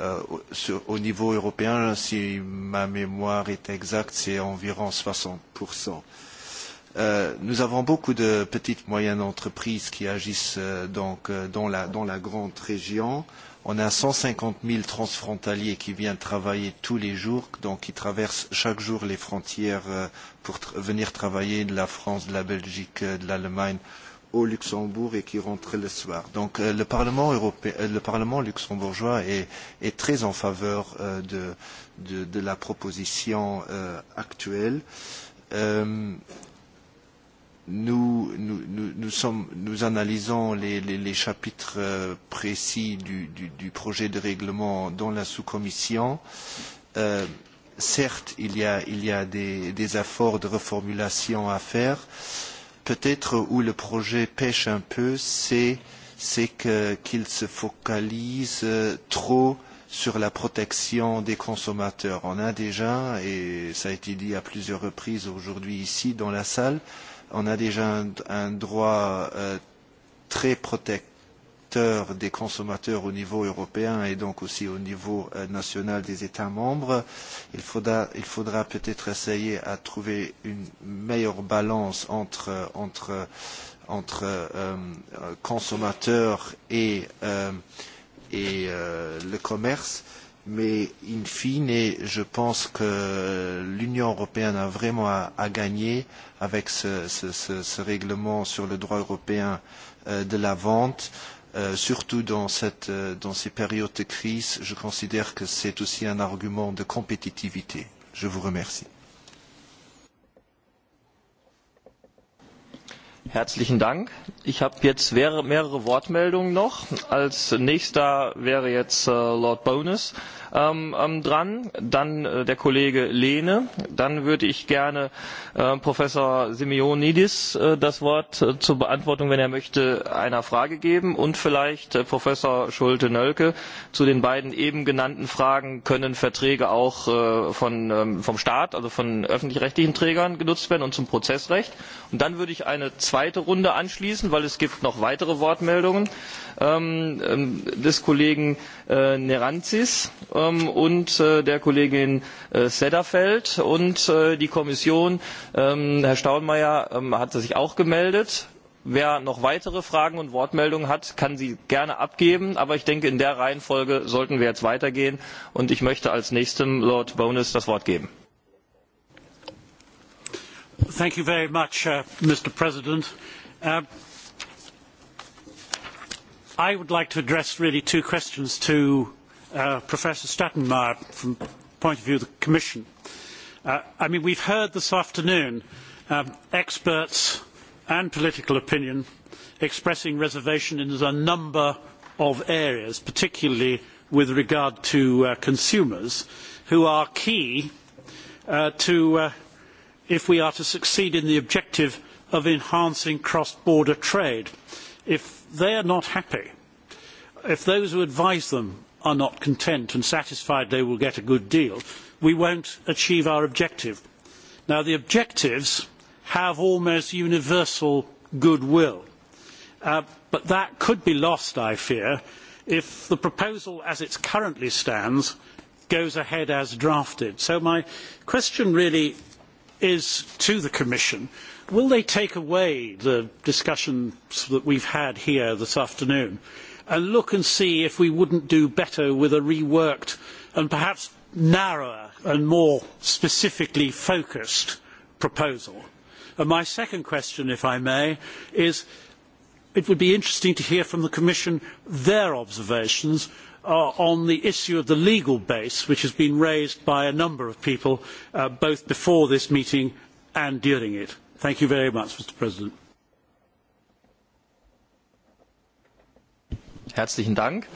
Euh, au niveau européen, si ma mémoire est exacte, c'est environ 60%. Euh, nous avons beaucoup de petites moyennes entreprises qui agissent euh, donc euh, dans, la, dans la grande région. On a 150 000 transfrontaliers qui viennent travailler tous les jours, donc qui traversent chaque jour les frontières euh, pour tra venir travailler de la France, de la Belgique, euh, de l'Allemagne, au Luxembourg et qui rentrait le soir. Donc euh, le Parlement européen, euh, le Parlement luxembourgeois est, est très en faveur euh, de, de, de la proposition euh, actuelle. Euh, nous, nous, nous, nous, sommes, nous analysons les, les, les chapitres euh, précis du, du, du projet de règlement dans la sous-commission. Euh, certes, il y a, il y a des, des efforts de reformulation à faire. Euh, peut-être où le projet pêche un peu, c'est c'est qu'il qu se focalise euh, trop sur la protection des consommateurs. On a déjà, et ça a été dit à plusieurs reprises aujourd'hui ici dans la salle, on a déjà un, un droit euh, très protecteur acteurs des consommateurs au niveau européen et donc aussi au niveau euh, national des États membres. Il faudra, il faudra peut-être essayer à trouver une meilleure balance entre, entre, entre euh, consommateurs et, euh, et euh, le commerce. Mais in fine, je pense que l'Union européenne a vraiment à, à gagner avec ce, ce, ce, ce règlement sur le droit européen euh, de la vente Euh, surtout dans, cette, euh, dans ces périodes de crise, je considère que c'est aussi un argument de compétitivité. Je vous remercie. Herzlichen Dank. Ich habe jetzt mehrere Wortmeldungen noch. Als nächster wäre jetzt äh, Lord Bonus ähm, ähm, dran, dann äh, der Kollege Lehne, dann würde ich gerne äh, Professor Simeonidis äh, das Wort äh, zur Beantwortung, wenn er möchte, einer Frage geben und vielleicht äh, Professor Schulte-Nölke zu den beiden eben genannten Fragen, können Verträge auch äh, von, ähm, vom Staat, also von öffentlich-rechtlichen Trägern genutzt werden und zum Prozessrecht. Und dann würde ich eine zweite Runde anschließen, weil es gibt noch weitere Wortmeldungen ähm, ähm des Kollegen äh, Neranzis. Äh, ähm, und äh, der Kollegin äh, Sederfeld und äh, die Kommission. Ähm, Herr Staunmeier ähm, hat sich auch gemeldet. Wer noch weitere Fragen und Wortmeldungen hat, kann sie gerne abgeben. Aber ich denke, in der Reihenfolge sollten wir jetzt weitergehen. Und ich möchte als nächstem Lord Bonus das Wort geben. Thank you very much, uh, Mr. President. Uh, I would like to address really two questions to Uh, Professor Stattenmeier from the point of view of the Commission. Uh, I mean, we've heard this afternoon um, experts and political opinion expressing reservation in a number of areas, particularly with regard to uh, consumers, who are key uh, to uh, if we are to succeed in the objective of enhancing cross-border trade. If they are not happy, if those who advise them are not content and satisfied they will get a good deal, we will not achieve our objective. Now, the objectives have almost universal goodwill, uh, but that could be lost, I fear, if the proposal as it currently stands goes ahead as drafted. So my question really is to the Commission. Will they take away the discussions that we have had here this afternoon and look and see if we would not do better with a reworked and perhaps narrower and more specifically focused proposal. And my second question, if I may, is it would be interesting to hear from the Commission their observations uh, on the issue of the legal base, which has been raised by a number of people uh, both before this meeting and during it. Thank you very much, Mr. President. Herzlichen Dank.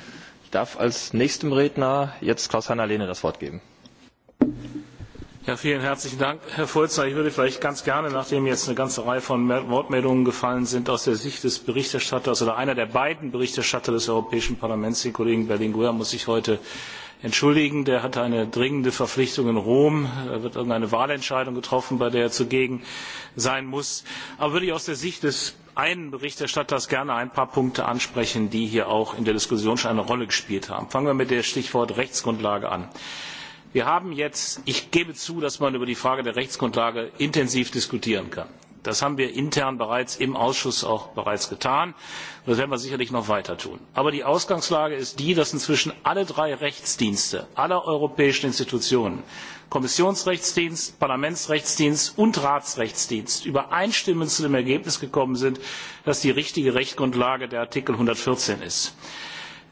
Ich darf als nächstem Redner jetzt Klaus-Heiner Lehne das Wort geben. Ja, vielen herzlichen Dank, Herr Fulzer. Ich würde vielleicht ganz gerne, nachdem jetzt eine ganze Reihe von Wortmeldungen gefallen sind, aus der Sicht des Berichterstatters oder einer der beiden Berichterstatter des Europäischen Parlaments, den Kollegen Berlinguer, muss ich heute entschuldigen. Der hatte eine dringende Verpflichtung in Rom. Da wird irgendeine Wahlentscheidung getroffen, bei der er zugegen sein muss. Aber würde ich aus der Sicht des einen Berichterstatters gerne ein paar Punkte ansprechen, die hier auch in der Diskussion schon eine Rolle gespielt haben. Fangen wir mit dem Stichwort Rechtsgrundlage an. Wir haben jetzt, ich gebe zu, dass man über die Frage der Rechtsgrundlage intensiv diskutieren kann. Das haben wir intern bereits im Ausschuss auch bereits getan. Das werden wir sicherlich noch weiter tun. Aber die Ausgangslage ist die, dass inzwischen alle drei Rechtsdienste aller europäischen Institutionen, Kommissionsrechtsdienst, Parlamentsrechtsdienst und Ratsrechtsdienst übereinstimmend zu dem Ergebnis gekommen sind, dass die richtige Rechtsgrundlage der Artikel 114 ist.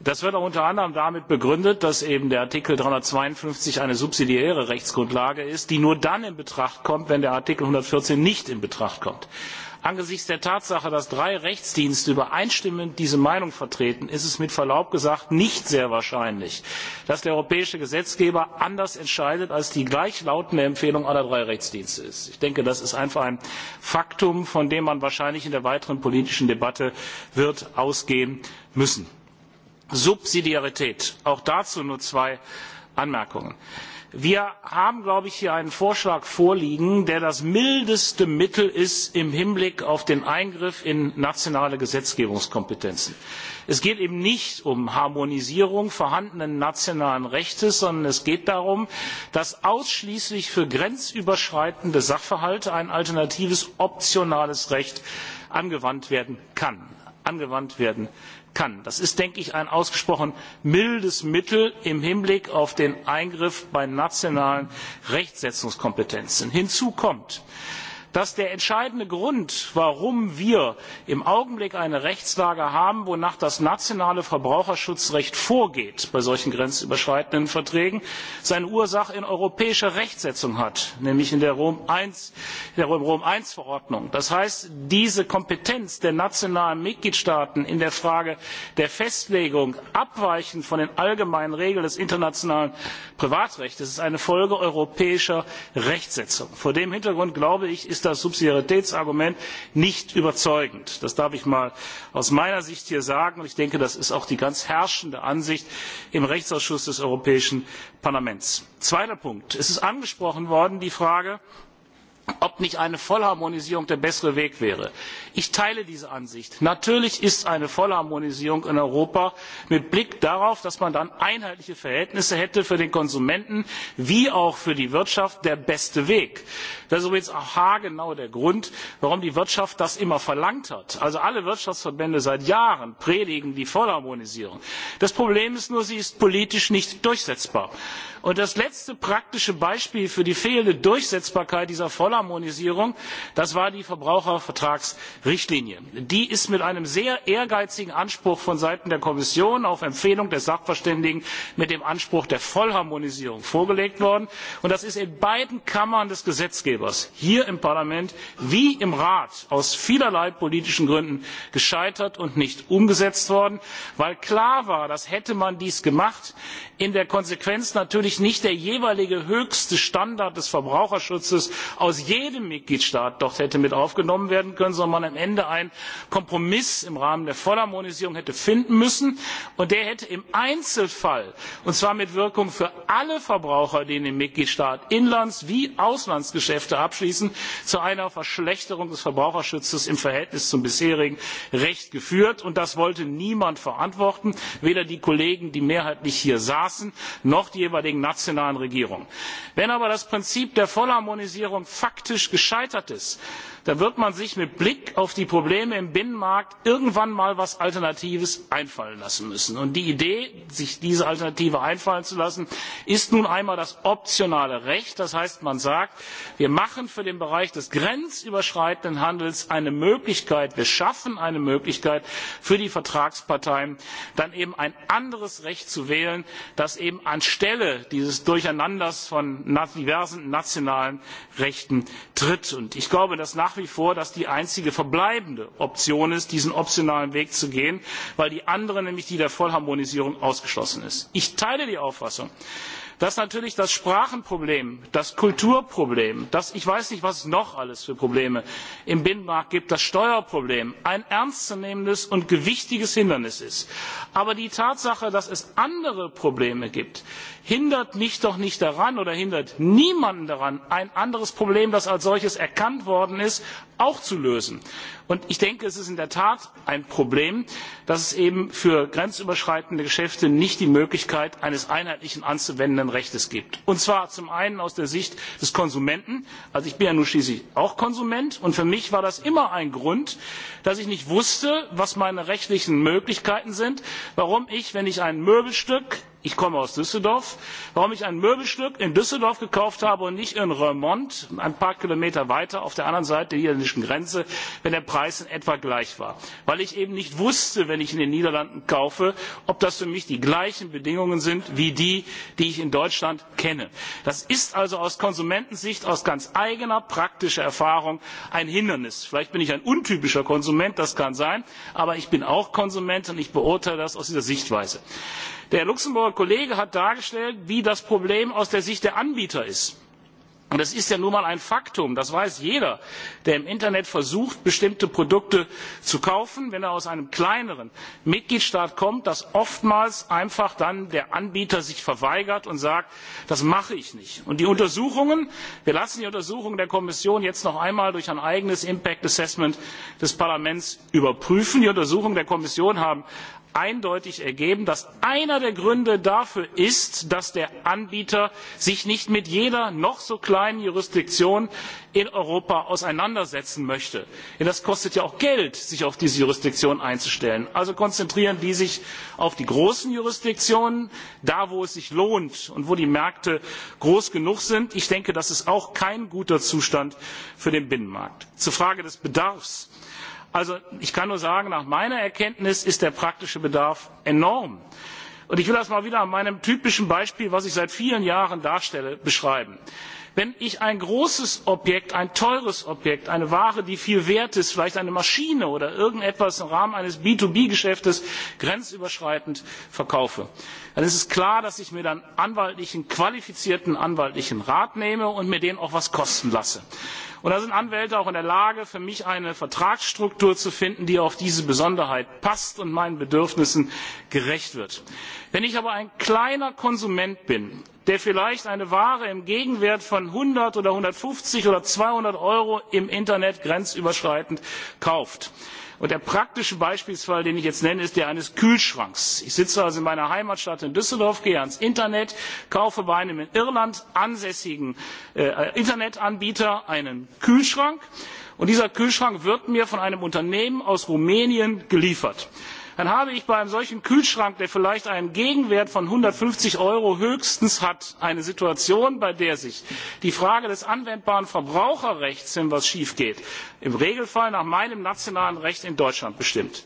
Das wird auch unter anderem damit begründet, dass eben der Artikel 352 eine subsidiäre Rechtsgrundlage ist, die nur dann in Betracht kommt, wenn der Artikel 114 nicht in Betracht kommt. Angesichts der Tatsache, dass drei Rechtsdienste übereinstimmend diese Meinung vertreten, ist es mit Verlaub gesagt nicht sehr wahrscheinlich, dass der europäische Gesetzgeber anders entscheidet, als die gleichlautende Empfehlung aller drei Rechtsdienste ist. Ich denke, das ist einfach ein Faktum, von dem man wahrscheinlich in der weiteren politischen Debatte wird ausgehen müssen. Subsidiarität. Auch dazu nur zwei Anmerkungen. Wir haben, glaube ich, hier einen Vorschlag vorliegen, der das mildeste Mittel ist im Hinblick auf den Eingriff in nationale Gesetzgebungskompetenzen. Es geht eben nicht um Harmonisierung vorhandenen nationalen Rechtes, sondern es geht darum, dass ausschließlich für grenzüberschreitende Sachverhalte ein alternatives optionales Recht angewandt werden kann. Angewandt werden kann. Das ist, denke ich, ein ausgesprochen mildes Mittel im Hinblick auf den Eingriff bei nationalen Rechtsetzungskompetenzen. Hinzu kommt, dass der entscheidende grund warum wir im augenblick eine rechtslage haben wonach das nationale verbraucherschutzrecht vorgeht bei solchen grenzüberschreitenden verträgen seine ursache in europäischer rechtsetzung hat nämlich in der rom i verordnung. das heißt diese kompetenz der nationalen mitgliedstaaten in der frage der festlegung abweichend von den allgemeinen regeln des internationalen privatrechts ist eine folge europäischer rechtsetzung. vor dem hintergrund glaube ich ist das Subsidiaritätsargument nicht überzeugend. Das darf ich mal aus meiner Sicht hier sagen. Und ich denke, das ist auch die ganz herrschende Ansicht im Rechtsausschuss des Europäischen Parlaments. Zweiter Punkt. Es ist angesprochen worden, die Frage, ob nicht eine Vollharmonisierung der bessere Weg wäre. Ich teile diese Ansicht. Natürlich ist eine Vollharmonisierung in Europa mit Blick darauf, dass man dann einheitliche Verhältnisse hätte für den Konsumenten wie auch für die Wirtschaft der beste Weg. Das ist übrigens auch haargenau der Grund, warum die Wirtschaft das immer verlangt hat. Also alle Wirtschaftsverbände seit Jahren predigen die Vollharmonisierung. Das Problem ist nur, sie ist politisch nicht durchsetzbar. Und das letzte praktische Beispiel für die fehlende Durchsetzbarkeit dieser Vollharmonisierung Zollharmonisierung. Das war die Verbrauchervertragsrichtlinie. Die ist mit einem sehr ehrgeizigen Anspruch von Seiten der Kommission auf Empfehlung des Sachverständigen mit dem Anspruch der Vollharmonisierung vorgelegt worden. Und das ist in beiden Kammern des Gesetzgebers, hier im Parlament wie im Rat, aus vielerlei politischen Gründen gescheitert und nicht umgesetzt worden, weil klar war, dass hätte man dies gemacht, in der Konsequenz natürlich nicht der jeweilige höchste Standard des Verbraucherschutzes aus jedem Mitgliedstaat dort hätte mit aufgenommen werden können, sondern man am Ende einen Kompromiss im Rahmen der Vollharmonisierung hätte finden müssen. Und der hätte im Einzelfall, und zwar mit Wirkung für alle Verbraucher, die in dem Mitgliedstaat Inlands- wie Auslandsgeschäfte abschließen, zu einer Verschlechterung des Verbraucherschutzes im Verhältnis zum bisherigen Recht geführt. Und das wollte niemand verantworten, weder die Kollegen, die mehrheitlich hier saßen, noch die jeweiligen nationalen Regierungen. Wenn aber das Prinzip der Vollharmonisierung faktisch gescheitertes Da wird man sich mit Blick auf die Probleme im Binnenmarkt irgendwann mal etwas Alternatives einfallen lassen müssen. Und die Idee, sich diese Alternative einfallen zu lassen, ist nun einmal das optionale Recht. Das heißt, man sagt, wir machen für den Bereich des grenzüberschreitenden Handels eine Möglichkeit, wir schaffen eine Möglichkeit für die Vertragsparteien, dann eben ein anderes Recht zu wählen, das eben anstelle dieses Durcheinanders von diversen nationalen Rechten tritt. Und ich glaube, nach wie vor dass die einzige verbleibende Option ist, diesen optionalen Weg zu gehen, weil die andere, nämlich die der Vollharmonisierung, ausgeschlossen ist. Ich teile die Auffassung, dass natürlich das Sprachenproblem, das Kulturproblem, das ich weiß nicht, was es noch alles für Probleme im Binnenmarkt gibt, das Steuerproblem ein ernstzunehmendes und gewichtiges Hindernis ist. Aber die Tatsache, dass es andere Probleme gibt, hindert mich doch nicht daran oder hindert niemanden daran, ein anderes Problem, das als solches erkannt worden ist, auch zu lösen. Und ich denke, es ist in der Tat ein Problem, dass es eben für grenzüberschreitende Geschäfte nicht die Möglichkeit eines einheitlichen anzuwendenden Rechts gibt. Und zwar zum einen aus der Sicht des Konsumenten. Also ich bin ja nun schließlich auch Konsument und für mich war das immer ein Grund, dass ich nicht wusste, was meine rechtlichen Möglichkeiten sind, warum ich, wenn ich ein Möbelstück ich komme aus Düsseldorf, warum ich ein Möbelstück in Düsseldorf gekauft habe und nicht in Remont, ein paar Kilometer weiter auf der anderen Seite der niederländischen Grenze, wenn der Preis in etwa gleich war. Weil ich eben nicht wusste, wenn ich in den Niederlanden kaufe, ob das für mich die gleichen Bedingungen sind wie die, die ich in Deutschland kenne. Das ist also aus Konsumentensicht, aus ganz eigener praktischer Erfahrung ein Hindernis. Vielleicht bin ich ein untypischer Konsument, das kann sein, aber ich bin auch Konsument und ich beurteile das aus dieser Sichtweise. Der Luxemburger Kollege hat dargestellt, wie das Problem aus der Sicht der Anbieter ist. Und das ist ja nun mal ein Faktum. Das weiß jeder, der im Internet versucht, bestimmte Produkte zu kaufen, wenn er aus einem kleineren Mitgliedstaat kommt, dass oftmals einfach dann der Anbieter sich verweigert und sagt, das mache ich nicht. Und die Untersuchungen, wir lassen die Untersuchungen der Kommission jetzt noch einmal durch ein eigenes Impact Assessment des Parlaments überprüfen. Die Untersuchungen der Kommission haben eindeutig ergeben, dass einer der Gründe dafür ist, dass der Anbieter sich nicht mit jeder noch so kleinen Jurisdiktion in Europa auseinandersetzen möchte. Denn das kostet ja auch Geld, sich auf diese Jurisdiktion einzustellen. Also konzentrieren die sich auf die großen Jurisdiktionen, da wo es sich lohnt und wo die Märkte groß genug sind. Ich denke, das ist auch kein guter Zustand für den Binnenmarkt. Zur Frage des Bedarfs Also ich kann nur sagen, nach meiner Erkenntnis ist der praktische Bedarf enorm. ich will das mal wieder an meinem typischen Beispiel, das ich seit vielen Jahren darstelle, beschreiben. Wenn ich ein großes Objekt, ein teures Objekt, eine Ware, die viel wert ist, vielleicht eine Maschine oder irgendetwas im Rahmen eines b zwei b Geschäfts grenzüberschreitend verkaufe, dann ist es klar, dass ich mir dann anwaltlichen, qualifizierten anwaltlichen Rat nehme und mir den auch etwas kosten lasse. Und da sind Anwälte auch in der Lage, für mich eine Vertragsstruktur zu finden, die auf diese Besonderheit passt und meinen Bedürfnissen gerecht wird. Wenn ich aber ein kleiner Konsument bin, der vielleicht eine Ware im Gegenwert von 100 oder 150 oder 200 Euro im Internet grenzüberschreitend kauft, Und der praktische Beispielsfall, den ich jetzt nenne, ist der eines Kühlschranks. Ich sitze also in meiner Heimatstadt in Düsseldorf, gehe ans Internet, kaufe bei einem in Irland ansässigen äh, Internetanbieter einen Kühlschrank. Und dieser Kühlschrank wird mir von einem Unternehmen aus Rumänien geliefert dann habe ich bei einem solchen Kühlschrank, der vielleicht einen Gegenwert von 150 Euro höchstens hat, eine Situation, bei der sich die Frage des anwendbaren Verbraucherrechts, wenn was schief geht, im Regelfall nach meinem nationalen Recht in Deutschland bestimmt.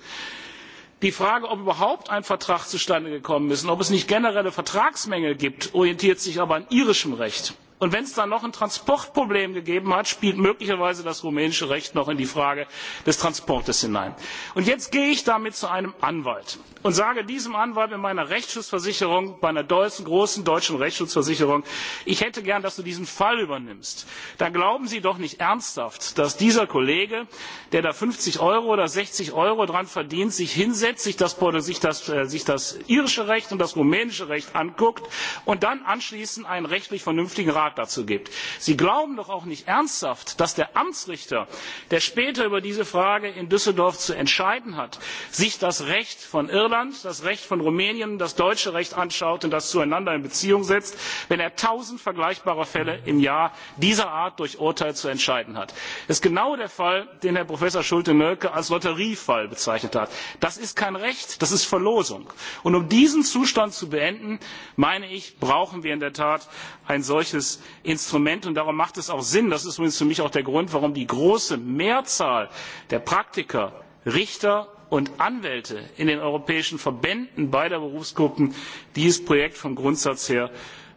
Die Frage, ob überhaupt ein Vertrag zustande gekommen ist und ob es nicht generelle Vertragsmängel gibt, orientiert sich aber an irischem Recht. Und wenn es dann noch ein Transportproblem gegeben hat, spielt möglicherweise das rumänische Recht noch in die Frage des Transportes hinein. Und jetzt gehe ich damit zu einem Anwalt und sage diesem Anwalt in meiner Rechtsschutzversicherung, bei einer großen deutschen Rechtsschutzversicherung, ich hätte gern, dass du diesen Fall übernimmst. Dann glauben Sie doch nicht ernsthaft, dass dieser Kollege, der da fünfzig Euro oder sechzig Euro dran verdient, sich hinsetzt, sich das, sich das, äh, sich das irische Recht und das rumänische Recht anguckt und dann anschließend einen rechtlich vernünftigen Rat dazu gibt. Sie glauben doch auch nicht ernsthaft, dass der Amtsrichter, der später über diese Frage in Düsseldorf zu entscheiden hat, sich das Recht von Irland, das Recht von Rumänien, das deutsche Recht anschaut und das zueinander in Beziehung setzt, wenn er tausend vergleichbare Fälle im Jahr dieser Art durch Urteil zu entscheiden hat. Das ist genau der Fall, den Herr Professor Schulte-Mölke als Lotteriefall bezeichnet hat. Das ist kein Recht, das ist Verlosung. Und um diesen Zustand zu beenden, meine ich, brauchen wir in der Tat ein solches Instrument und darum macht es auch Sinn. Das ist übrigens für mich auch der Grund, warum die große Mehrzahl der Praktiker, Richter und Anwälte in den europäischen Verbänden beider Berufsgruppen dieses Projekt vom Grundsatz her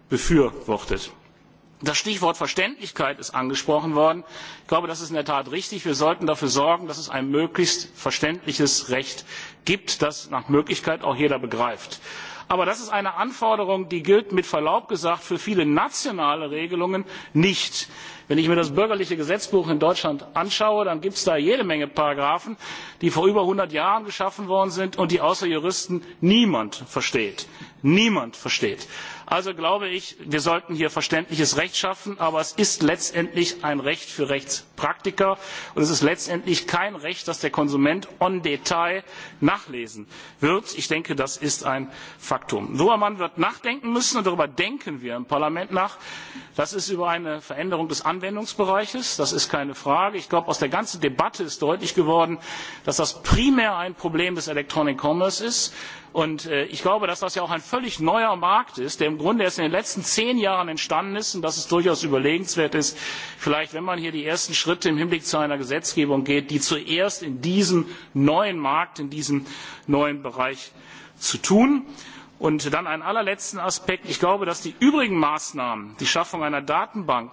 befürwortet. Das Stichwort Verständlichkeit ist angesprochen worden. Ich glaube, das ist in der Tat richtig. Wir sollten dafür sorgen, dass es ein möglichst verständliches Recht gibt, das nach Möglichkeit auch jeder begreift. Aber das ist eine Anforderung, die gilt mit Verlaub gesagt für viele nationale Regelungen nicht. Wenn ich mir das bürgerliche Gesetzbuch in Deutschland anschaue, dann gibt es da jede Menge Paragraphen, die vor über 100 Jahren geschaffen worden sind und die außer Juristen niemand versteht. Niemand versteht. Also glaube ich, wir sollten hier verständliches Recht schaffen, aber es ist letztendlich ein Recht für Rechtspraktiker und es ist letztendlich kein Recht, das der Konsument on Detail nachlesen wird. Ich denke, das ist ein Faktum. Worüber man wird nachdenken müssen und darüber denken wir im Parlament nach, das ist über eine Veränderung des Anwendungsbereiches, das ist keine Frage. Ich glaube, aus der ganzen Debatte ist deutlich geworden, dass das primär ein Problem des Electronic Commerce ist Und äh, ich glaube, dass das ja auch ein völlig neuer Markt ist, der im Grunde erst in den letzten zehn Jahren entstanden ist und dass es durchaus überlegenswert ist, vielleicht, wenn man hier die ersten Schritte im Hinblick zu einer Gesetzgebung geht, die zuerst in diesem neuen Markt, in diesem neuen Bereich zu tun. Und dann einen allerletzten Aspekt. Ich glaube, dass die übrigen Maßnahmen, die Schaffung einer Datenbank,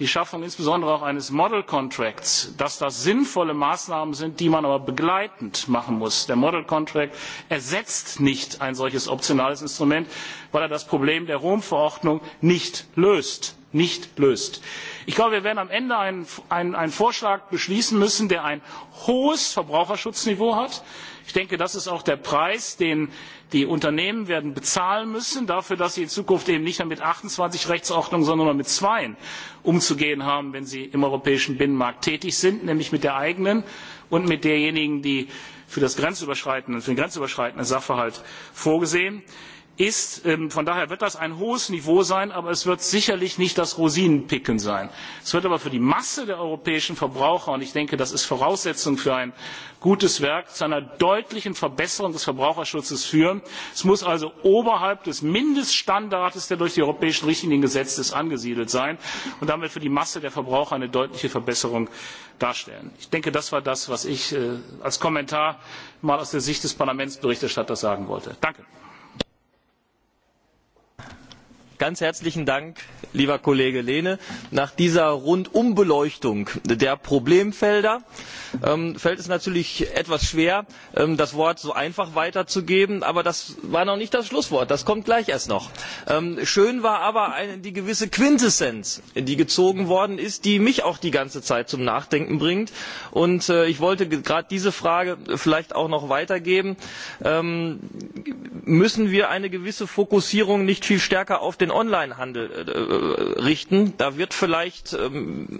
die Schaffung insbesondere auch eines Model Contracts, dass das sinnvolle Maßnahmen sind, die man aber begleitend machen muss. Der Model Contract ersetzt nicht ein solches optionales Instrument, weil er das Problem der Rom-Verordnung nicht löst. Nicht löst. Ich glaube, wir werden am Ende einen, einen, einen Vorschlag beschließen müssen, der ein hohes Verbraucherschutzniveau hat, Ich denke, das ist auch der Preis, den die Unternehmen werden bezahlen müssen dafür, dass sie in Zukunft eben nicht mehr mit 28 Rechtsordnungen, sondern nur mit zweien umzugehen haben, wenn sie im europäischen Binnenmarkt tätig sind, nämlich mit der eigenen und mit derjenigen, die für, das grenzüberschreitende, für den grenzüberschreitenden Sachverhalt vorgesehen ist. Ähm, von daher wird das ein hohes Niveau sein, aber es wird sicherlich nicht das Rosinenpicken sein. Es wird aber für die Masse der europäischen Verbraucher, und ich denke, das ist Voraussetzung für ein gutes Werk, zu einer deutlichen Verbesserung des Verbraucherschutzes führen. Es muss also oberhalb des Mindeststandards, der durch die europäischen Richtlinien gesetzt ist, angesiedelt sein und damit für die Masse der Verbraucher eine deutliche Verbesserung darstellen. Ich denke, das war das, was ich äh, als Kommentar mal aus der Sicht des Parlamentsberichterstatters sagen wollte. Danke. Ganz herzlichen Dank, lieber Kollege Lehne. Nach dieser Rundumbeleuchtung der Problemfelder ähm, fällt es natürlich etwas schwer, ähm, das Wort so einfach weiterzugeben. Aber das war noch nicht das Schlusswort. Das kommt gleich erst noch. Ähm, schön war aber eine, die gewisse Quintessenz, die gezogen worden ist, die mich auch die ganze Zeit zum Nachdenken bringt. Und äh, ich wollte gerade diese Frage vielleicht auch noch weitergeben. Ähm, müssen wir eine gewisse Fokussierung nicht viel stärker auf den Onlinehandel äh, äh, richten. Da wird vielleicht ähm,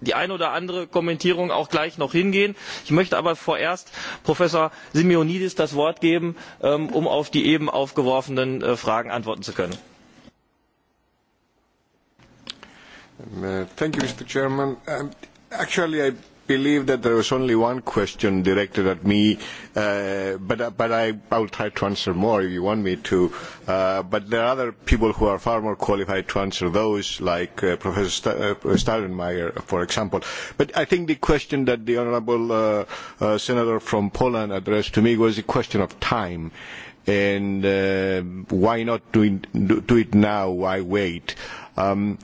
die eine oder andere Kommentierung auch gleich noch hingehen. Ich möchte aber vorerst Professor Simeonidis das Wort geben, ähm, um auf die eben aufgeworfenen äh, Fragen antworten zu können. Thank you, Mr. Chairman. Um, actually, I believe that there was only one question directed at me, uh, but, uh, but I, I will try to answer more if you want me to. Uh, but there are other people who are far more qualified to answer those, like uh, Professor St uh, Staudenmayer, for example. But I think the question that the Honourable uh, uh, Senator from Poland addressed to me was a question of time and uh, why not do it, do it now? Why wait? Um,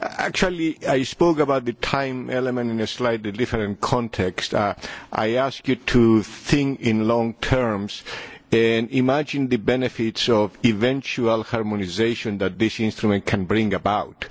actually, I spoke about the time element in a slightly different context. Uh, I ask you to think in long terms and imagine the benefits of eventual harmonization that this instrument can bring about.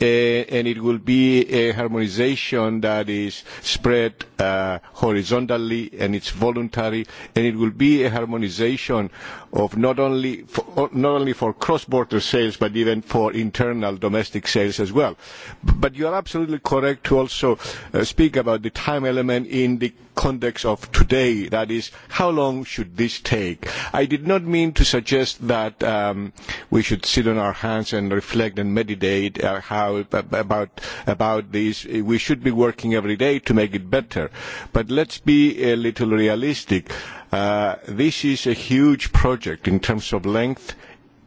Uh, and it will be a harmonization that is spread uh, horizontally and it's voluntary, and it will be a harmonization of not only for, not only for cross-border sales but even for internal domestic sales as well. But you are absolutely correct to also uh, speak about the time element in the context of today, that is, how long should this take? I did not mean to suggest that um, we should sit on our hands and reflect and meditate uh, how, about, about this. We should be working every day to make it better. But let's be a little realistic. Uh, this is a huge project in terms of length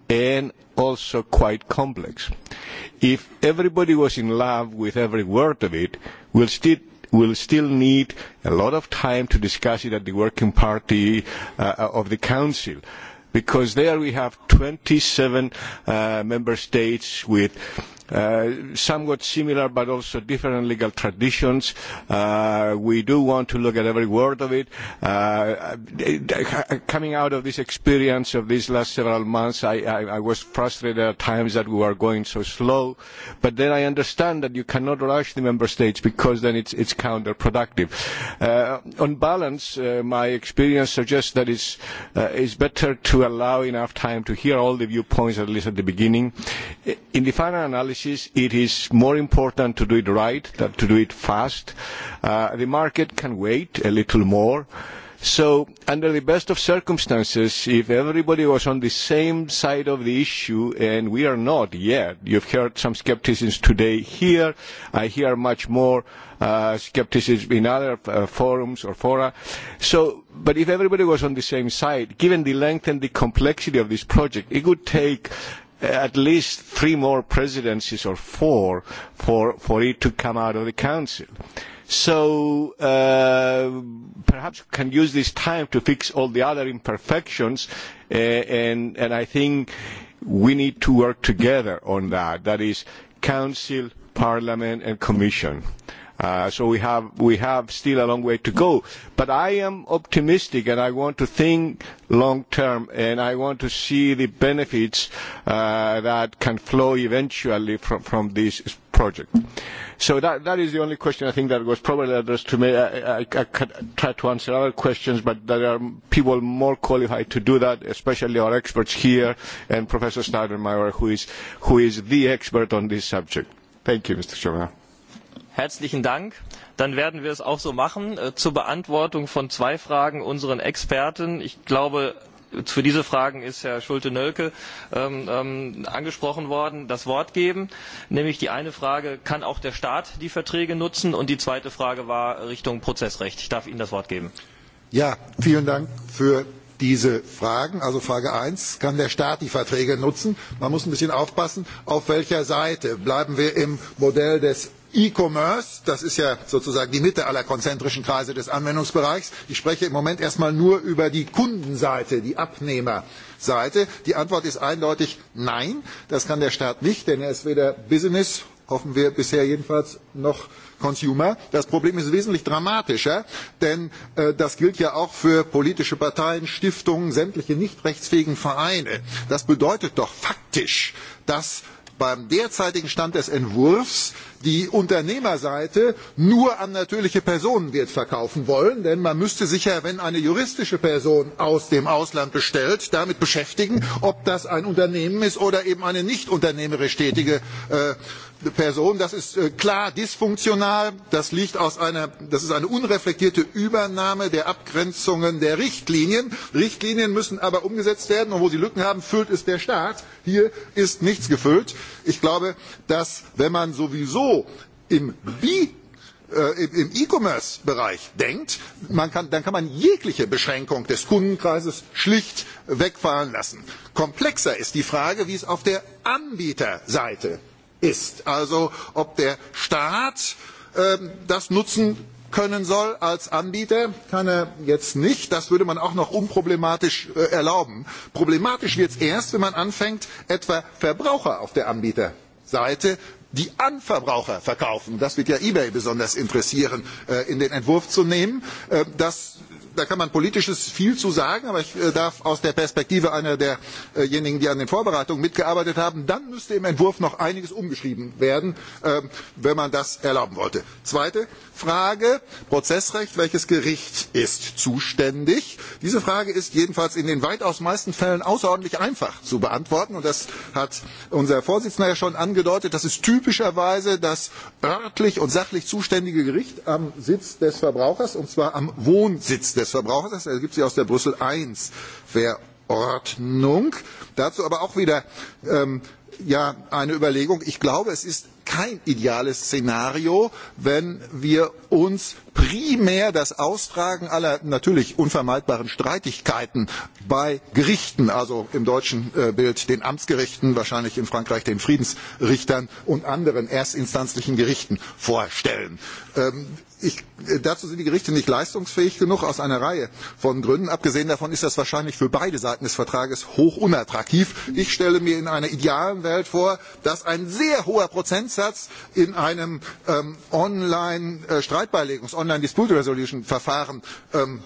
and also quite complex. If everybody was in love with every word of it, we'll still will still need a lot of time to discuss it at the working party uh, of the council because there we have 27 uh, member states with uh, somewhat similar but also different legal traditions. Uh, we do want to look at every word of it. Uh, coming out of this experience of these last several months, I, I, I was frustrated at times that we were going so slow, but then I understand that you cannot rush the member states because then it's, it's counterproductive. Uh, on balance, uh, my experience suggests that it's, uh, it's better to allow enough time to hear all the viewpoints, at least at the beginning. In the final analysis, crisis, it is more important to do it right than to do it fast. Uh, the market can wait a little more. So, under the best of circumstances, if everybody was on the same side of the issue, and we are not yet, you've heard some skepticism today here, I hear much more uh, skepticism in other uh, forums or fora. So, but if everybody was on the same side, given the length and the complexity of this project, it would take Uh, at least three more presidencies or four for, for it to come out of the council. So uh, perhaps we can use this time to fix all the other imperfections, uh, and, and I think we need to work together on that. That is, Council, Parliament, and Commission. Uh, Uh, so we have, we have still a long way to go. But I am optimistic and I want to think long term and I want to see the benefits uh, that can flow eventually from, from this project. So that, that is the only question I think that was probably addressed to me. I, I, I could try to answer other questions, but there are people more qualified to do that, especially our experts here and Professor Steinmeier, who is, who is the expert on this subject. Thank you, Mr. Chairman. Herzlichen Dank. Dann werden wir es auch so machen. Äh, zur Beantwortung von zwei Fragen unseren Experten. Ich glaube, für diese Fragen ist Herr Schulte-Nölke ähm, ähm, angesprochen worden, das Wort geben. Nämlich die eine Frage, kann auch der Staat die Verträge nutzen? Und die zweite Frage war Richtung Prozessrecht. Ich darf Ihnen das Wort geben. Ja, vielen Dank für diese Fragen. Also Frage eins kann der Staat die Verträge nutzen? Man muss ein bisschen aufpassen, auf welcher Seite. Bleiben wir im Modell des E-Commerce, das ist ja sozusagen die Mitte aller konzentrischen Kreise des Anwendungsbereichs. Ich spreche im Moment erstmal nur über die Kundenseite, die Abnehmerseite. Die Antwort ist eindeutig nein, das kann der Staat nicht, denn er ist weder Business, hoffen wir bisher jedenfalls, noch Consumer. Das Problem ist wesentlich dramatischer, denn äh, das gilt ja auch für politische Parteien, Stiftungen, sämtliche nicht rechtsfähigen Vereine. Das bedeutet doch faktisch, dass beim derzeitigen Stand des Entwurfs die Unternehmerseite nur an natürliche Personen wird verkaufen wollen, denn man müsste sich ja, wenn eine juristische Person aus dem Ausland bestellt, damit beschäftigen, ob das ein Unternehmen ist oder eben eine nicht unternehmerisch tätige äh, Person, das ist äh, klar dysfunktional, das liegt aus einer, das ist eine unreflektierte Übernahme der Abgrenzungen der Richtlinien. Richtlinien müssen aber umgesetzt werden und wo sie Lücken haben, füllt es der Staat. Hier ist nichts gefüllt. Ich glaube, dass wenn man sowieso im äh, im E-Commerce-Bereich denkt, kann, dann kann man jegliche Beschränkung des Kundenkreises schlicht wegfallen lassen. Komplexer ist die Frage, wie es auf der Anbieterseite ist. Also ob der Staat ähm, das nutzen können soll als Anbieter, kann er jetzt nicht. Das würde man auch noch unproblematisch äh, erlauben. Problematisch wird es erst, wenn man anfängt, etwa Verbraucher auf der Anbieterseite die an Verbraucher verkaufen. Das wird ja eBay besonders interessieren, äh, in den Entwurf zu nehmen. Äh, das da kann man politisches viel zu sagen, aber ich äh, darf aus der Perspektive einer derjenigen, die an den Vorbereitungen mitgearbeitet haben, dann müsste im Entwurf noch einiges umgeschrieben werden, ähm, wenn man das erlauben wollte. Zweite Frage, Prozessrecht, welches Gericht ist zuständig? Diese Frage ist jedenfalls in den weitaus meisten Fällen außerordentlich einfach zu beantworten und das hat unser Vorsitzender ja schon angedeutet, das ist typischerweise das örtlich und sachlich zuständige Gericht am Sitz des Verbrauchers und zwar am Wohnsitz des Verbrauchers. Das ergibt sich aus der Brüssel I Verordnung. Dazu aber auch wieder ähm, ja, eine Überlegung. Ich glaube, es ist kein ideales Szenario, wenn wir uns primär das Austragen aller natürlich unvermeidbaren Streitigkeiten bei Gerichten, also im deutschen äh, Bild den Amtsgerichten, wahrscheinlich in Frankreich den Friedensrichtern und anderen erstinstanzlichen Gerichten vorstellen. Ähm, Ich, dazu sind die Gerichte nicht leistungsfähig genug aus einer Reihe von Gründen. Abgesehen davon ist das wahrscheinlich für beide Seiten des Vertrages hoch unattraktiv. Ich stelle mir in einer idealen Welt vor, dass ein sehr hoher Prozentsatz in einem ähm, Online-Streitbeilegungs-, äh, Online-Dispute-Resolution-Verfahren ähm,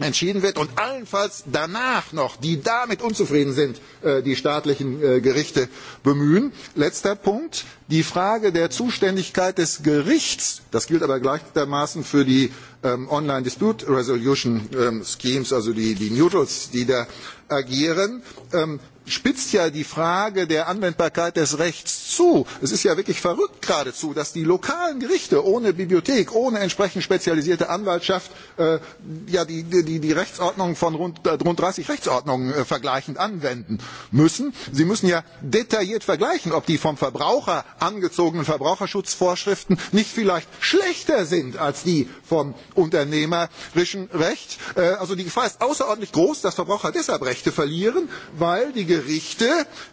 entschieden wird und allenfalls danach noch, die damit unzufrieden sind, äh, die staatlichen äh, Gerichte bemühen. Letzter Punkt, die Frage der Zuständigkeit des Gerichts, das gilt aber gleichermaßen für die ähm, Online-Dispute-Resolution ähm, Schemes, also die, die Newtons, die da agieren, ähm, spitzt ja die Frage der Anwendbarkeit des Rechts zu. Es ist ja wirklich verrückt geradezu, dass die lokalen Gerichte ohne Bibliothek, ohne entsprechend spezialisierte Anwaltschaft äh, ja die, die, die Rechtsordnung von rund, äh, rund 30 Rechtsordnungen äh, vergleichend anwenden müssen. Sie müssen ja detailliert vergleichen, ob die vom Verbraucher angezogenen Verbraucherschutzvorschriften nicht vielleicht schlechter sind als die vom unternehmerischen Recht. Äh, also die Gefahr ist außerordentlich groß, dass Verbraucher deshalb Rechte verlieren, weil die Gerichte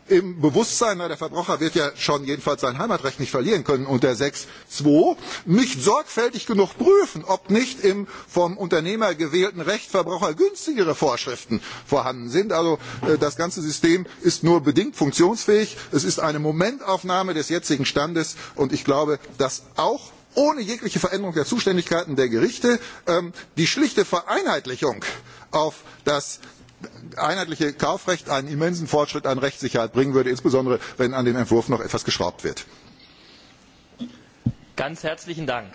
im Bewusstsein, na, der Verbraucher wird ja schon jedenfalls sein Heimatrecht nicht verlieren können unter 6.2, nicht sorgfältig genug prüfen, ob nicht im vom Unternehmer gewählten Recht Verbraucher günstigere Vorschriften vorhanden sind. Also äh, das ganze System ist nur bedingt funktionsfähig. Es ist eine Momentaufnahme des jetzigen Standes und ich glaube, dass auch ohne jegliche Veränderung der Zuständigkeiten der Gerichte ähm, die schlichte Vereinheitlichung auf das einheitliche Kaufrecht einen immensen Fortschritt an Rechtssicherheit bringen würde, insbesondere wenn an dem Entwurf noch etwas geschraubt wird. Ganz herzlichen Dank.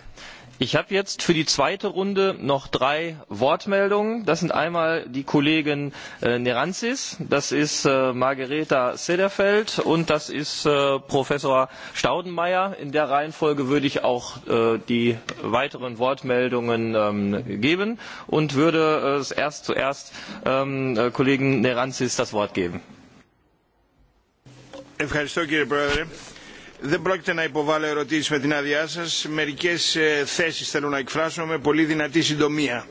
Ich habe jetzt für die zweite Runde noch drei Wortmeldungen. Das sind einmal die Kollegin äh, Neranzis, das ist äh, Margareta Sederfeld und das ist äh, Professor Staudenmeier. In der Reihenfolge würde ich auch äh, die weiteren Wortmeldungen ähm, geben und würde äh, es erst zuerst ähm, äh, Kollegen Neranzis das Wort geben. Herr Δεν πρόκειται να υποβάλω ερωτήσεις με την άδειά σας. Μερικές θέσεις θέλω να εκφράσω με πολύ δυνατή συντομία.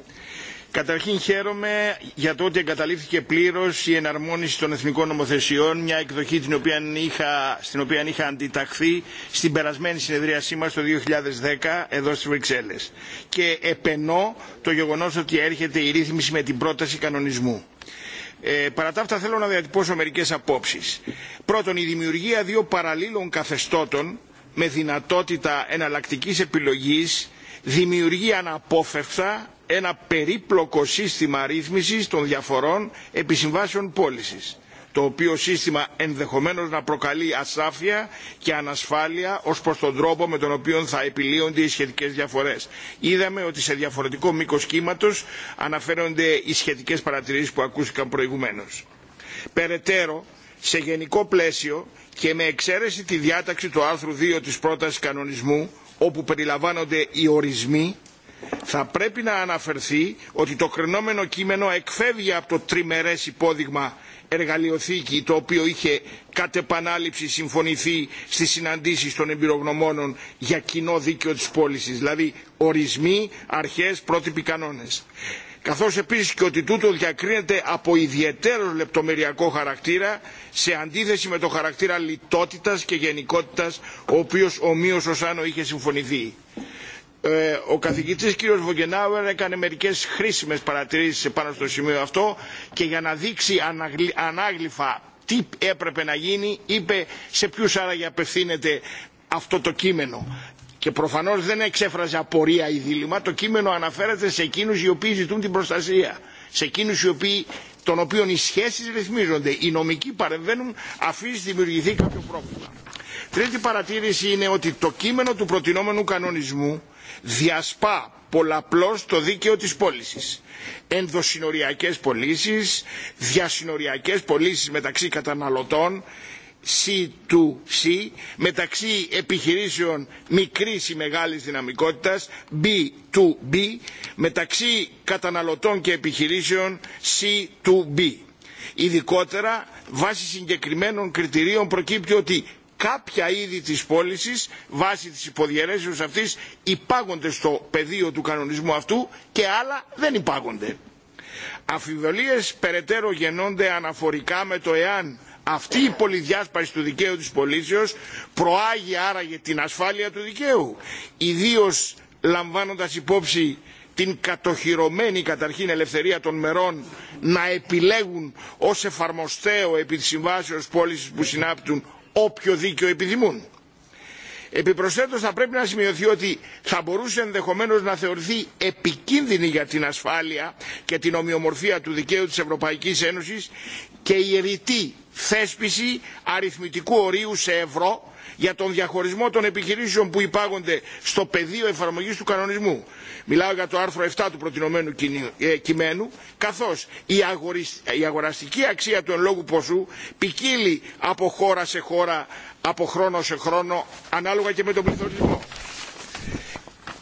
Καταρχήν χαίρομαι για το ότι εγκαταλείφθηκε πλήρως η εναρμόνιση των εθνικών νομοθεσιών, μια εκδοχή την οποία είχα, στην οποία είχα αντιταχθεί στην περασμένη συνεδρίασή μας το 2010 εδώ στις Βρυξέλλες. Και επενώ το γεγονός ότι έρχεται η ρύθμιση με την πρόταση κανονισμού. Ε, παρά τα αυτά θέλω να διατυπώσω μερικές απόψεις. Πρώτον, η δημιουργία δύο παραλλήλων καθεστώτων με δυνατότητα εναλλακτική επιλογής δημιουργεί αναπόφευκτα ένα περίπλοκο σύστημα ρύθμισης των διαφορών επισυμβάσεων πώλησης το οποίο σύστημα ενδεχομένως να προκαλεί ασάφεια και ανασφάλεια ως προς τον τρόπο με τον οποίο θα επιλύονται οι σχετικές διαφορές. Είδαμε ότι σε διαφορετικό μήκος κύματος αναφέρονται οι σχετικές παρατηρήσεις που ακούστηκαν προηγουμένως. Περαιτέρω, σε γενικό πλαίσιο και με εξαίρεση τη διάταξη του άρθρου 2 της πρότασης κανονισμού, όπου περιλαμβάνονται οι ορισμοί, θα πρέπει να αναφερθεί ότι το κρινόμενο κείμενο εκφεύγει από το τριμερές υπόδειγμα εργαλειοθήκη το οποίο είχε κατ' επανάληψη συμφωνηθεί στις συναντήσεις των εμπειρογνωμόνων για κοινό δίκαιο της πώληση, δηλαδή ορισμοί, αρχές, πρότυποι κανόνες. Καθώς επίσης και ότι τούτο διακρίνεται από ιδιαίτερο λεπτομεριακό χαρακτήρα σε αντίθεση με το χαρακτήρα λιτότητας και γενικότητας ο οποίος ομοίως ως άνω είχε συμφωνηθεί ο καθηγητής κ. Βογγενάουερ έκανε μερικές χρήσιμες παρατηρήσεις πάνω στο σημείο αυτό και για να δείξει αναγλυ... ανάγλυφα τι έπρεπε να γίνει είπε σε ποιους άραγε απευθύνεται αυτό το κείμενο. Και προφανώς δεν εξέφραζε απορία ή δίλημα, το κείμενο αναφέρεται σε εκείνους οι οποίοι ζητούν την προστασία, σε εκείνους οι οποίοι, των οποίων οι σχέσεις ρυθμίζονται, οι νομικοί παρεμβαίνουν αφήσει δημιουργηθεί κάποιο πρόβλημα. Τρίτη παρατήρηση είναι ότι το κείμενο του προτινόμενου κανονισμού διασπά πολλαπλώς το δίκαιο της πώλησης. Ενδοσυνοριακές πωλήσει, διασυνοριακές πωλήσει μεταξύ καταναλωτών, C2C, μεταξύ επιχειρήσεων μικρής ή μεγάλης δυναμικότητας, B2B, μεταξύ καταναλωτών και επιχειρήσεων C2B. Ειδικότερα, βάσει συγκεκριμένων κριτηρίων προκύπτει ότι κάποια είδη της πώληση βάσει της υποδιαιρέσεως αυτής υπάγονται στο πεδίο του κανονισμού αυτού και άλλα δεν υπάγονται. Αφιβολίες περαιτέρω γεννώνται αναφορικά με το εάν αυτή η πολυδιάσπαση του δικαίου της πωλήσεως προάγει άραγε την ασφάλεια του δικαίου, ιδίως λαμβάνοντας υπόψη την κατοχυρωμένη καταρχήν ελευθερία των μερών να επιλέγουν ως εφαρμοστέο επί της συμβάσεως πώλησης που συνάπτουν όποιο δίκαιο επιθυμούν. Επιπροσθέτως θα πρέπει να σημειωθεί ότι θα μπορούσε ενδεχομένως να θεωρηθεί επικίνδυνη για την ασφάλεια και την ομοιομορφία του δικαίου της Ευρωπαϊκής Ένωσης και η ρητή θέσπιση αριθμητικού ορίου σε ευρώ για τον διαχωρισμό των επιχειρήσεων που υπάγονται στο πεδίο εφαρμογή του κανονισμού. Μιλάω για το άρθρο 7 του προτινομένου κειμένου, καθώ η, αγορισ... η αγοραστική αξία του εν λόγου ποσού ποικίλει από χώρα σε χώρα, από χρόνο σε χρόνο, ανάλογα και με τον πληθωρισμό.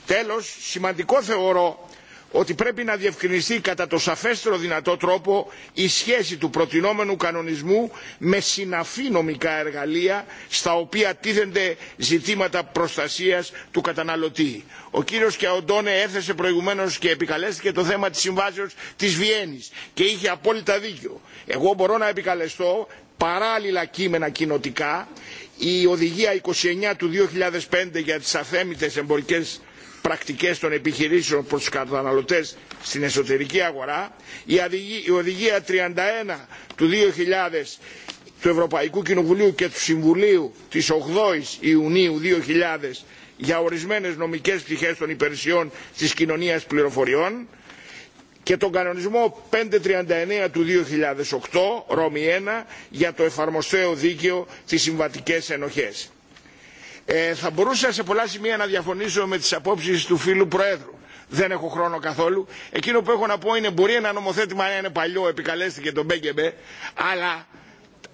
Τέλος, σημαντικό θεωρώ ότι πρέπει να διευκρινιστεί κατά το σαφέστερο δυνατό τρόπο η σχέση του προτινόμενου κανονισμού με συναφή νομικά εργαλεία στα οποία τίθενται ζητήματα προστασίας του καταναλωτή. Ο κύριος Καοντώνε έθεσε προηγουμένως και επικαλέστηκε το θέμα της συμβάσεως της Βιέννης και είχε απόλυτα δίκιο. Εγώ μπορώ να επικαλεστώ παράλληλα κείμενα κοινοτικά η οδηγία 29 του 2005 για τις αθέμητες εμπορικές πρακτικές των επιχειρήσεων προς τους καταναλωτές στην εσωτερική αγορά, η Οδηγία 31 του 2000 του Ευρωπαϊκού Κοινοβουλίου και του Συμβουλίου τη 8 η Ιουνίου 2000 για ορισμένες νομικές πτυχέ των υπηρεσιών της κοινωνίας πληροφοριών και τον κανονισμό 539 του 2008, Ρώμη 1, για το εφαρμοστέο δίκαιο στις συμβατικές ενοχές. Ε, θα μπορούσα σε πολλά σημεία να διαφωνήσω με τις απόψεις του φίλου Προέδρου. Δεν έχω χρόνο καθόλου. Εκείνο που έχω να πω είναι μπορεί ένα νομοθέτημα να είναι παλιό, επικαλέστηκε τον Μπέγκεμπε, αλλά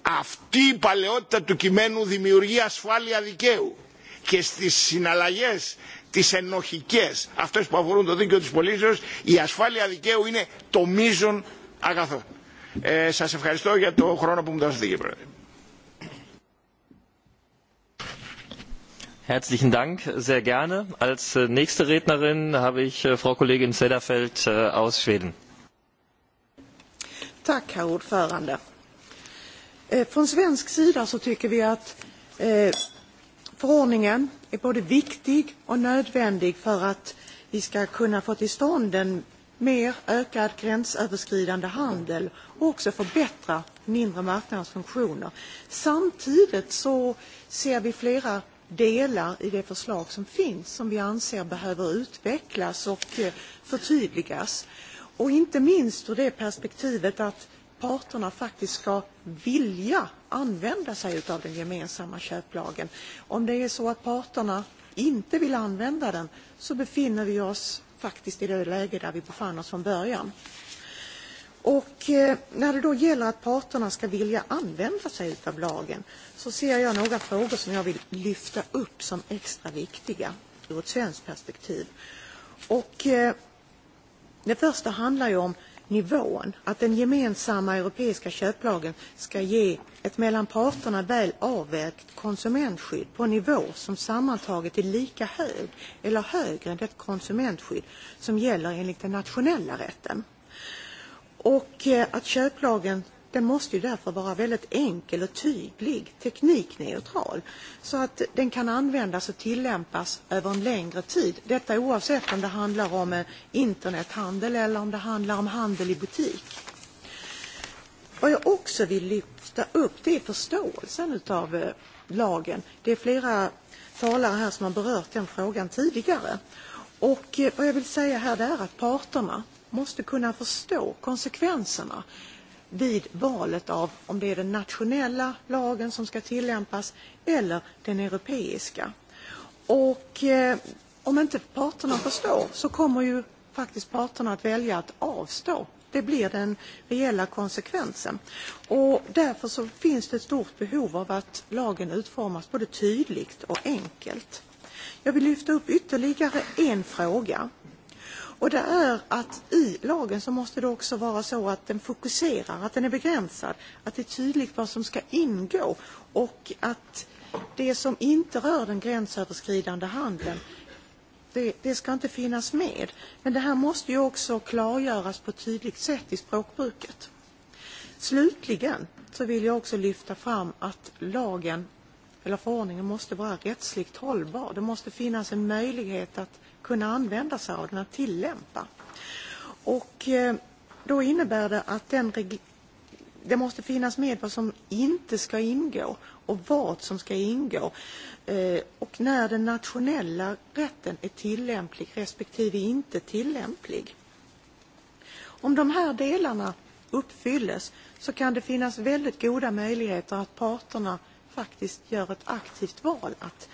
αυτή η παλαιότητα του κειμένου δημιουργεί ασφάλεια δικαίου και στις συναλλαγές τις ενοχικές, αυτές που αφορούν το δίκαιο της πολίσεως, η ασφάλεια δικαίου είναι το μείζον αγαθό. Ε, σας ευχαριστώ για το χρόνο που μου δώσετε, κύριε Πρόεδρε. Herzlichen Dank, sehr gerne. Als äh, nächste Rednerin habe ich äh, Frau Kollegin Sederfeld äh, aus Schweden. Tack, herr ordförande. Eh, från svensk sida så tycker vi att eh, förordningen är både viktig och nödvändig för att vi ska kunna få till stånd en mer ökad gränsöverskridande handel och också förbättra mindre marknadsfunktioner. Samtidigt så ser vi flera delar i det förslag som finns som vi anser behöver utvecklas och eh, förtydligas. Och inte minst ur det perspektivet att parterna faktiskt ska vilja använda sig av den gemensamma köplagen. Om det är så att parterna inte vill använda den så befinner vi oss faktiskt i det läge där vi befann oss från början. Och eh, när det då gäller att parterna ska vilja använda sig av lagen så ser jag några frågor som jag vill lyfta upp som extra viktiga ur ett svenskt perspektiv. Och eh, det första handlar ju om nivån, att den gemensamma europeiska köplagen ska ge ett mellan parterna väl avvägt konsumentskydd på en nivå som sammantaget är lika hög eller högre än det konsumentskydd som gäller enligt den nationella rätten. Och eh, att köplagen den måste ju därför vara väldigt enkel och tydlig, teknikneutral, så att den kan användas och tillämpas över en längre tid. Detta oavsett om det handlar om eh, internethandel eller om det handlar om handel i butik. Vad jag också vill lyfta upp det är förståelsen av eh, lagen. Det är flera talare här som har berört den frågan tidigare. Och vad jag vill säga här är att parterna måste kunna förstå konsekvenserna vid valet av om det är den nationella lagen som ska tillämpas eller den europeiska. Och eh, om inte parterna förstår så kommer ju faktiskt parterna att välja att avstå. Det blir den reella konsekvensen. Och därför så finns det ett stort behov av att lagen utformas både tydligt och enkelt. Jag vill lyfta upp ytterligare en fråga Och det är att i lagen så måste det också vara så att den fokuserar, att den är begränsad, att det är tydligt vad som ska ingå och att det som inte rör den gränsöverskridande handeln det, det ska inte finnas med. Men det här måste ju också klargöras på ett tydligt sätt i språkbruket. Slutligen så vill jag också lyfta fram att lagen eller förordningen måste vara rättsligt hållbar. Det måste finnas en möjlighet att kunna använda sig av den att tillämpa. Och eh, då innebär det att den det måste finnas med vad som inte ska ingå och vad som ska ingå eh, och när den nationella rätten är tillämplig respektive inte tillämplig. Om de här delarna uppfylles så kan det finnas väldigt goda möjligheter att parterna faktiskt gör ett aktivt val att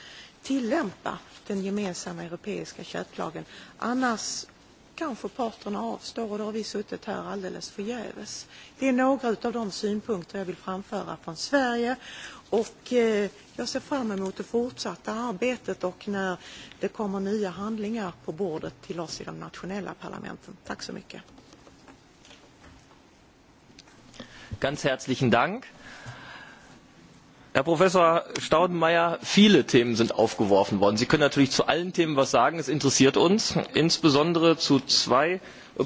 tillämpa den gemensamma europeiska köttlagen. Annars kanske parterna avstår och då har vi suttit här alldeles förgäves. Det är några av de synpunkter jag vill framföra från Sverige och eh, jag ser fram emot det fortsatta arbetet och när det kommer nya handlingar på bordet till oss i de nationella parlamenten. Tack så mycket. Ganz herzlichen Dank. Herr Professor Staudenmayer, viele Themen sind aufgeworfen worden. Sie können natürlich zu allen Themen etwas sagen. Es interessiert uns. Insbesondere zu zwei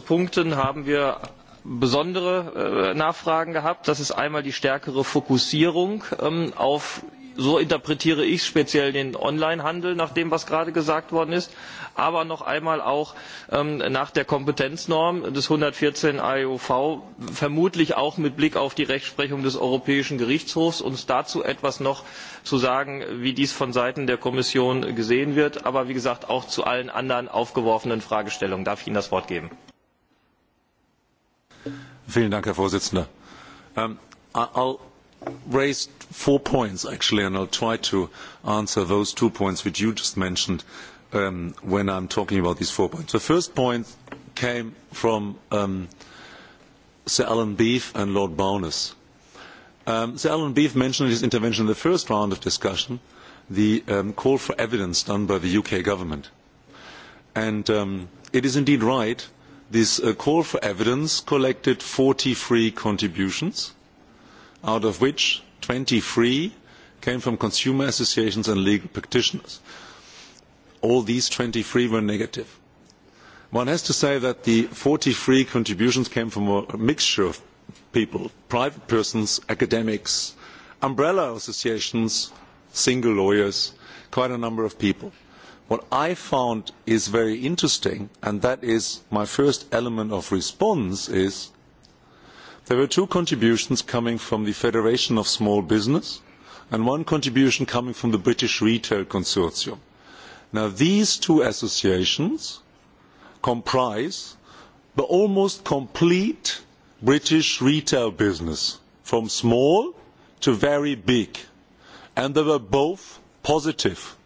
Punkten haben wir besondere äh, Nachfragen gehabt. Das ist einmal die stärkere Fokussierung ähm, auf So interpretiere ich speziell den Onlinehandel nach dem, was gerade gesagt worden ist, aber noch einmal auch ähm, nach der Kompetenznorm des 114 AEUV, vermutlich auch mit Blick auf die Rechtsprechung des Europäischen Gerichtshofs, uns dazu etwas noch zu sagen, wie dies von Seiten der Kommission gesehen wird, aber wie gesagt auch zu allen anderen aufgeworfenen Fragestellungen. Darf ich Ihnen das Wort geben? Vielen Dank, Herr Vorsitzender. Um, I'll raised four points, actually, and I will try to answer those two points which you just mentioned um, when I am talking about these four points. The first point came from um, Sir Alan Beef and Lord Bowness. Um, Sir Alan Beef mentioned in his intervention in the first round of discussion the um, call for evidence done by the UK government. And um, it is indeed right, this uh, call for evidence collected forty three contributions – out of which twenty three came from consumer associations and legal practitioners. All these twenty three were negative. One has to say that the forty three contributions came from a mixture of people, private persons, academics, umbrella associations, single lawyers, quite a number of people. What I found is very interesting, and that is my first element of response, is There were two contributions coming from the Federation of Small Business and one contribution coming from the British Retail Consortium. Now these two associations comprise the almost complete British retail business from small to very big and they were both positive.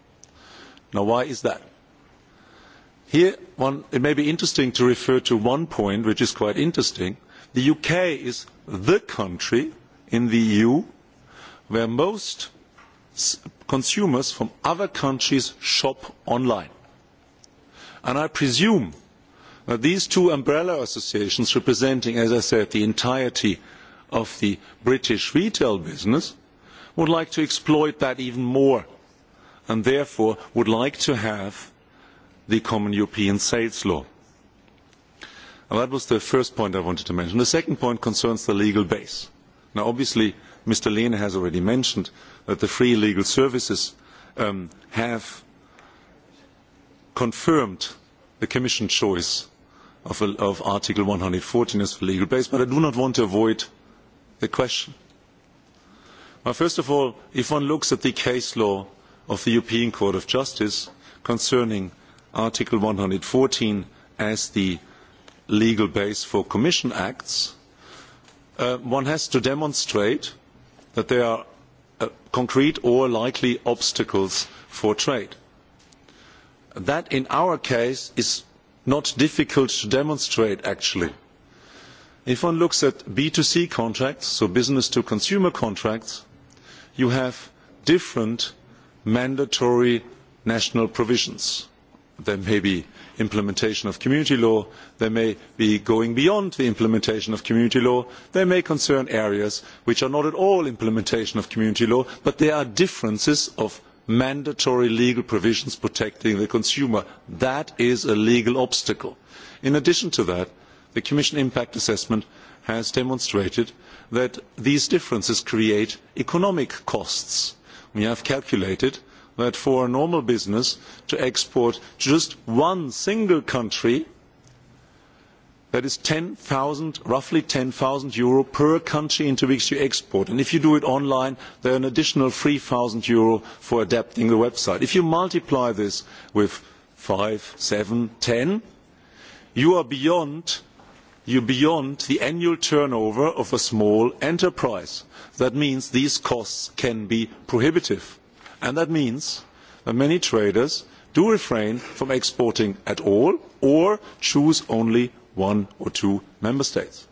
Now why is that? Here one, it may be interesting to refer to one point which is quite interesting the UK is the country in the EU where most consumers from other countries shop online. And I presume that these two umbrella associations representing, as I said, the entirety of the British retail business would like to exploit that even more and therefore would like to have the common European sales law. And that was the first point I wanted to mention. The second point concerns the legal base. Now, obviously, Mr. Lehne has already mentioned that the free legal services um, have confirmed the Commission choice of, of Article 114 as the legal base, but I do not want to avoid the question. first of all, if one looks at the case law of the European Court of Justice concerning Article 114 as the legal base for commission acts, uh, one has to demonstrate that there are uh, concrete or likely obstacles for trade. That in our case is not difficult to demonstrate actually. If one looks at b two c contracts, so business to consumer contracts, you have different mandatory national provisions. There may be implementation of community law. They may be going beyond the implementation of community law. They may concern areas which are not at all implementation of community law, but there are differences of mandatory legal provisions protecting the consumer. That is a legal obstacle. In addition to that, the Commission impact assessment has demonstrated that these differences create economic costs. We have calculated that for a normal business to export to just one single country, that is 10, 000, roughly 10,000 euro per country into which you export. And if you do it online, there are an additional 3,000 euro for adapting the website. If you multiply this with five, seven, ten, you are beyond you beyond the annual turnover of a small enterprise. That means these costs can be prohibitive. And that means that many traders do refrain from exporting at all or choose only one or two member states.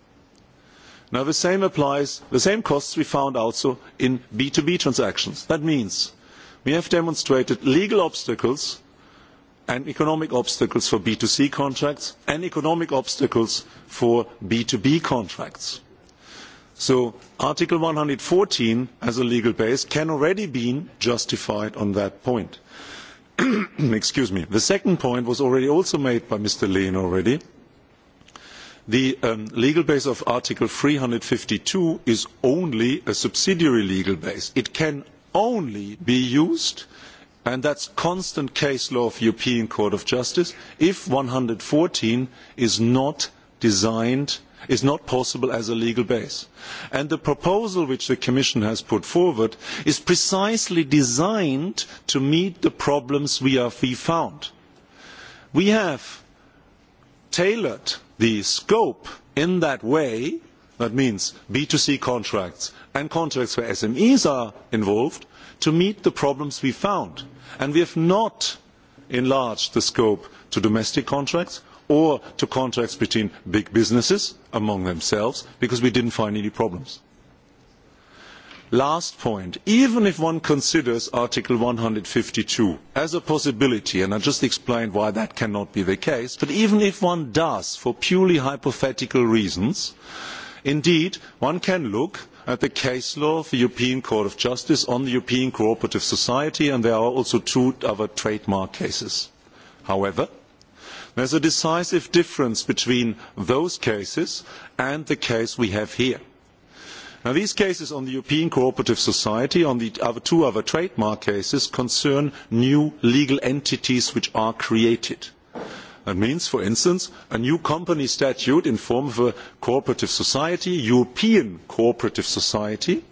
Now the same applies, the same costs we found also in B2B transactions. That means we have demonstrated legal obstacles and economic obstacles for B2C contracts and economic obstacles for B2B contracts. So Article one hundred and fourteen as a legal base can already be justified on that point. [CLEARS THROAT] the second point was already also made by Mr. Lehn already. The um, legal base of Article three hundred and fifty two is only a subsidiary legal base. It can only be used, and that is constant case law of the European Court of Justice, if one hundred and fourteen is not designed is not possible as a legal base. And the proposal which the Commission has put forward is precisely designed to meet the problems we have found. We have tailored the scope in that way, that means b two c contracts and contracts where SMEs are involved, to meet the problems we found. And we have not enlarged the scope to domestic contracts or to contracts between big businesses among themselves because we did not find any problems. Last point, even if one considers Article one hundred and fifty two as a possibility, and I just explained why that cannot be the case, but even if one does for purely hypothetical reasons, indeed one can look at the case law of the European Court of Justice on the European Cooperative Society, and there are also two other trademark cases. However, There is a decisive difference between those cases and the case we have here. Now, these cases on the European Cooperative Society, on the other, two other trademark cases, concern new legal entities which are created. That means, for instance, a new company statute in form of a cooperative society, European cooperative society,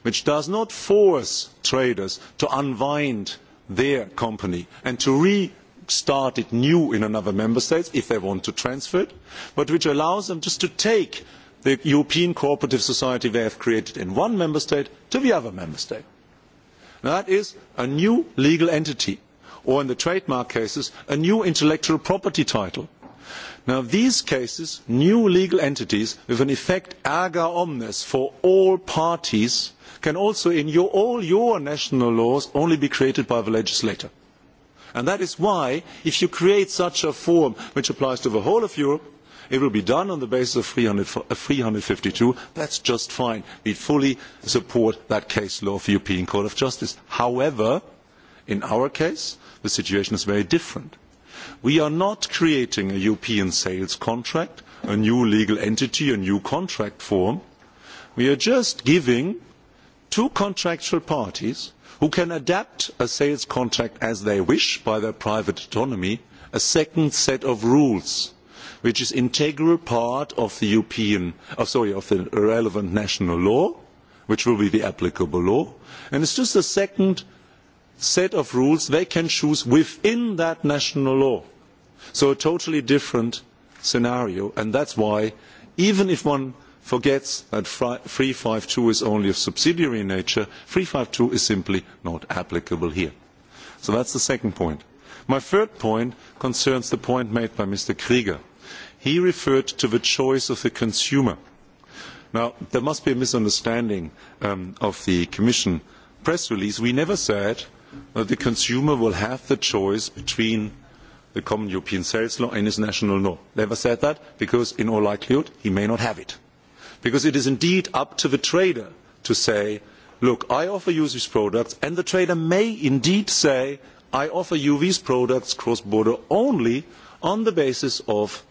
which does not force traders to unwind their company and to re started new in another member state if they want to transfer it, but which allows them just to take the European cooperative society they have created in one member state to the other member state. Now that is a new legal entity, or in the trademark cases, a new intellectual property title. Now these cases, new legal entities with an effect erga omnes for all parties, can also in your, all your national laws only be created by the legislator. And that is why, if you create such a form which applies to the whole of Europe, it will be done on the basis of three hundred and fifty two. just fine. We fully support that case law of the European Court of Justice. However, in our case, the situation is very different. We are not creating a European sales contract, a new legal entity, a new contract form. We are just giving two contractual parties who can adapt a sales contract as they wish by their private autonomy, a second set of rules which is an integral part of the European, oh, sorry, of the relevant national law, which will be the applicable law, and it is just a second set of rules they can choose within that national law. So a totally different scenario, and that is why even if one forgets that three hundred and fifty two is only of subsidiary nature. three hundred and fifty two is simply not applicable here. So that is the second point. My third point concerns the point made by Mr. Krieger. He referred to the choice of the consumer. Now, there must be a misunderstanding um, of the Commission press release. We never said that the consumer will have the choice between the common European sales law and his national law. Never said that because in all likelihood he may not have it because it is indeed up to the trader to say, look, I offer you these products, and the trader may indeed say, I offer you these products cross-border only on the basis of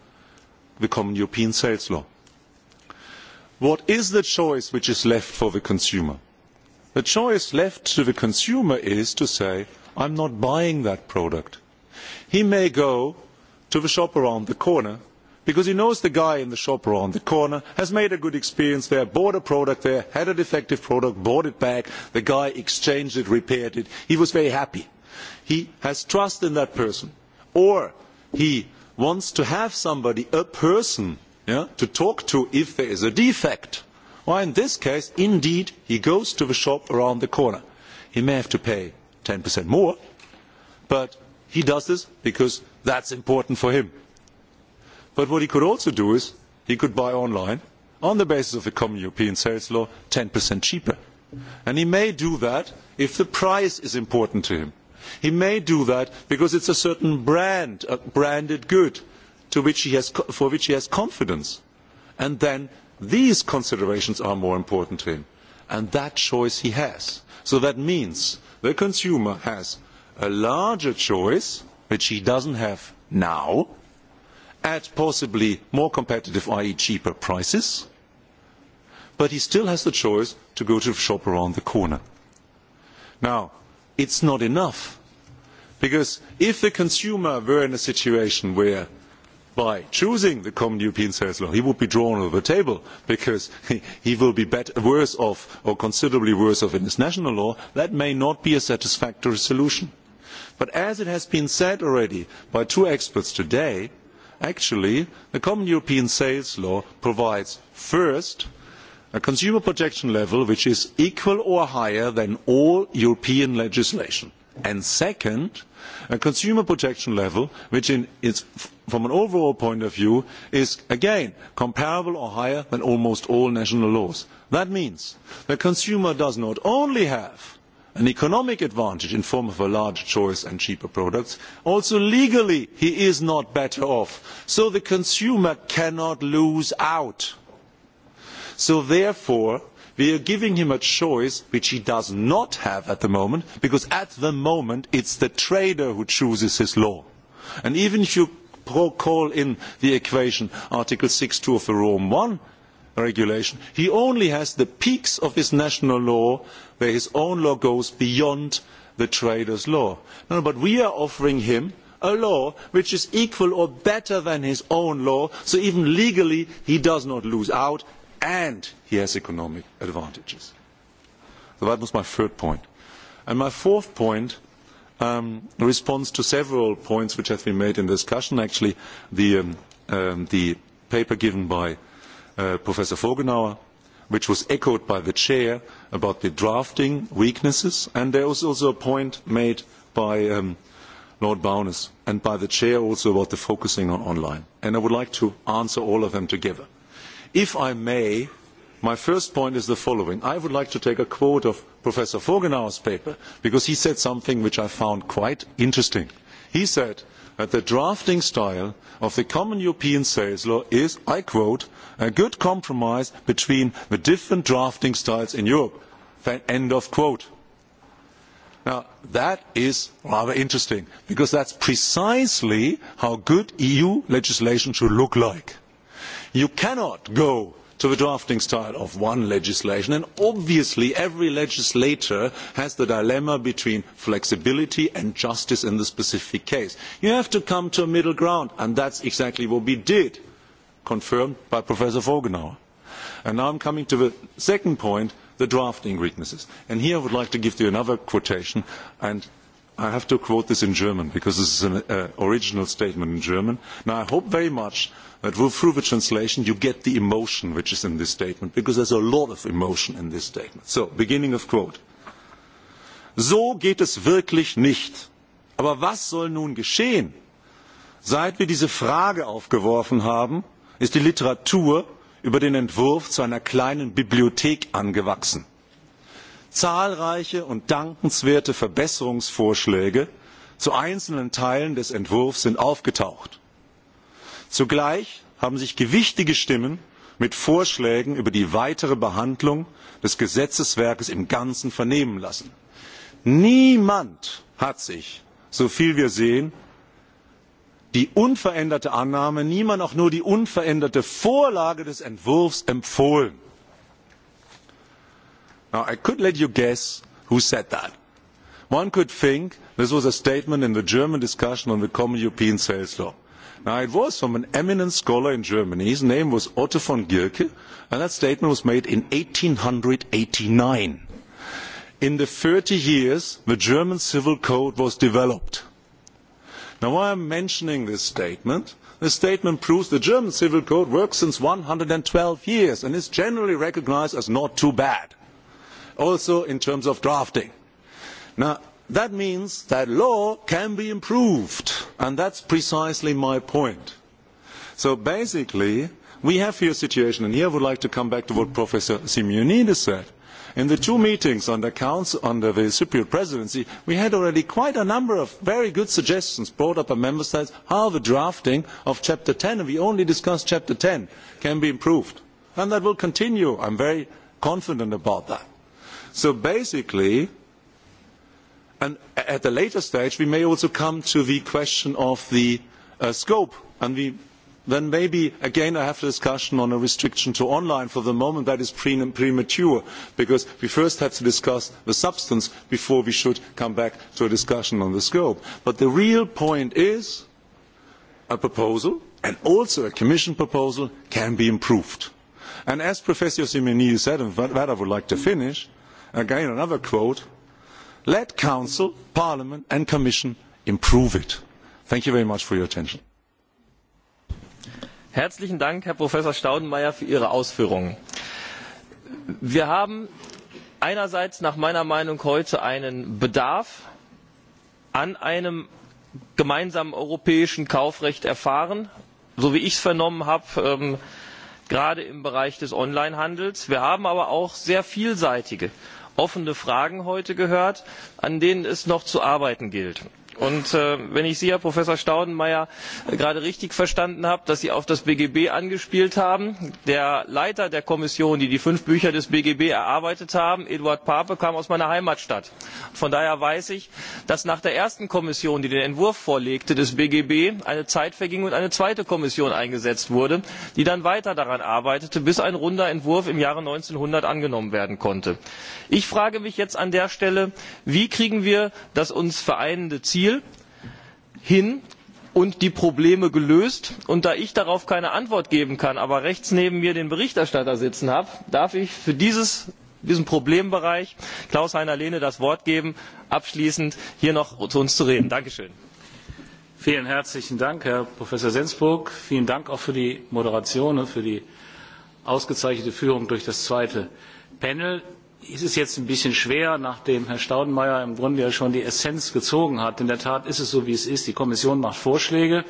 the common European sales law. What is the choice which is left for the consumer? The choice left to the consumer is to say, I am not buying that product. He may go to the shop around the corner because he knows the guy in the shop around the corner has made a good experience there, bought a product there, had a defective product, bought it back, the guy exchanged it, repaired it, he was very happy. He has trust in that person. Or he wants to have somebody, a person, yeah, to talk to if there is a defect. Or in this case, indeed, he goes to the shop around the corner. He may have to pay 10% more, but he does this because that's important for him But what he could also do is he could buy online, on the basis of the common European sales law, 10% cheaper. And he may do that if the price is important to him. He may do that because it is a certain brand, a branded good, to which he has, for which he has confidence. And then these considerations are more important to him. And that choice he has. So that means the consumer has a larger choice, which he does not have now, at possibly more competitive, i. e. cheaper prices, but he still has the choice to go to the shop around the corner. Now, it is not enough, because if the consumer were in a situation where by choosing the common European sales law, he would be drawn over the table because he, he will be better, worse off or considerably worse off in his national law. That may not be a satisfactory solution. But as it has been said already by two experts today, Actually, the common European sales law provides first a consumer protection level which is equal or higher than all European legislation. And second, a consumer protection level which in, from an overall point of view is again comparable or higher than almost all national laws. That means the consumer does not only have an economic advantage in the form of a large choice and cheaper products. Also legally, he is not better off. So the consumer cannot lose out. So therefore, we are giving him a choice which he does not have at the moment, because at the moment it is the trader who chooses his law. And even if you call in the equation Article six 6.2 of the Rome 1, regulation. He only has the peaks of his national law where his own law goes beyond the trader's law. No, but we are offering him a law which is equal or better than his own law, so even legally he does not lose out and he has economic advantages. So that was my third point. And my fourth point um, responds to several points which have been made in discussion. Actually, the, um, um, the paper given by Uh, Professor Vogenauer, which was echoed by the chair about the drafting weaknesses, and there was also a point made by um, Lord Bowness and by the chair also about the focusing on online. And I would like to answer all of them together. If I may, my first point is the following. I would like to take a quote of Professor Vogenauer's paper because he said something which I found quite interesting. He said, that the drafting style of the common European sales law is, I quote, a good compromise between the different drafting styles in Europe. End of quote. Now, that is rather interesting because that is precisely how good EU legislation should look like. You cannot go to the drafting style of one legislation. And obviously, every legislator has the dilemma between flexibility and justice in the specific case. You have to come to a middle ground, and that is exactly what we did, confirmed by Professor Vogenauer. And now I am coming to the second point, the drafting weaknesses. And here I would like to give you another quotation, and I have to quote this in German because this is an uh, original statement in German. Now, I hope very much that through the translation you get the emotion which is in this statement because there's a lot of emotion in this statement. So, beginning of quote. So geht es wirklich nicht. Aber was soll nun geschehen? Seit wir diese Frage aufgeworfen haben, ist die Literatur über den Entwurf zu einer kleinen Bibliothek angewachsen zahlreiche und dankenswerte Verbesserungsvorschläge zu einzelnen Teilen des Entwurfs sind aufgetaucht. Zugleich haben sich gewichtige Stimmen mit Vorschlägen über die weitere Behandlung des Gesetzeswerkes im Ganzen vernehmen lassen. Niemand hat sich, so viel wir sehen, die unveränderte Annahme, niemand auch nur die unveränderte Vorlage des Entwurfs empfohlen. Now, I could let you guess who said that. One could think this was a statement in the German discussion on the common European sales law. Now, it was from an eminent scholar in Germany. His name was Otto von Gierke, and that statement was made in eighty nine. In the thirty years, the German Civil Code was developed. Now, why I am mentioning this statement? This statement proves the German Civil Code works since one hundred and twelve years and is generally recognised as not too bad also in terms of drafting. Now, that means that law can be improved, and that's precisely my point. So basically, we have here a situation, and here I would like to come back to what Professor Simeonidis said. In the two meetings under, council, under the Cypriot presidency, we had already quite a number of very good suggestions brought up by member states how the drafting of Chapter ten and we only discussed Chapter ten can be improved. And that will continue. I am very confident about that. So basically, and at a later stage, we may also come to the question of the uh, scope. And we, then maybe, again, I have a discussion on a restriction to online. For the moment, that is pre premature, because we first have to discuss the substance before we should come back to a discussion on the scope. But the real point is a proposal, and also a commission proposal, can be improved. And as Professor Simeni said, and that I would like to finish, Again, another quote. Let Council, Parliament and Commission improve it. Thank you very much for your attention. Herzlichen Dank, Herr Professor Staudenmayer, für Ihre Ausführungen. Wir haben einerseits nach meiner Meinung heute einen Bedarf an einem gemeinsamen europäischen Kaufrecht erfahren, so wie ich es vernommen habe, ähm, gerade im Bereich des Onlinehandels. Wir haben aber auch sehr vielseitige offene Fragen heute gehört, an denen es noch zu arbeiten gilt. Und äh, wenn ich Sie, Herr Professor Staudenmayer, gerade richtig verstanden habe, dass Sie auf das BGB angespielt haben, der Leiter der Kommission, die die fünf Bücher des BGB erarbeitet haben, Eduard Pape, kam aus meiner Heimatstadt. Von daher weiß ich, dass nach der ersten Kommission, die den Entwurf vorlegte, des BGB eine Zeit verging und eine zweite Kommission eingesetzt wurde, die dann weiter daran arbeitete, bis ein runder Entwurf im Jahre 1900 angenommen werden konnte. Ich frage mich jetzt an der Stelle, wie kriegen wir das uns vereinende Ziel, ziel hin und die Probleme gelöst. Und da ich darauf keine Antwort geben kann, aber rechts neben mir den Berichterstatter sitzen habe, darf ich für dieses, diesen Problembereich Klaus-Heiner Lehne das Wort geben, abschließend hier noch zu uns zu reden. Dankeschön. Vielen herzlichen Dank, Herr Professor Sensburg. Vielen Dank auch für die Moderation und für die ausgezeichnete Führung durch das zweite Panel. Es ist jetzt ein bisschen schwer, nachdem Herr Staudenmayer im Grunde ja schon die Essenz gezogen hat. In der Tat ist es so, wie es ist. Die Kommission macht Vorschläge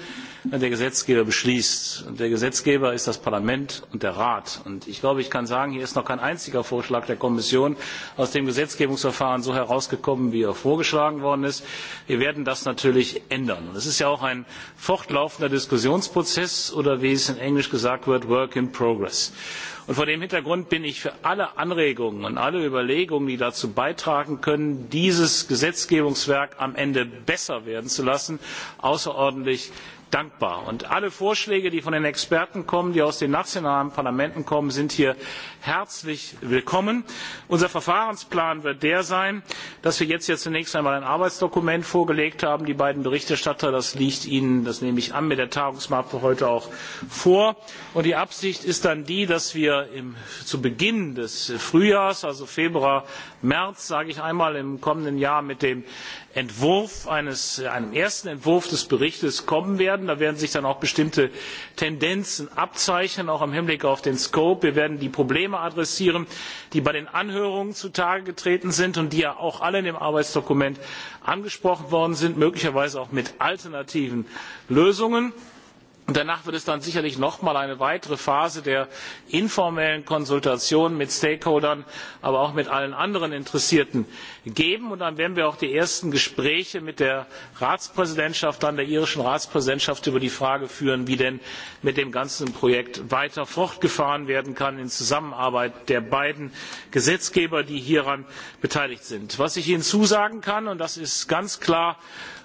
der Gesetzgeber beschließt. Und der Gesetzgeber ist das Parlament und der Rat. Und ich glaube, ich kann sagen, hier ist noch kein einziger Vorschlag der Kommission aus dem Gesetzgebungsverfahren so herausgekommen, wie er vorgeschlagen worden ist. Wir werden das natürlich ändern. Und es ist ja auch ein fortlaufender Diskussionsprozess oder wie es in Englisch gesagt wird, Work in Progress. Und vor dem Hintergrund bin ich für alle Anregungen und alle Überlegungen, die dazu beitragen können, dieses Gesetzgebungswerk am Ende besser werden zu lassen, außerordentlich dankbar. Und alle Vorschläge, die von den Experten kommen, die aus den nationalen Parlamenten kommen, sind hier herzlich willkommen. Unser Verfahrensplan wird der sein, dass wir jetzt, hier zunächst einmal ein Arbeitsdokument vorgelegt haben. Die beiden Berichterstatter, das liegt Ihnen, das nehme ich an, mit der Tagungsmappe heute auch vor. Und die Absicht ist dann die, dass wir im, zu Beginn des Frühjahrs, also Februar, März, sage ich einmal, im kommenden Jahr mit dem Entwurf eines, einem ersten Entwurf des Berichts kommen werden. Da werden sich dann auch bestimmte Tendenzen abzeichnen, auch im Hinblick auf den Scope. Wir werden die Probleme adressieren, die bei den Anhörungen zutage getreten sind und die ja auch alle in dem Arbeitsdokument angesprochen worden sind, möglicherweise auch mit alternativen Lösungen. Und danach wird es dann sicherlich noch mal eine weitere Phase der informellen Konsultation mit Stakeholdern, aber auch mit allen anderen Interessierten geben. Und dann werden wir auch die ersten Gespräche mit der Ratspräsidentschaft, dann der irischen Ratspräsidentschaft über die Frage führen, wie denn mit dem ganzen Projekt weiter fortgefahren werden kann in Zusammenarbeit der beiden Gesetzgeber, die hieran beteiligt sind. Was ich Ihnen zusagen kann, und das ist ganz klar,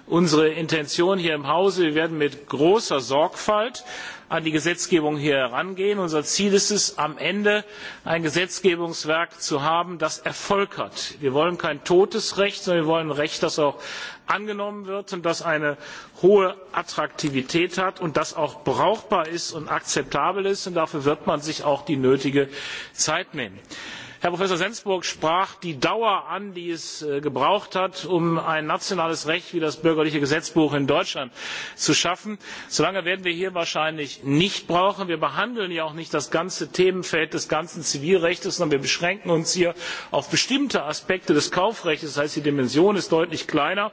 unsere Intention hier im Hause. Wir werden mit großer Sorgfalt an die Gesetzgebung hier herangehen. Unser Ziel ist es, am Ende ein Gesetzgebungswerk zu haben, das Erfolg hat. Wir wollen kein totes Recht, sondern wir wollen ein Recht, das auch angenommen wird und das eine hohe Attraktivität hat und das auch brauchbar ist und akzeptabel ist. Und dafür wird man sich auch die nötige Zeit nehmen. Herr Professor Sensburg sprach die Dauer an, die es äh, gebraucht hat, um ein nationales Recht wie das bürgerliche Gesetzbuch in Deutschland zu schaffen. So lange werden wir hier wahrscheinlich nicht brauchen. Wir behandeln ja auch nicht das ganze Themenfeld des ganzen Zivilrechts, sondern wir beschränken uns hier auf bestimmte Aspekte des Kaufrechts. Das heißt, die Dimension ist deutlich kleiner.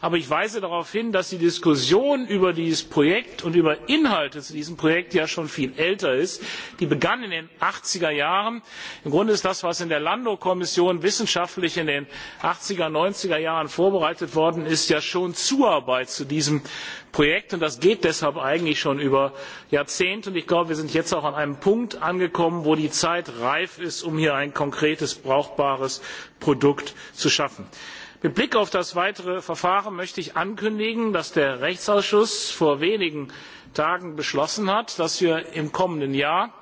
Aber ich weise darauf hin, dass die Diskussion über dieses Projekt und über Inhalte zu diesem Projekt ja schon viel älter ist. Die begann in den 80er Jahren. Im Grunde ist das das, was in der Landau-Kommission wissenschaftlich in den 80er, 90er Jahren vorbereitet worden ist, ja schon Zuarbeit zu diesem Projekt. Und das geht deshalb eigentlich schon über Jahrzehnte. Und ich glaube, wir sind jetzt auch an einem Punkt angekommen, wo die Zeit reif ist, um hier ein konkretes, brauchbares Produkt zu schaffen. Mit Blick auf das weitere Verfahren möchte ich ankündigen, dass der Rechtsausschuss vor wenigen Tagen beschlossen hat, dass wir im kommenden Jahr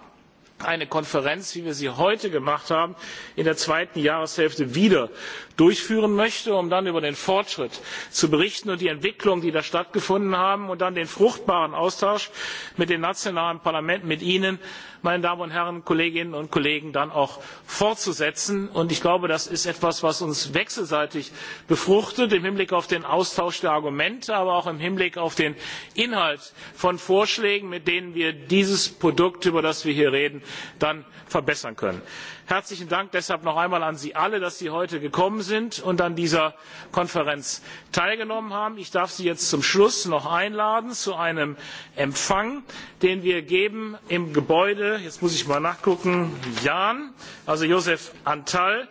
eine Konferenz, wie wir sie heute gemacht haben, in der zweiten Jahreshälfte wieder durchführen möchte, um dann über den Fortschritt zu berichten und die Entwicklung, die da stattgefunden haben und dann den fruchtbaren Austausch mit den nationalen Parlamenten, mit Ihnen, meine Damen und Herren, Kolleginnen und Kollegen, dann auch fortzusetzen. Und ich glaube, das ist etwas, was uns wechselseitig befruchtet im Hinblick auf den Austausch der Argumente, aber auch im Hinblick auf den Inhalt von Vorschlägen, mit denen wir dieses Produkt, über das wir hier reden, dann verbessern können. Herzlichen Dank deshalb noch einmal an Sie alle, dass Sie heute gekommen sind und an dieser Konferenz teilgenommen haben. Ich darf Sie jetzt zum Schluss noch einladen zu einem Empfang, den wir geben im Gebäude, jetzt muss ich mal nachgucken, Jan, also Josef Antal.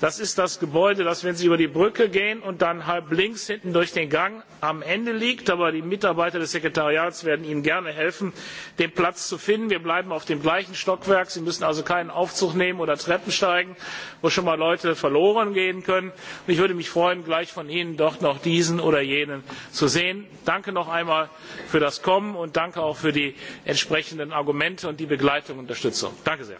Das ist das Gebäude, das, wenn Sie über die Brücke gehen und dann halb links hinten durch den Gang am Ende liegt. Aber die Mitarbeiter des Sekretariats werden Ihnen gerne helfen, den Platz zu finden. Wir bleiben auf dem gleichen Stockwerk. Sie müssen also keinen Aufzug nehmen oder Treppen steigen, wo schon mal Leute verloren gehen können. Und ich würde mich freuen, gleich von Ihnen dort noch diesen oder jenen zu sehen. Danke noch einmal für das Kommen und danke auch für die entsprechenden Argumente und die Begleitung und Unterstützung. Danke sehr.